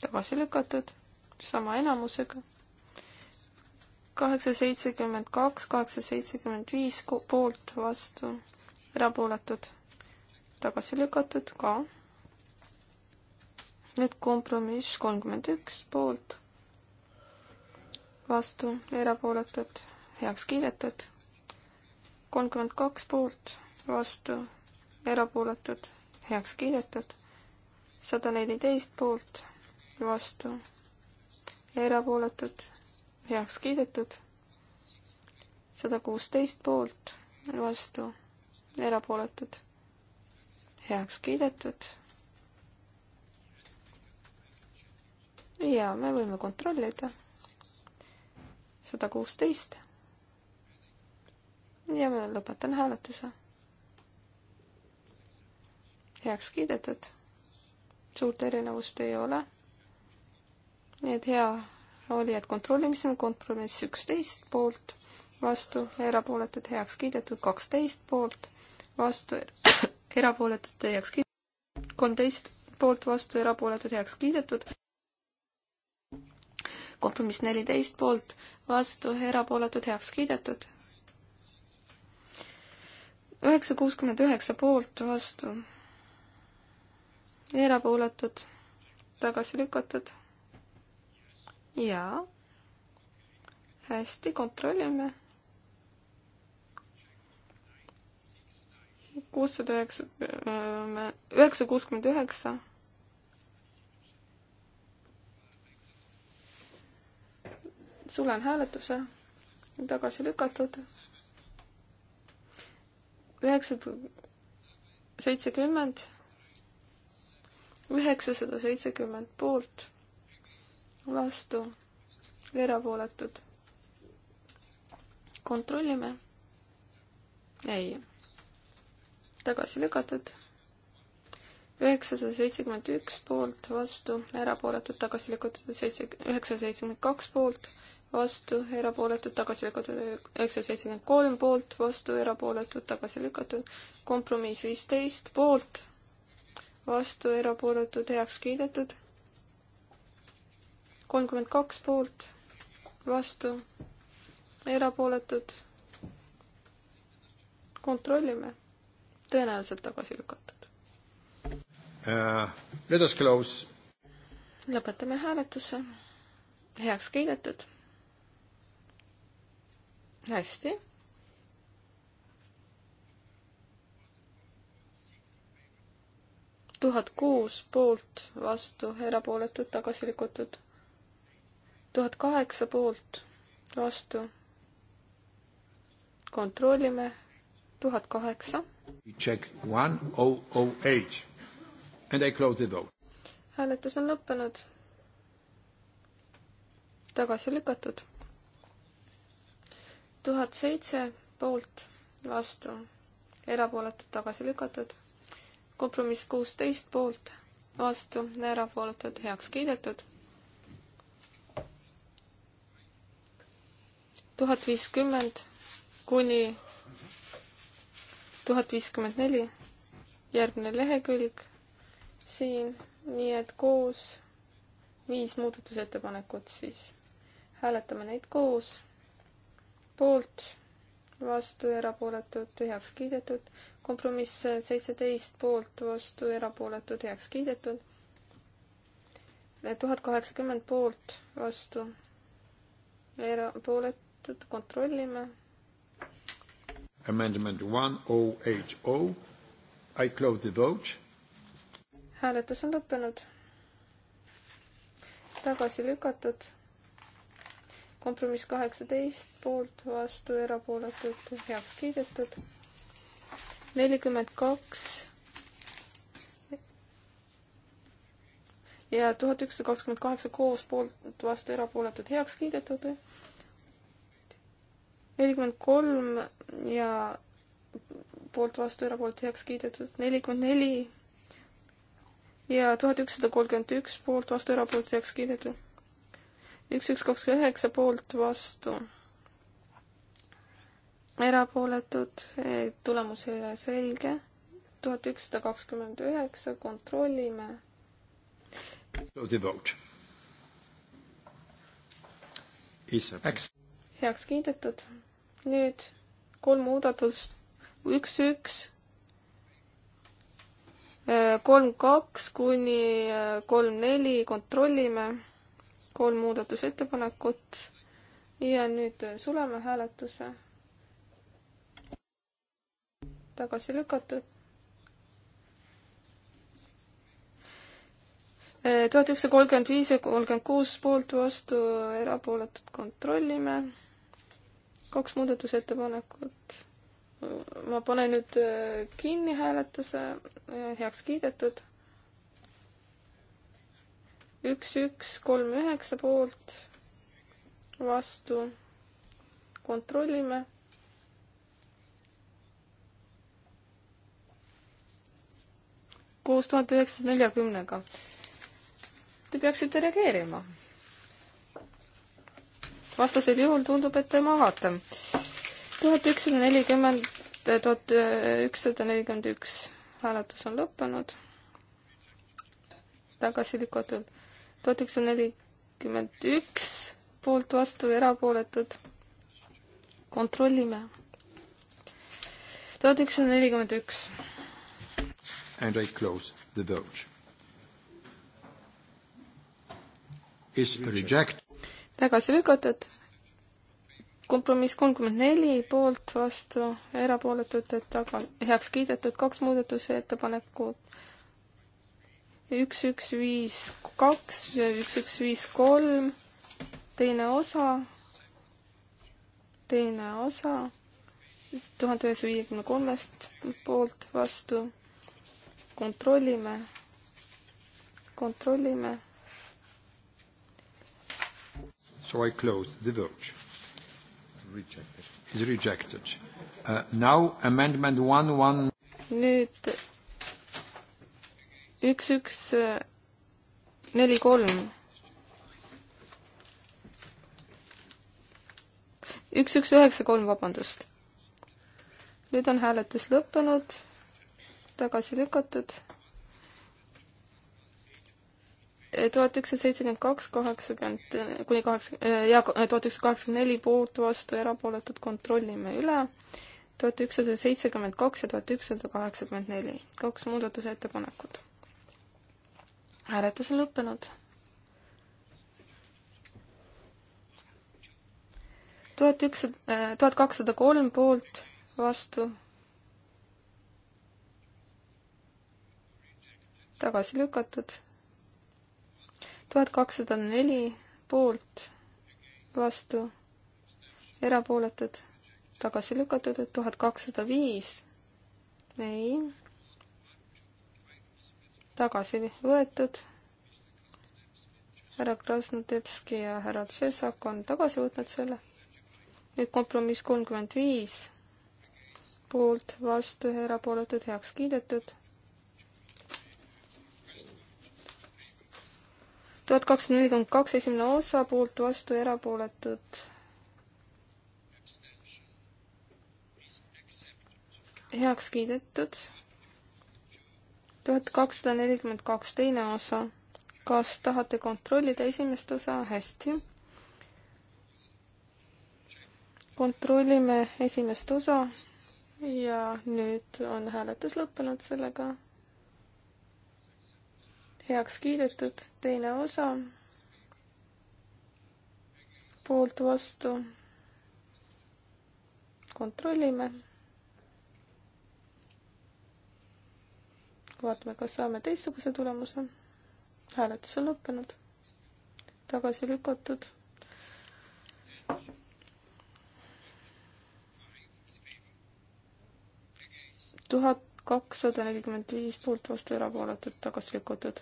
tagasi lükatud sama enamusega kaheksa seitsekümmend kaks, kaheksa seitsekümmend viis poolt, vastu, erapooletud, tagasi lükatud ka. nüüd kompromiss kolmkümmend üks poolt, vastu, erapooletud, heaks kiidetud. kolmkümmend kaks poolt, vastu, erapooletud, heaks kiidetud. sada neliteist poolt, vastu, erapooletud heaks kiidetud. sada kuusteist poolt, vastu, erapooletud, heaks kiidetud. ja me võime kontrollida. sada kuusteist. ja ma lõpetan hääletuse. heaks kiidetud. suurt erinevust ei ole. nii et hea oli, et kontrollimisel kompromiss üksteist poolt, vastu, erapooletud, heaks kiidetud, kaksteist poolt, vastu, erapooletud, heaks kiidetud, kolmteist poolt, vastu, erapooletud, heaks kiidetud kompromiss neliteist poolt, vastu erapooletud heaks kiidetud. üheksa kuuskümmend üheksa poolt, vastu erapooletud, tagasi lükatud jaa. hästi, kontrollime. kuussada üheksa, äh, üheksa kuuskümmend üheksa. sulen hääletuse, tagasi lükatud. üheksasada seitsekümmend, üheksasada seitsekümmend poolt vastu, erapooletud. kontrollime. ei, tagasi lükatud. üheksasada seitsekümmend üks poolt, vastu, erapooletud, tagasi lükatud, seitse, üheksasada seitsekümmend kaks poolt, vastu, erapooletud, tagasi lükatud, üheksasada seitsekümmend kolm poolt, vastu, erapooletud, tagasi lükatud, kompromiss viisteist poolt, vastu, erapooletud, heaks kiidetud kolmkümmend kaks poolt, vastu, erapooletud. kontrollime, tõenäoliselt tagasi lükatud uh,. Let us close. lõpetame hääletuse, heaks kiidetud. hästi tuhat kuus poolt, vastu, erapooletud, tagasi lükatud tuhat kaheksa poolt, vastu. kontrollime, tuhat kaheksa. Check one oh oh eight and I close the vote. hääletus on lõppenud. tagasi lükatud. tuhat seitse poolt, vastu, erapooletud, tagasi lükatud. kompromiss kuusteist poolt, vastu, erapooletud, heaks kiidetud tuhat viiskümmend kuni tuhat viiskümmend neli, järgmine lehekülg siin, nii et koos viis muudatusettepanekut siis. hääletame neid koos, poolt, vastu, erapooletud, heaks kiidetud, kompromiss seitseteist, poolt, vastu, erapooletud, heaks kiidetud, tuhat kaheksakümmend poolt, vastu, erapooletud, võetud, kontrollime. Amendment one O H O. I close the vote. hääletus on lõppenud. tagasi lükatud. kompromiss kaheksateist, poolt, vastu, erapooletud, heaks kiidetud. nelikümmend kaks ja tuhat ükssada kakskümmend kaheksa koos poolt vastu erapooletud heaks kiidetud nelikümmend kolm ja poolt vastu, erapoolt heaks kiidetud, nelikümmend neli ja tuhat ükssada kolmkümmend üks poolt vastu, erapoolt heaks kiidetud. üks, üks, kaks, üheksa poolt vastu. erapooletud, tulemus ei ole selge. tuhat ükssada kakskümmend üheksa, kontrollime. The vote is excellent heaks kiidetud. nüüd kolm muudatust, üks, üks, äh, kolm, kaks kuni äh, kolm, neli, kontrollime kolm muudatusettepanekut ja nüüd sulame hääletuse. tagasi lükatud. Äh, tuhat üheksasada kolmkümmend viis ja kolmkümmend kuus poolt vastu erapooletut kontrollime kaks muudatusettepanekut. ma panen nüüd äh, kinni hääletuse, äh, heaks kiidetud. üks, üks, kolm, üheksa poolt, vastu. kontrollime koos tuhande üheksasaja neljakümnega. Te peaksite reageerima vastasel juhul tundub, et tema vaatab. tuhat ükssada nelikümmend, tuhat ükssada nelikümmend üks hääletus on lõppenud, tagasi lükatud. tuhat ükssada nelikümmend üks poolt vastu, erapooletud. kontrollime. tuhat ükssada nelikümmend üks. And I close the vote. is reject tagasi lükatud. kompromiss kolmkümmend neli poolt, vastu, erapooletud, taga, heaks kiidetud kaks muudatusettepanekut. üks, üks, viis, kaks, üks, üks, viis, kolm, teine osa, teine osa tuhande ühesaja viiekümne kolmest poolt vastu. kontrollime, kontrollime So I close the vote. Rejected. Is rejected. Uh, now amendment 111. Nüüd 1143. 1193, vabandust. Nüüd on hääletus lõppenud, tagasi lükatud tuhat ükssada seitsekümmend kaks, kaheksakümmend kuni kaheksa äh, ja tuhat ükssada kaheksakümmend neli poolt, vastu, erapooletud, kontrollime üle. tuhat ükssada seitsekümmend kaks ja tuhat ükssada kaheksakümmend neli, kaks muudatusettepanekut. hääletus on lõppenud. tuhat ükssada, äh, tuhat kakssada kolm poolt, vastu, tagasi lükatud tuhat kakssada neli poolt, vastu, erapooletud, tagasi lükatud, tuhat kakssada viis, ei, tagasi võetud, härra Krasnodebski ja härra Tšesak on tagasi võtnud selle, nüüd kompromiss kolmkümmend viis, poolt, vastu, erapooletud, heaks kiidetud tuhat kakssada nelikümmend kaks esimene osa, poolt, vastu, erapooletud. heaks kiidetud. tuhat kakssada nelikümmend kaks teine osa. kas tahate kontrollida esimest osa? hästi. kontrollime esimest osa ja nüüd on hääletus lõppenud sellega heaks kiidetud, teine osa poolt vastu. kontrollime. vaatame, kas saame teistsuguse tulemuse. hääletus on lõppenud, tagasi lükatud. tuhat kakssada nelikümmend viis poolt vastu erapooletud, tagasi lükatud.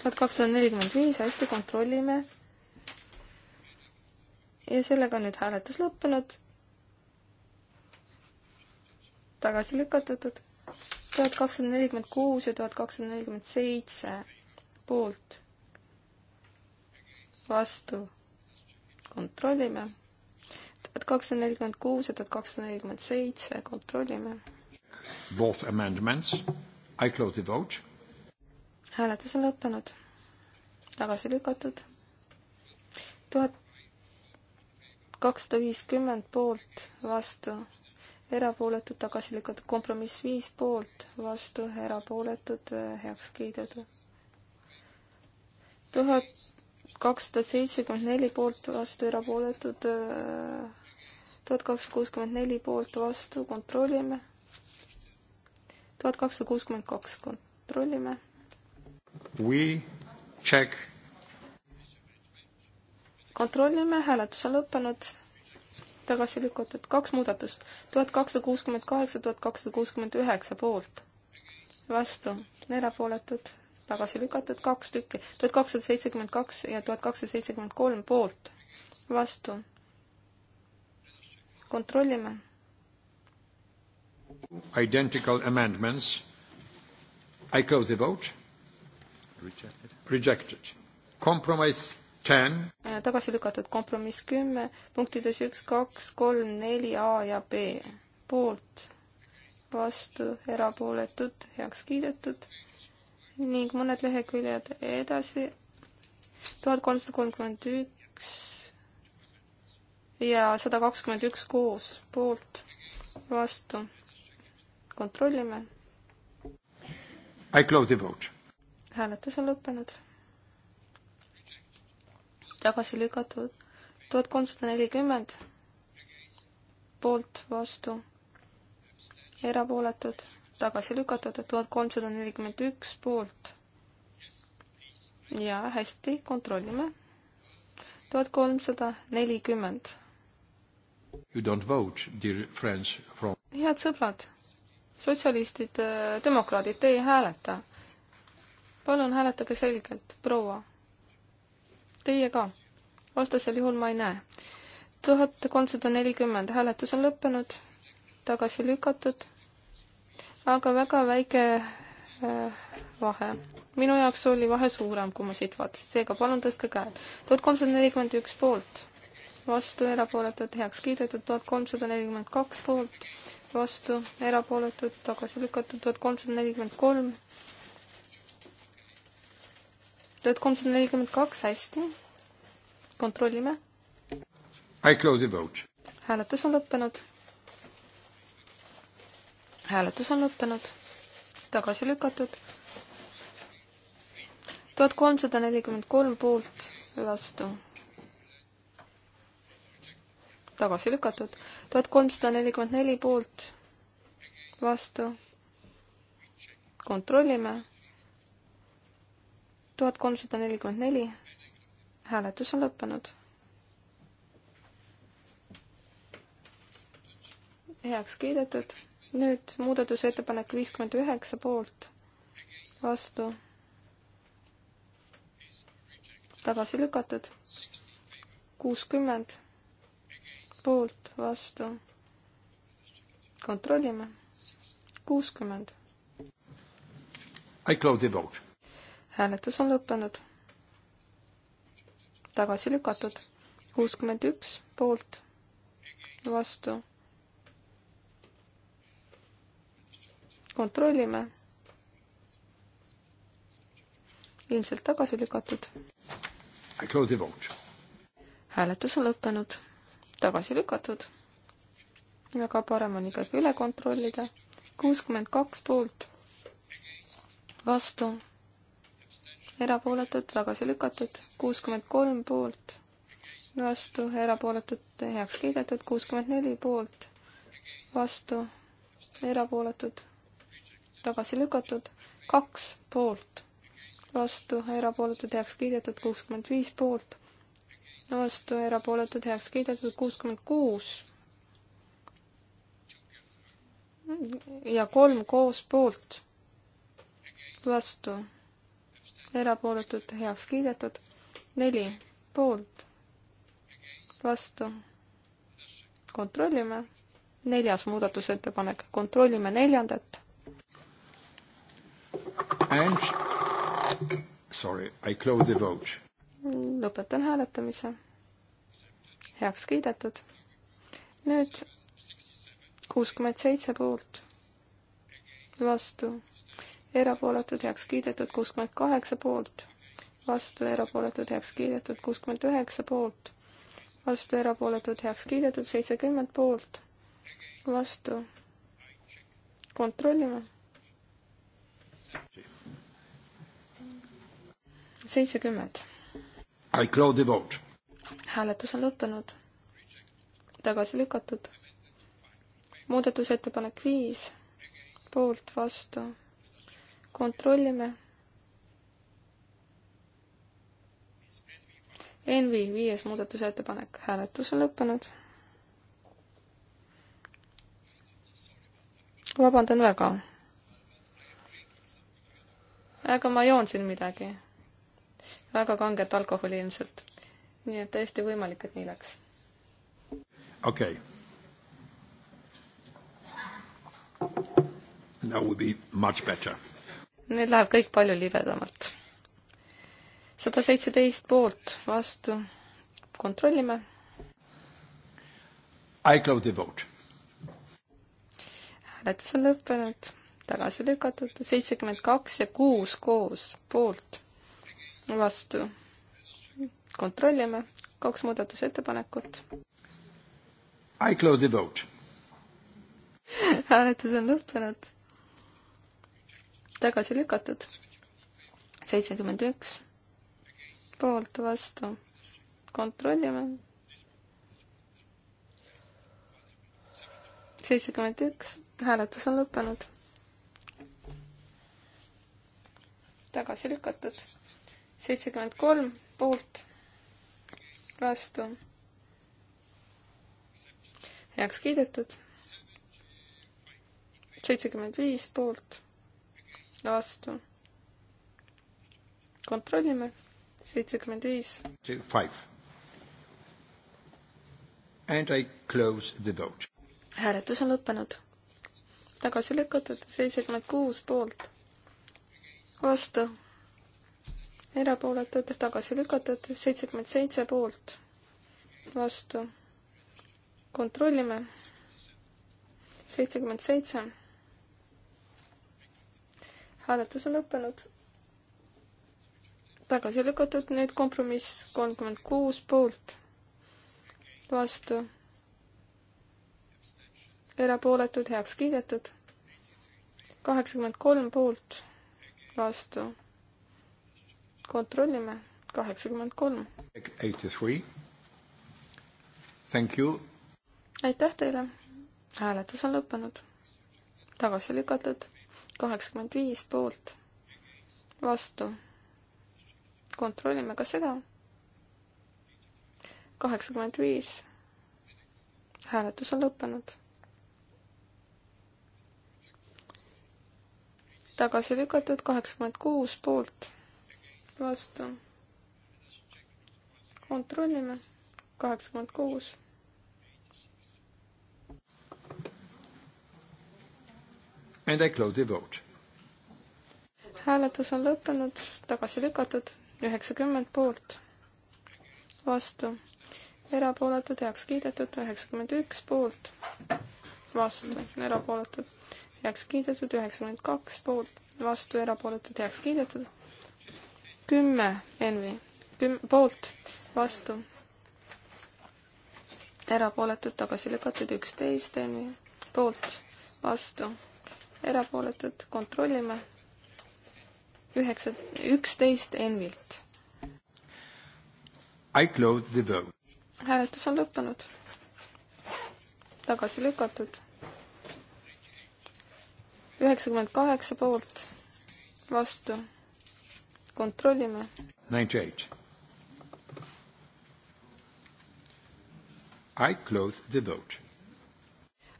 tuhat kakssada nelikümmend viis, hästi, kontrollime. ja sellega on nüüd hääletus lõppenud. tagasi lükatud. tuhat kakssada nelikümmend kuus ja tuhat kakssada nelikümmend seitse poolt, vastu, kontrollime tuhat kakssada nelikümmend kuus ja tuhat kakssada nelikümmend seitse, kontrollime. Both amendments, I close the vote. hääletus on lõppenud, tagasi lükatud, tuhat kakssada viiskümmend poolt, vastu erapooletud, tagasi lükatud, kompromiss viis poolt, vastu, erapooletud, heaks kiidetud. tuhat kakssada seitsekümmend neli poolt, vastu, erapooletud, tuhat kakssada kuuskümmend neli poolt vastu, kontrollime. tuhat kakssada kuuskümmend kaks, kontrollime. We check. kontrollime, hääletus on lõppenud. tagasi lükatud kaks muudatust, tuhat kakssada kuuskümmend kaheksa, tuhat kakssada kuuskümmend üheksa poolt, vastu, erapooletud, tagasi lükatud kaks tükki, tuhat kakssada seitsekümmend kaks ja tuhat kakssada seitsekümmend kolm poolt, vastu kontrollime. Identical amendments. I close the vote. Rejected. Rejected. Compromise ten. Äh, tagasi lükatud kompromiss kümme, punktides üks, kaks, kolm, neli A ja B. poolt, vastu, erapooletud, heaks kiidetud ning mõned leheküljed edasi. tuhat kolmsada kolmkümmend üks ja sada kakskümmend üks koos poolt, vastu. kontrollime. I close the vote. hääletus on lõppenud. tagasi lükatud tuhat kolmsada nelikümmend poolt, vastu, erapooletud, tagasi lükatud, tuhat kolmsada nelikümmend üks poolt. ja hästi, kontrollime. tuhat kolmsada nelikümmend From... head sõbrad, sotsialistid, äh, demokraadid, te ei hääleta. palun hääletage selgelt, proua. Teie ka. vastasel juhul ma ei näe. tuhat kolmsada nelikümmend, hääletus on lõppenud, tagasi lükatud, aga väga väike äh, vahe. minu jaoks oli vahe suurem, kui ma siit vaatasin, seega palun tõstke käed. tuhat kolmsada nelikümmend üks poolt vastu, erapooletud, heaks kiidetud, tuhat kolmsada nelikümmend kaks poolt, vastu, erapooletud, tagasi lükatud, tuhat kolmsada nelikümmend kolm, tuhat kolmsada nelikümmend kaks, hästi, kontrollime. I close the vote. hääletus on lõppenud. hääletus on lõppenud, tagasi lükatud tuhat kolmsada nelikümmend kolm poolt, vastu, tagasi lükatud. tuhat kolmsada nelikümmend neli poolt, vastu. kontrollime. tuhat kolmsada nelikümmend neli. hääletus on lõppenud. heaks kiidetud. nüüd muudatusettepanek viiskümmend üheksa poolt, vastu. tagasi lükatud. kuuskümmend poolt, vastu. kontrollime. kuuskümmend. I close the vote. hääletus on lõppenud. tagasi lükatud. kuuskümmend üks poolt, vastu. kontrollime. ilmselt tagasi lükatud. I close the vote. hääletus on lõppenud tagasi lükatud. aga parem on ikkagi üle kontrollida. kuuskümmend kaks poolt, vastu, erapooletud, tagasi lükatud, kuuskümmend kolm poolt, vastu, erapooletud, heaks kiidetud, kuuskümmend neli poolt, vastu, erapooletud, tagasi lükatud, kaks poolt, vastu, erapooletud, heaks kiidetud, kuuskümmend viis poolt vastu, erapooletud, heaks kiidetud, kuuskümmend kuus. ja kolm koos poolt, vastu, erapooletud, heaks kiidetud, neli poolt, vastu. kontrollime, neljas muudatusettepanek, kontrollime neljandat. And sorry, I close the vote lõpetan hääletamise. heaks kiidetud. nüüd kuuskümmend seitse poolt, vastu, erapooletud, heaks kiidetud, kuuskümmend kaheksa poolt, vastu, erapooletud, heaks kiidetud, kuuskümmend üheksa poolt, vastu, erapooletud, heaks kiidetud, seitsekümmend poolt, vastu. kontrollime. seitsekümmend I close the vote. hääletus on lõppenud. tagasi lükatud. muudatusettepanek viis, poolt, vastu. kontrollime. NV viies muudatusettepanek, hääletus on lõppenud. vabandan väga. aga ma joon siin midagi väga kanget alkoholi ilmselt. nii et täiesti võimalik, et nii läks. okei okay.. That would be much better. nüüd läheb kõik palju libedamalt. sada seitseteist poolt, vastu, kontrollime. I close the vote. hääletus on lõppenud, tagasi lükatud, seitsekümmend kaks ja kuus koos, poolt vastu. kontrollime, kaks muudatusettepanekut. I close the vote. hääletus on lõppenud. tagasi lükatud. seitsekümmend üks. poolt, vastu. kontrollime. seitsekümmend üks, hääletus on lõppenud. tagasi lükatud seitsekümmend kolm poolt, vastu. heaks kiidetud. seitsekümmend viis poolt, vastu. kontrollime, seitsekümmend viis. And I close the vote. hääletus on lõppenud. tagasi lükatud seitsekümmend kuus poolt, vastu erapooletud, tagasi lükatud, seitsekümmend seitse poolt, vastu. kontrollime. seitsekümmend seitse. hääletus on lõppenud. tagasi lükatud, nüüd kompromiss kolmkümmend kuus poolt, vastu. erapooletud, heaks kiidetud. kaheksakümmend kolm poolt, vastu kontrollime, kaheksakümmend kolm. Thank you. aitäh teile. hääletus on lõppenud. tagasi lükatud. kaheksakümmend viis poolt. vastu. kontrollime ka seda. kaheksakümmend viis. hääletus on lõppenud. tagasi lükatud kaheksakümmend kuus poolt vastu. kontrollime, kaheksakümmend kuus. And I close the vote. hääletus on lõppenud, tagasi lükatud, üheksakümmend poolt, vastu, erapooletud, heaks kiidetud, üheksakümmend üks poolt, vastu, erapooletud, heaks kiidetud, üheksakümmend kaks poolt, vastu, erapooletud, heaks kiidetud kümme Envi, poolt, vastu. erapooletud, tagasi lükatud, üksteist Envi, poolt, vastu. erapooletud, kontrollime. üheksa, üksteist Envilt. I close the vote. hääletus on lõppenud. tagasi lükatud. üheksakümmend kaheksa poolt, vastu kontrollime. I close the vote.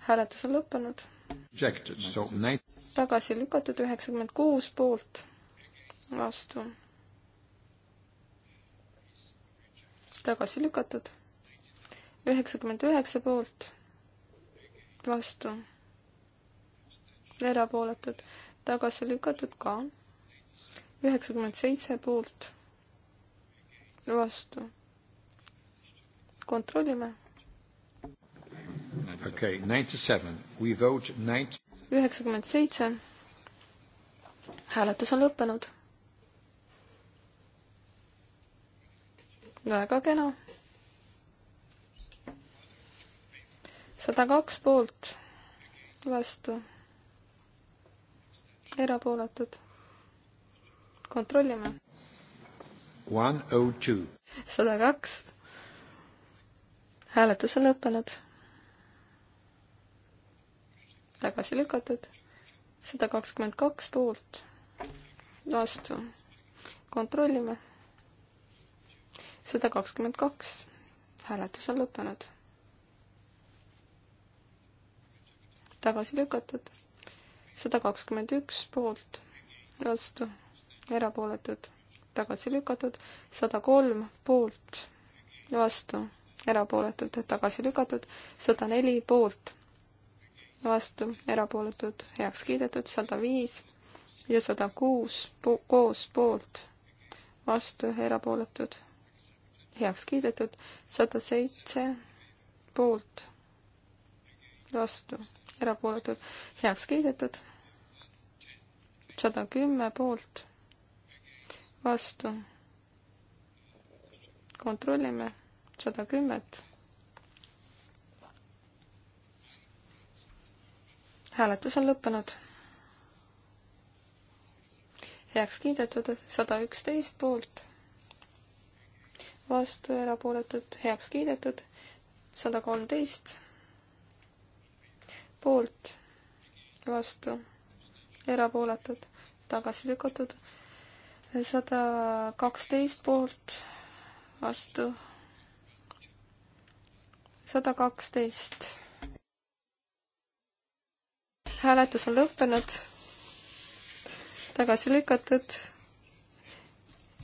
hääletus on lõppenud. tagasi lükatud üheksakümmend kuus poolt, vastu. tagasi lükatud üheksakümmend üheksa poolt, vastu erapooletud, tagasi lükatud ka üheksakümmend seitse poolt, vastu. kontrollime. okei, üheksakümmend seitse. hääletus on lõppenud. väga kena. sada kaks poolt, vastu erapooletud kontrollime. Oh sada kaks. hääletus on lõppenud. tagasi lükatud. sada kakskümmend kaks poolt, vastu. kontrollime. sada kakskümmend kaks. hääletus on lõppenud tagasi lükatud. sada kakskümmend üks poolt, vastu, erapooletud, tagasi lükatud, sada kolm poolt, vastu, erapooletud, tagasi lükatud, sada neli poolt, vastu, erapooletud, heaks kiidetud, sada viis ja sada kuus po koos poolt, vastu, erapooletud, heaks kiidetud, sada seitse poolt, vastu, erapooletud, heaks kiidetud, sada kümme poolt vastu. kontrollime sada kümmet. hääletus on lõppenud. heaks kiidetud sada üksteist poolt, vastu erapooletud, heaks kiidetud sada kolmteist poolt, vastu erapooletud, tagasi lükatud sada kaksteist poolt, vastu sada kaksteist. hääletus on lõppenud, tagasi lükatud,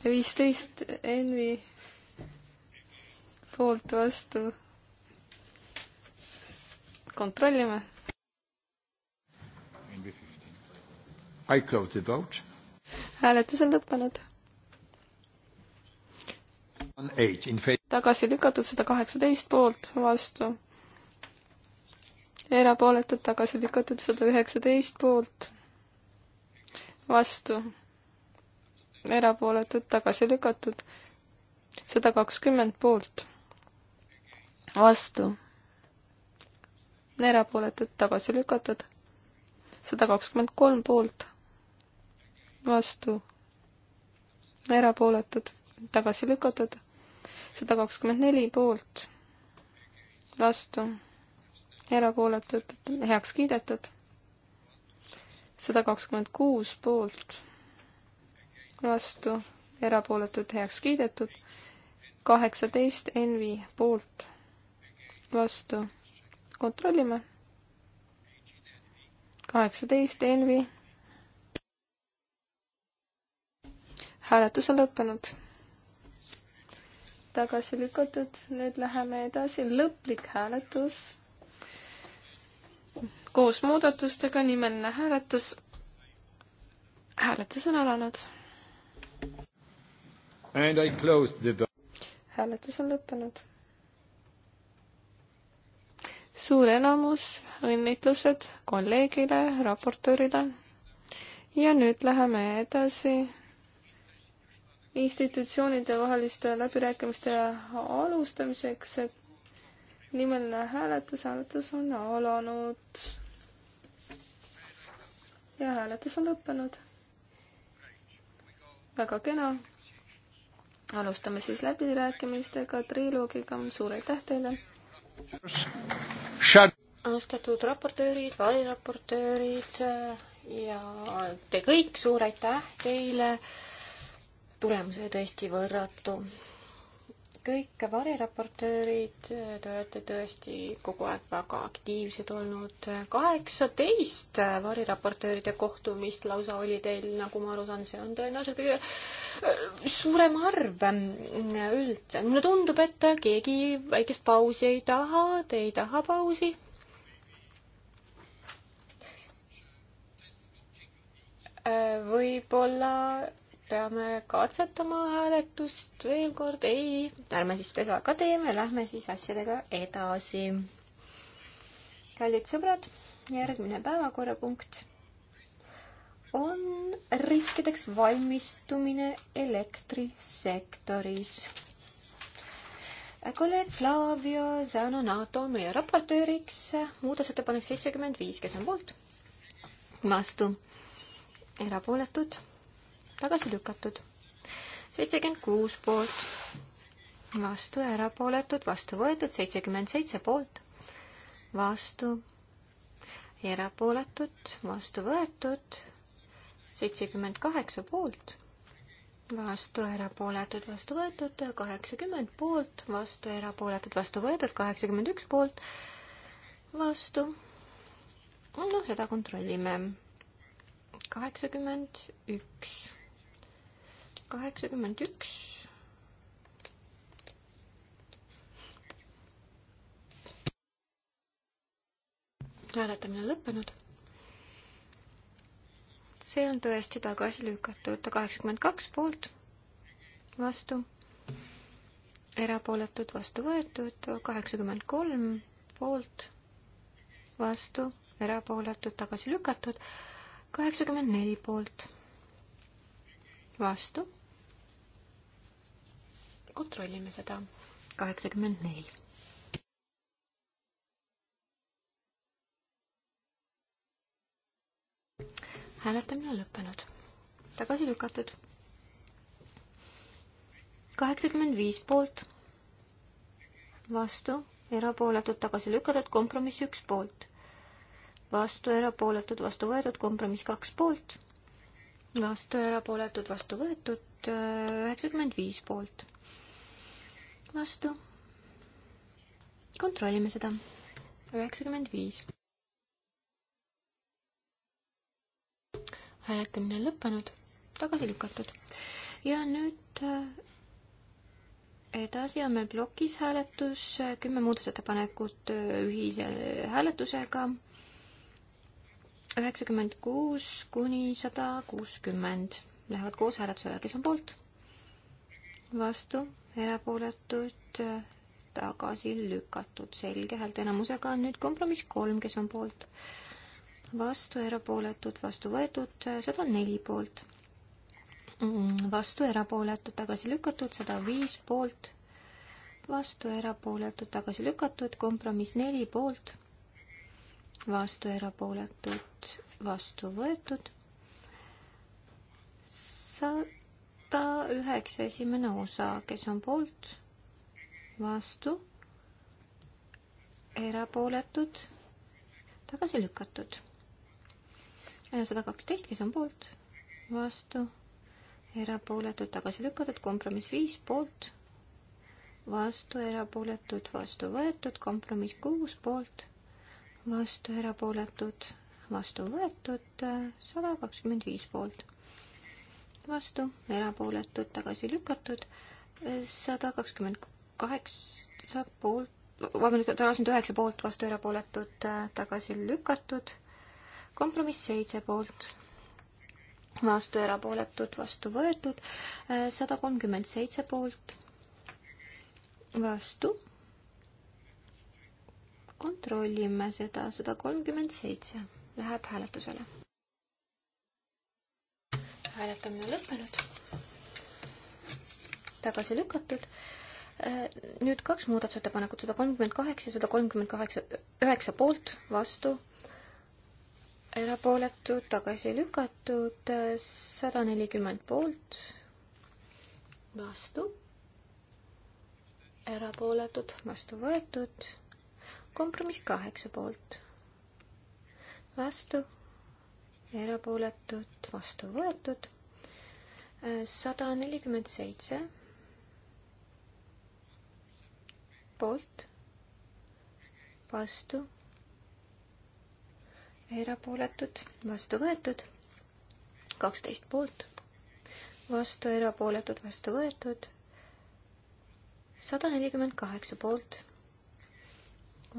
viisteist Envi poolt vastu kontrollime. I close the vote hääletus on lõppenud. tagasi lükatud sada kaheksateist poolt, vastu. erapooletud tagasi lükatud sada üheksateist poolt, vastu. erapooletud tagasi lükatud sada kakskümmend poolt, vastu. erapooletud tagasi lükatud sada kakskümmend kolm poolt vastu, erapooletud, tagasi lükatud, sada kakskümmend neli poolt, vastu, erapooletud, heaks kiidetud, sada kakskümmend kuus poolt, vastu, erapooletud, heaks kiidetud, kaheksateist Envi poolt, vastu, kontrollime, kaheksateist Envi hääletus on lõppenud. tagasi lükatud, nüüd läheme edasi, lõplik hääletus. koos muudatustega nimeline hääletus. hääletus on alanud. hääletus on lõppenud suur enamus, õnnitlused kolleegile, raportöörile. ja nüüd läheme edasi institutsioonide vaheliste läbirääkimiste alustamiseks. nimeline hääletus, hääletus on alanud. ja hääletus on lõppenud. väga kena. alustame siis läbirääkimistega, triloogiga, suur aitäh teile! austatud raportöörid, variraportöörid ja te kõik, suur aitäh teile tulemus oli tõesti võrratu. kõik variraportöörid, te olete tõesti kogu aeg väga aktiivsed olnud. kaheksateist variraportööride kohtumist lausa oli teil, nagu ma aru saan, see on tõenäoliselt kõige äh, suurem arv ähm, üldse. mulle tundub, et keegi väikest pausi ei taha, te ei taha pausi äh, võib-olla peame katsetama hääletust veel kord, ei, ärme siis seda ka teeme, lähme siis asjadega edasi. kallid sõbrad, järgmine päevakorrapunkt on riskideks valmistumine elektrisektoris. kolleeg Flavio Zanonato on meie raportööriks, muudatusettepanek seitsekümmend viis, kes on poolt? vastu erapooletud, tagasi lükatud. seitsekümmend kuus poolt, vastu, erapooletud, vastu võetud, seitsekümmend seitse poolt, vastu, erapooletud, vastu võetud, seitsekümmend kaheksa poolt vastu, erapooletud, vastu võetud, kaheksakümmend poolt, vastu, erapooletud, vastu võetud, kaheksakümmend üks poolt, vastu. noh, seda kontrollime. kaheksakümmend üks kaheksakümmend üks. hääletamine lõppenud. see on tõesti tagasi lükatud, kaheksakümmend kaks poolt, vastu, erapooletud, vastu võetud, kaheksakümmend kolm poolt, vastu, erapooletud, tagasi lükatud, kaheksakümmend neli poolt, vastu kontrollime seda. kaheksakümmend neli. hääletamine on lõppenud. tagasi lükatud. kaheksakümmend viis poolt, vastu, erapooletud, tagasi lükatud, kompromiss üks poolt, vastu, erapooletud, vastu võetud, kompromiss kaks poolt, vastu, erapooletud, vastu võetud, üheksakümmend viis poolt vastu. kontrollime seda. üheksakümmend viis. hääletamine on lõppenud, tagasi lükatud. ja nüüd äh, edasi on meil plokis hääletus, kümme muudatusettepanekut äh, ühise hääletusega, üheksakümmend kuus kuni sada kuuskümmend lähevad koos hääletusele, kes on poolt? vastu erapooletud, tagasi lükatud, selge häälteenamusega on nüüd kompromiss kolm, kes on poolt, vastu, erapooletud, vastu võetud, sada neli poolt, vastu, erapooletud, tagasi lükatud, sada viis poolt, vastu, erapooletud, tagasi lükatud, kompromiss neli poolt, vastu, erapooletud, vastu võetud sa-, kohta üheksa esimene osa, kes on poolt, vastu, erapooletud, tagasi lükatud. sada kaksteist, kes on poolt, vastu, erapooletud, tagasi lükatud, kompromiss viis poolt, vastu, erapooletud, vastu võetud, kompromiss kuus poolt, vastu, erapooletud, vastu võetud, sada kakskümmend viis poolt vastu, erapooletud, tagasi lükatud, sada kakskümmend kaheksa poolt, vabandust, kakskümmend üheksa poolt, vastu erapooletud, tagasi lükatud, kompromiss seitse poolt, vastu erapooletud, vastu võetud, sada kolmkümmend seitse poolt, vastu, kontrollime seda, sada kolmkümmend seitse läheb hääletusele hääletamine on lõppenud. tagasi lükatud. Äh, nüüd kaks muudatusettepanekut, sada kolmkümmend kaheksa ja sada kolmkümmend kaheksa, üheksa poolt, vastu, erapooletud, tagasi lükatud, sada nelikümmend poolt, vastu, erapooletud, vastu võetud, kompromiss kaheksa poolt, vastu erapooletud, vastu võetud. sada nelikümmend seitse poolt, vastu, erapooletud, vastu võetud, kaksteist poolt, vastu, erapooletud, vastu võetud, sada nelikümmend kaheksa poolt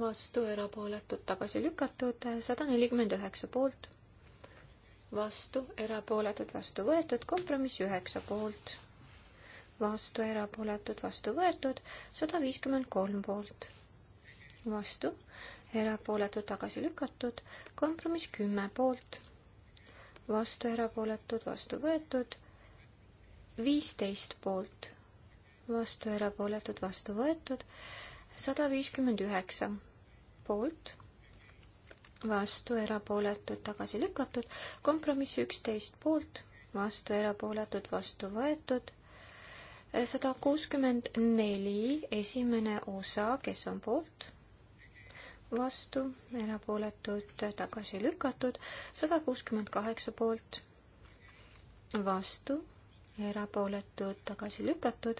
vastu, erapooletud tagasi lükatud, sada nelikümmend üheksa poolt, vastu, erapooletud, vastu võetud, kompromiss üheksa poolt, vastu, erapooletud, vastu võetud, sada viiskümmend kolm poolt, vastu, erapooletud, tagasi lükatud, kompromiss kümme poolt, vastu, erapooletud, vastu võetud, viisteist poolt, vastu, erapooletud, vastu võetud, sada viiskümmend üheksa poolt vastu, erapooletud, tagasi lükatud, kompromiss üksteist poolt, vastu, erapooletud, vastu võetud, sada kuuskümmend neli, esimene osa, kes on poolt, vastu, erapooletud, tagasi lükatud, sada kuuskümmend kaheksa poolt, vastu, erapooletud, tagasi lükatud,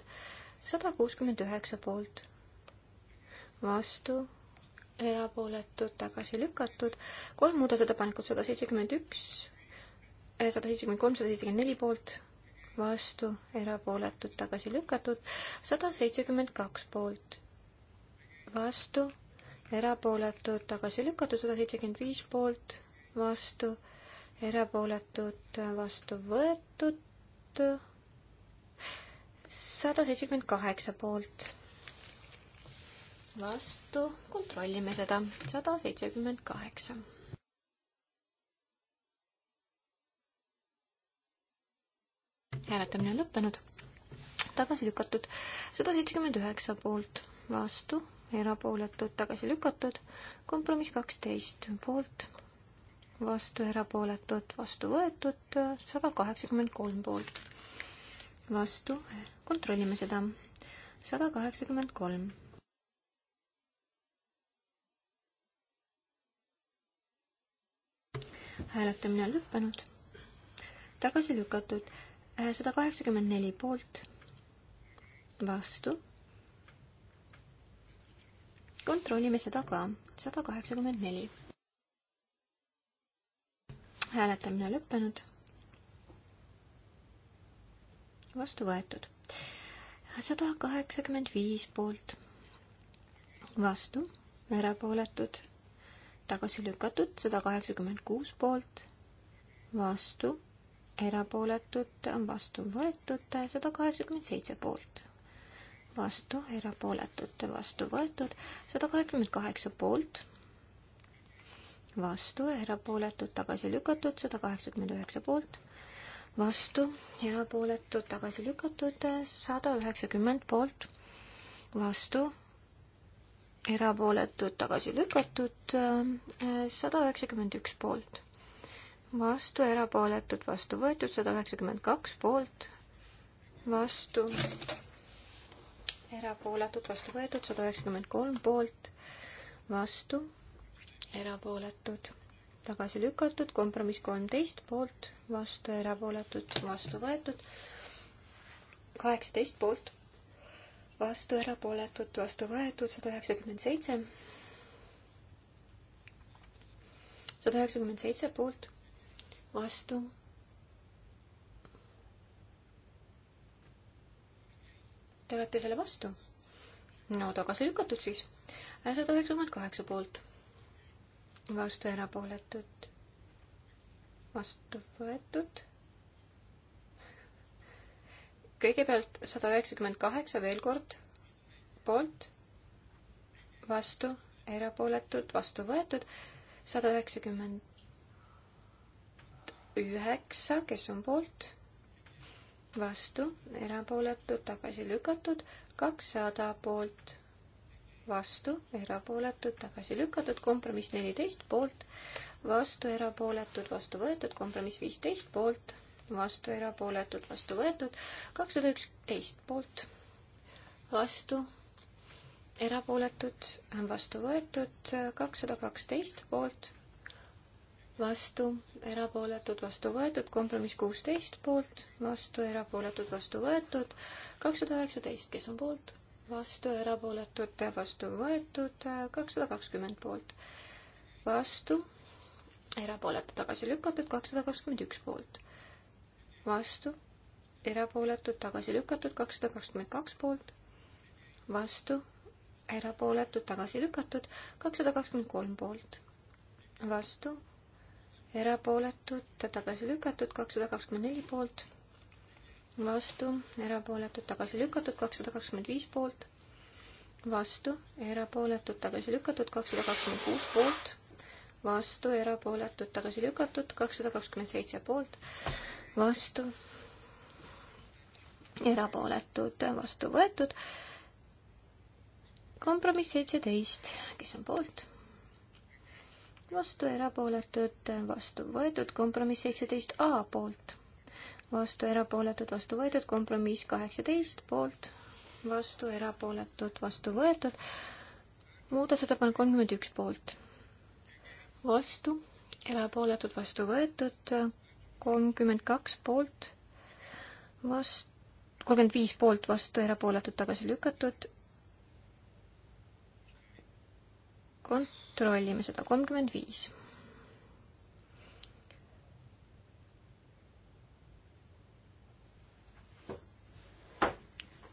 sada kuuskümmend üheksa poolt, vastu, erapooletud, tagasi lükatud. kolm muudatusettepanekut, sada seitsekümmend üks, sada seitsekümmend kolm, sada seitsekümmend neli poolt, vastu, erapooletud, tagasi lükatud, sada seitsekümmend kaks poolt, vastu, erapooletud, tagasi lükatud, sada seitsekümmend viis poolt, vastu, erapooletud, vastu võetud, sada seitsekümmend kaheksa poolt vastu, kontrollime seda, sada seitsekümmend kaheksa. hääletamine on lõppenud, tagasi lükatud, sada seitsekümmend üheksa poolt, vastu, erapooletud, tagasi lükatud, kompromiss kaksteist poolt, vastu, erapooletud, vastu võetud, sada kaheksakümmend kolm poolt, vastu, kontrollime seda, sada kaheksakümmend kolm hääletamine on lõppenud. tagasi lükatud äh, sada kaheksakümmend neli poolt, vastu. kontrollime seda ka, sada kaheksakümmend neli. hääletamine lõppenud. vastu võetud. sada kaheksakümmend viis poolt, vastu, erapooletud tagasi lükatud, sada kaheksakümmend kuus poolt, vastu, erapooletud, vastu võetud, sada kaheksakümmend seitse poolt, vastu, erapooletud, vastu võetud, sada kaheksakümmend kaheksa poolt, vastu, erapooletud, tagasi lükatud, sada kaheksakümmend üheksa poolt, vastu, erapooletud, tagasi lükatud, sada üheksakümmend poolt, vastu, erapooletud tagasi lükatud, äh, sada üheksakümmend üks poolt. vastu, erapooletud, vastu võetud, sada üheksakümmend kaks poolt, vastu, erapooletud, vastu võetud, sada üheksakümmend kolm poolt, vastu, erapooletud, tagasi lükatud, kompromiss kolmteist poolt, vastu, erapooletud, vastu võetud, kaheksateist poolt vastu, erapooletud, vastu võetud, sada üheksakümmend seitse. sada üheksakümmend seitse poolt, vastu. Te olete selle vastu? no tagasi lükatud siis. sada üheksakümmend kaheksa poolt, vastu erapooletud, vastu võetud kõigepealt sada üheksakümmend kaheksa veel kord poolt, vastu, erapooletud, vastu võetud, sada üheksakümmend üheksa, kes on poolt, vastu, erapooletud, tagasi lükatud, kakssada poolt, vastu, erapooletud, tagasi lükatud, kompromiss neliteist poolt, vastu, erapooletud, vastu võetud, kompromiss viisteist poolt vastu, erapooletud, vastu võetud, kakssada üksteist poolt, vastu, erapooletud, vastu võetud, kakssada kaksteist poolt, vastu, erapooletud, vastu võetud, kompromiss kuusteist poolt, vastu, erapooletud, vastu võetud, kakssada üheksateist, kes on poolt, vastu, erapooletud, vastu võetud, kakssada kakskümmend poolt, vastu, erapooletu tagasi lükatud, kakssada kakskümmend üks poolt vastu, erapooletud, tagasi lükatud, kakssada kakskümmend kaks poolt, vastu, erapooletud, tagasi lükatud, kakssada kakskümmend kolm poolt, vastu, erapooletud, tagasi lükatud, kakssada kakskümmend neli poolt, vastu, erapooletud, tagasi lükatud, kakssada kakskümmend viis poolt, vastu, erapooletud, tagasi lükatud, kakssada kakskümmend kuus poolt, vastu, erapooletud, tagasi lükatud, kakssada kakskümmend seitse poolt, vastu, erapooletud, vastu võetud. kompromiss seitseteist, kes on poolt? vastu, erapooletud, vastu võetud, kompromiss seitseteist A poolt vastu erapooletud, vastu võetud, kompromiss kaheksateist, poolt, vastu erapooletud, vastu võetud, muudatusettepanek kolmkümmend üks poolt, vastu, erapooletud, vastu võetud, kolmkümmend kaks poolt, vastu, kolmkümmend viis poolt, vastu, erapooletud, tagasi lükatud. kontrollime seda, kolmkümmend viis.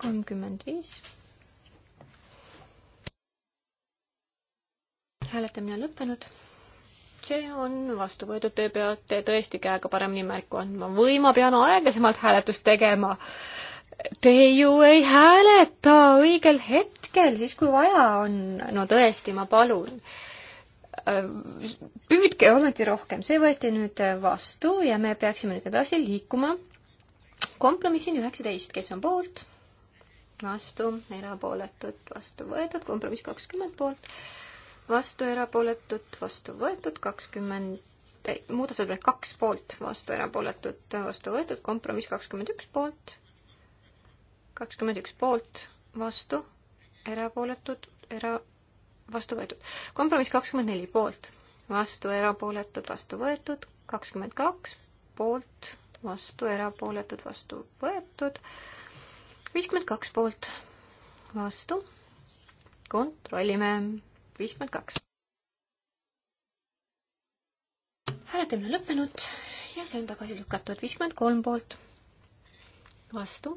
kolmkümmend viis. hääletamine on lõppenud see on vastu võetud, te peate tõesti käega paremini märku andma või ma pean aeglasemalt hääletust tegema. Te ju ei hääleta õigel hetkel, siis kui vaja on. no tõesti, ma palun. Äh, püüdke ometi rohkem, see võeti nüüd vastu ja me peaksime nüüd edasi liikuma kompromissini üheksateist, kes on poolt? vastu, erapooletud, vastu võetud, kompromiss kakskümmend poolt vastu erapooletut, vastu võetud kakskümmend 20 ei, muudatusettepanek kaks poolt, vastu erapooletud, vastu võetud, kompromiss kakskümmend üks poolt, kakskümmend üks poolt, vastu, erapooletud, era, vastu võetud. kompromiss kakskümmend neli poolt, vastu erapooletud, vastu võetud, kakskümmend kaks poolt, vastu erapooletud, vastu võetud, viiskümmend kaks poolt, vastu, kontrollime viiskümmend kaks. hääletamine on lõppenud ja see on tagasi lükatud viiskümmend kolm poolt, vastu,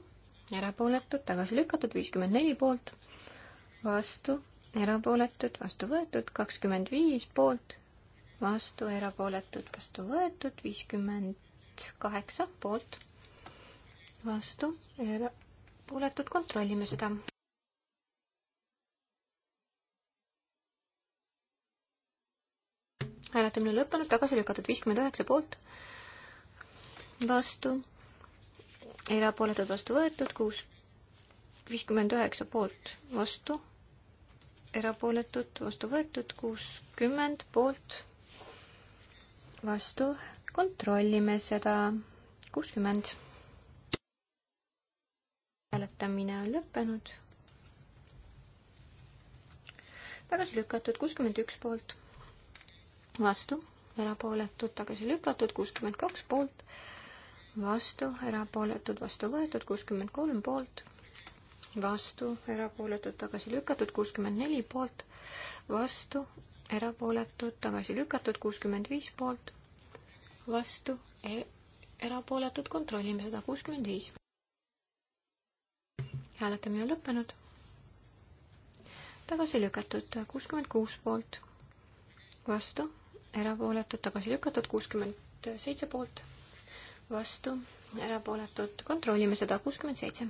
erapooletud, tagasi lükatud viiskümmend neli poolt, vastu, erapooletud, vastu võetud kakskümmend viis poolt, vastu, erapooletud, vastu võetud viiskümmend kaheksa poolt, vastu, erapooletud, kontrollime seda. hääletamine lõppenud, tagasi lükatud viiskümmend üheksa poolt, vastu, erapooletud vastu võetud, kuus, viiskümmend üheksa poolt, vastu, erapooletud vastu võetud, kuuskümmend poolt, vastu, kontrollime seda, kuuskümmend. hääletamine on lõppenud tagasi lükatud kuuskümmend üks poolt, vastu, erapooletud, tagasi lükatud, kuuskümmend kaks poolt, vastu, erapooletud, vastu võetud, kuuskümmend kolm poolt, vastu, erapooletud, tagasi lükatud, kuuskümmend neli poolt, vastu, erapooletud, tagasi lükatud, kuuskümmend viis poolt, vastu e, erapooletud, kontrollime seda, kuuskümmend viis. hääletamine lõppenud tagasi lükatud kuuskümmend kuus poolt, vastu erapooletud, tagasi lükatud, kuuskümmend seitse poolt, vastu, erapooletud, kontrollime seda, kuuskümmend seitse.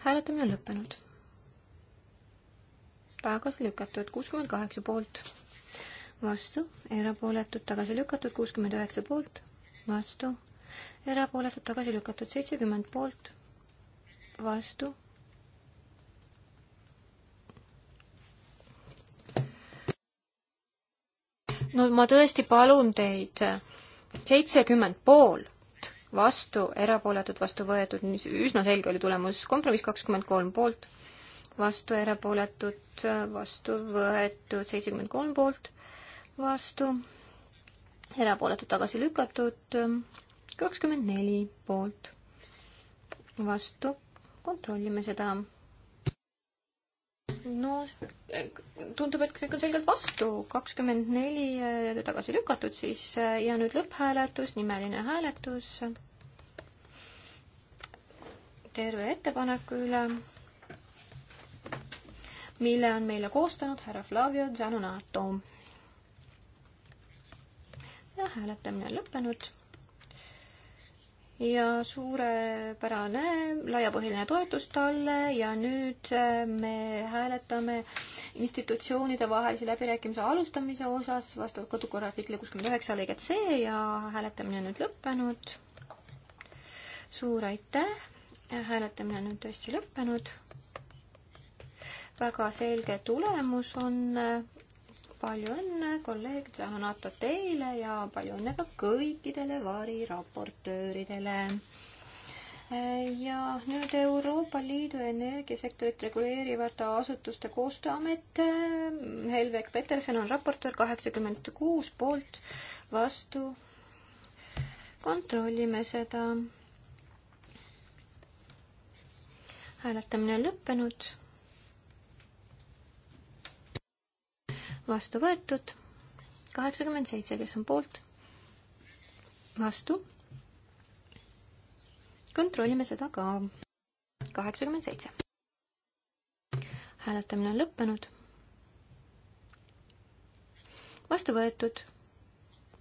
hääletamine on lõppenud. tagasi lükatud, kuuskümmend kaheksa poolt, vastu, erapooletud, tagasi lükatud, kuuskümmend üheksa poolt, vastu, erapooletud, tagasi lükatud, seitsekümmend poolt, vastu no ma tõesti palun teid, seitsekümmend poolt, vastu, erapooletud, vastu võetud, üsna selge oli tulemus, kompromiss kakskümmend kolm poolt, vastu, erapooletud, vastu võetud, seitsekümmend kolm poolt, vastu, erapooletud, tagasi lükatud, kakskümmend neli poolt, vastu, kontrollime seda no tundub, et kõik on selgelt vastu, kakskümmend neli äh, tagasi lükatud siis äh, ja nüüd lõpphääletus, nimeline hääletus terve ettepaneku üle, mille on meile koostanud härra Flavio Zanonato. ja hääletamine on lõppenud ja suurepärane laiapõhjaline toetus talle ja nüüd äh, me hääletame institutsioonide vahelise läbirääkimise alustamise osas vastavalt kodukorra artikli kuuskümmend üheksa lõiget C ja hääletamine on nüüd lõppenud. suur aitäh, hääletamine on nüüd tõesti lõppenud. väga selge tulemus on äh, palju õnne, kolleeg Tsahanato teile ja palju õnne ka kõikidele variraportööridele. ja nüüd Euroopa Liidu energiasektorit reguleerivate asutuste koostööamet. Helvek Peterson on raportöör kaheksakümmend kuus poolt vastu. kontrollime seda. hääletamine on lõppenud vastu võetud. kaheksakümmend seitse, kes on poolt? vastu. kontrollime seda ka. kaheksakümmend seitse. hääletamine on lõppenud. vastu võetud.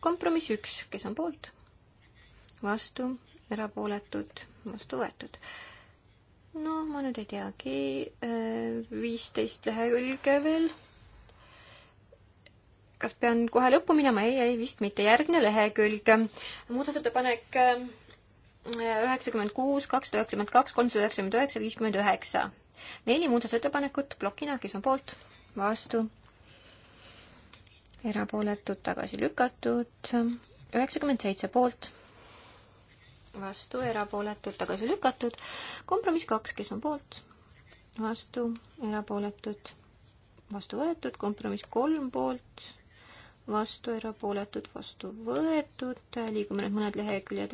kompromiss üks, kes on poolt? vastu, erapooletud, vastu võetud no ma nüüd ei teagi, äh, viisteist lehekülge veel kas pean kohe lõppu minema? ei, ei vist mitte. järgmine lehekülg. muudatusettepanek äh, üheksakümmend kuus, kakssada üheksakümmend kaks, kolmsada üheksakümmend üheksa, viiskümmend üheksa. neli muudatusettepanekut plokina, kes on poolt, vastu, erapooletud, tagasi lükatud, üheksakümmend seitse poolt, vastu, erapooletud, tagasi lükatud, kompromiss kaks, kes on poolt, vastu, erapooletud, vastu võetud, kompromiss kolm poolt, vastu erapooletud, vastu võetud, liigume nüüd mõned leheküljed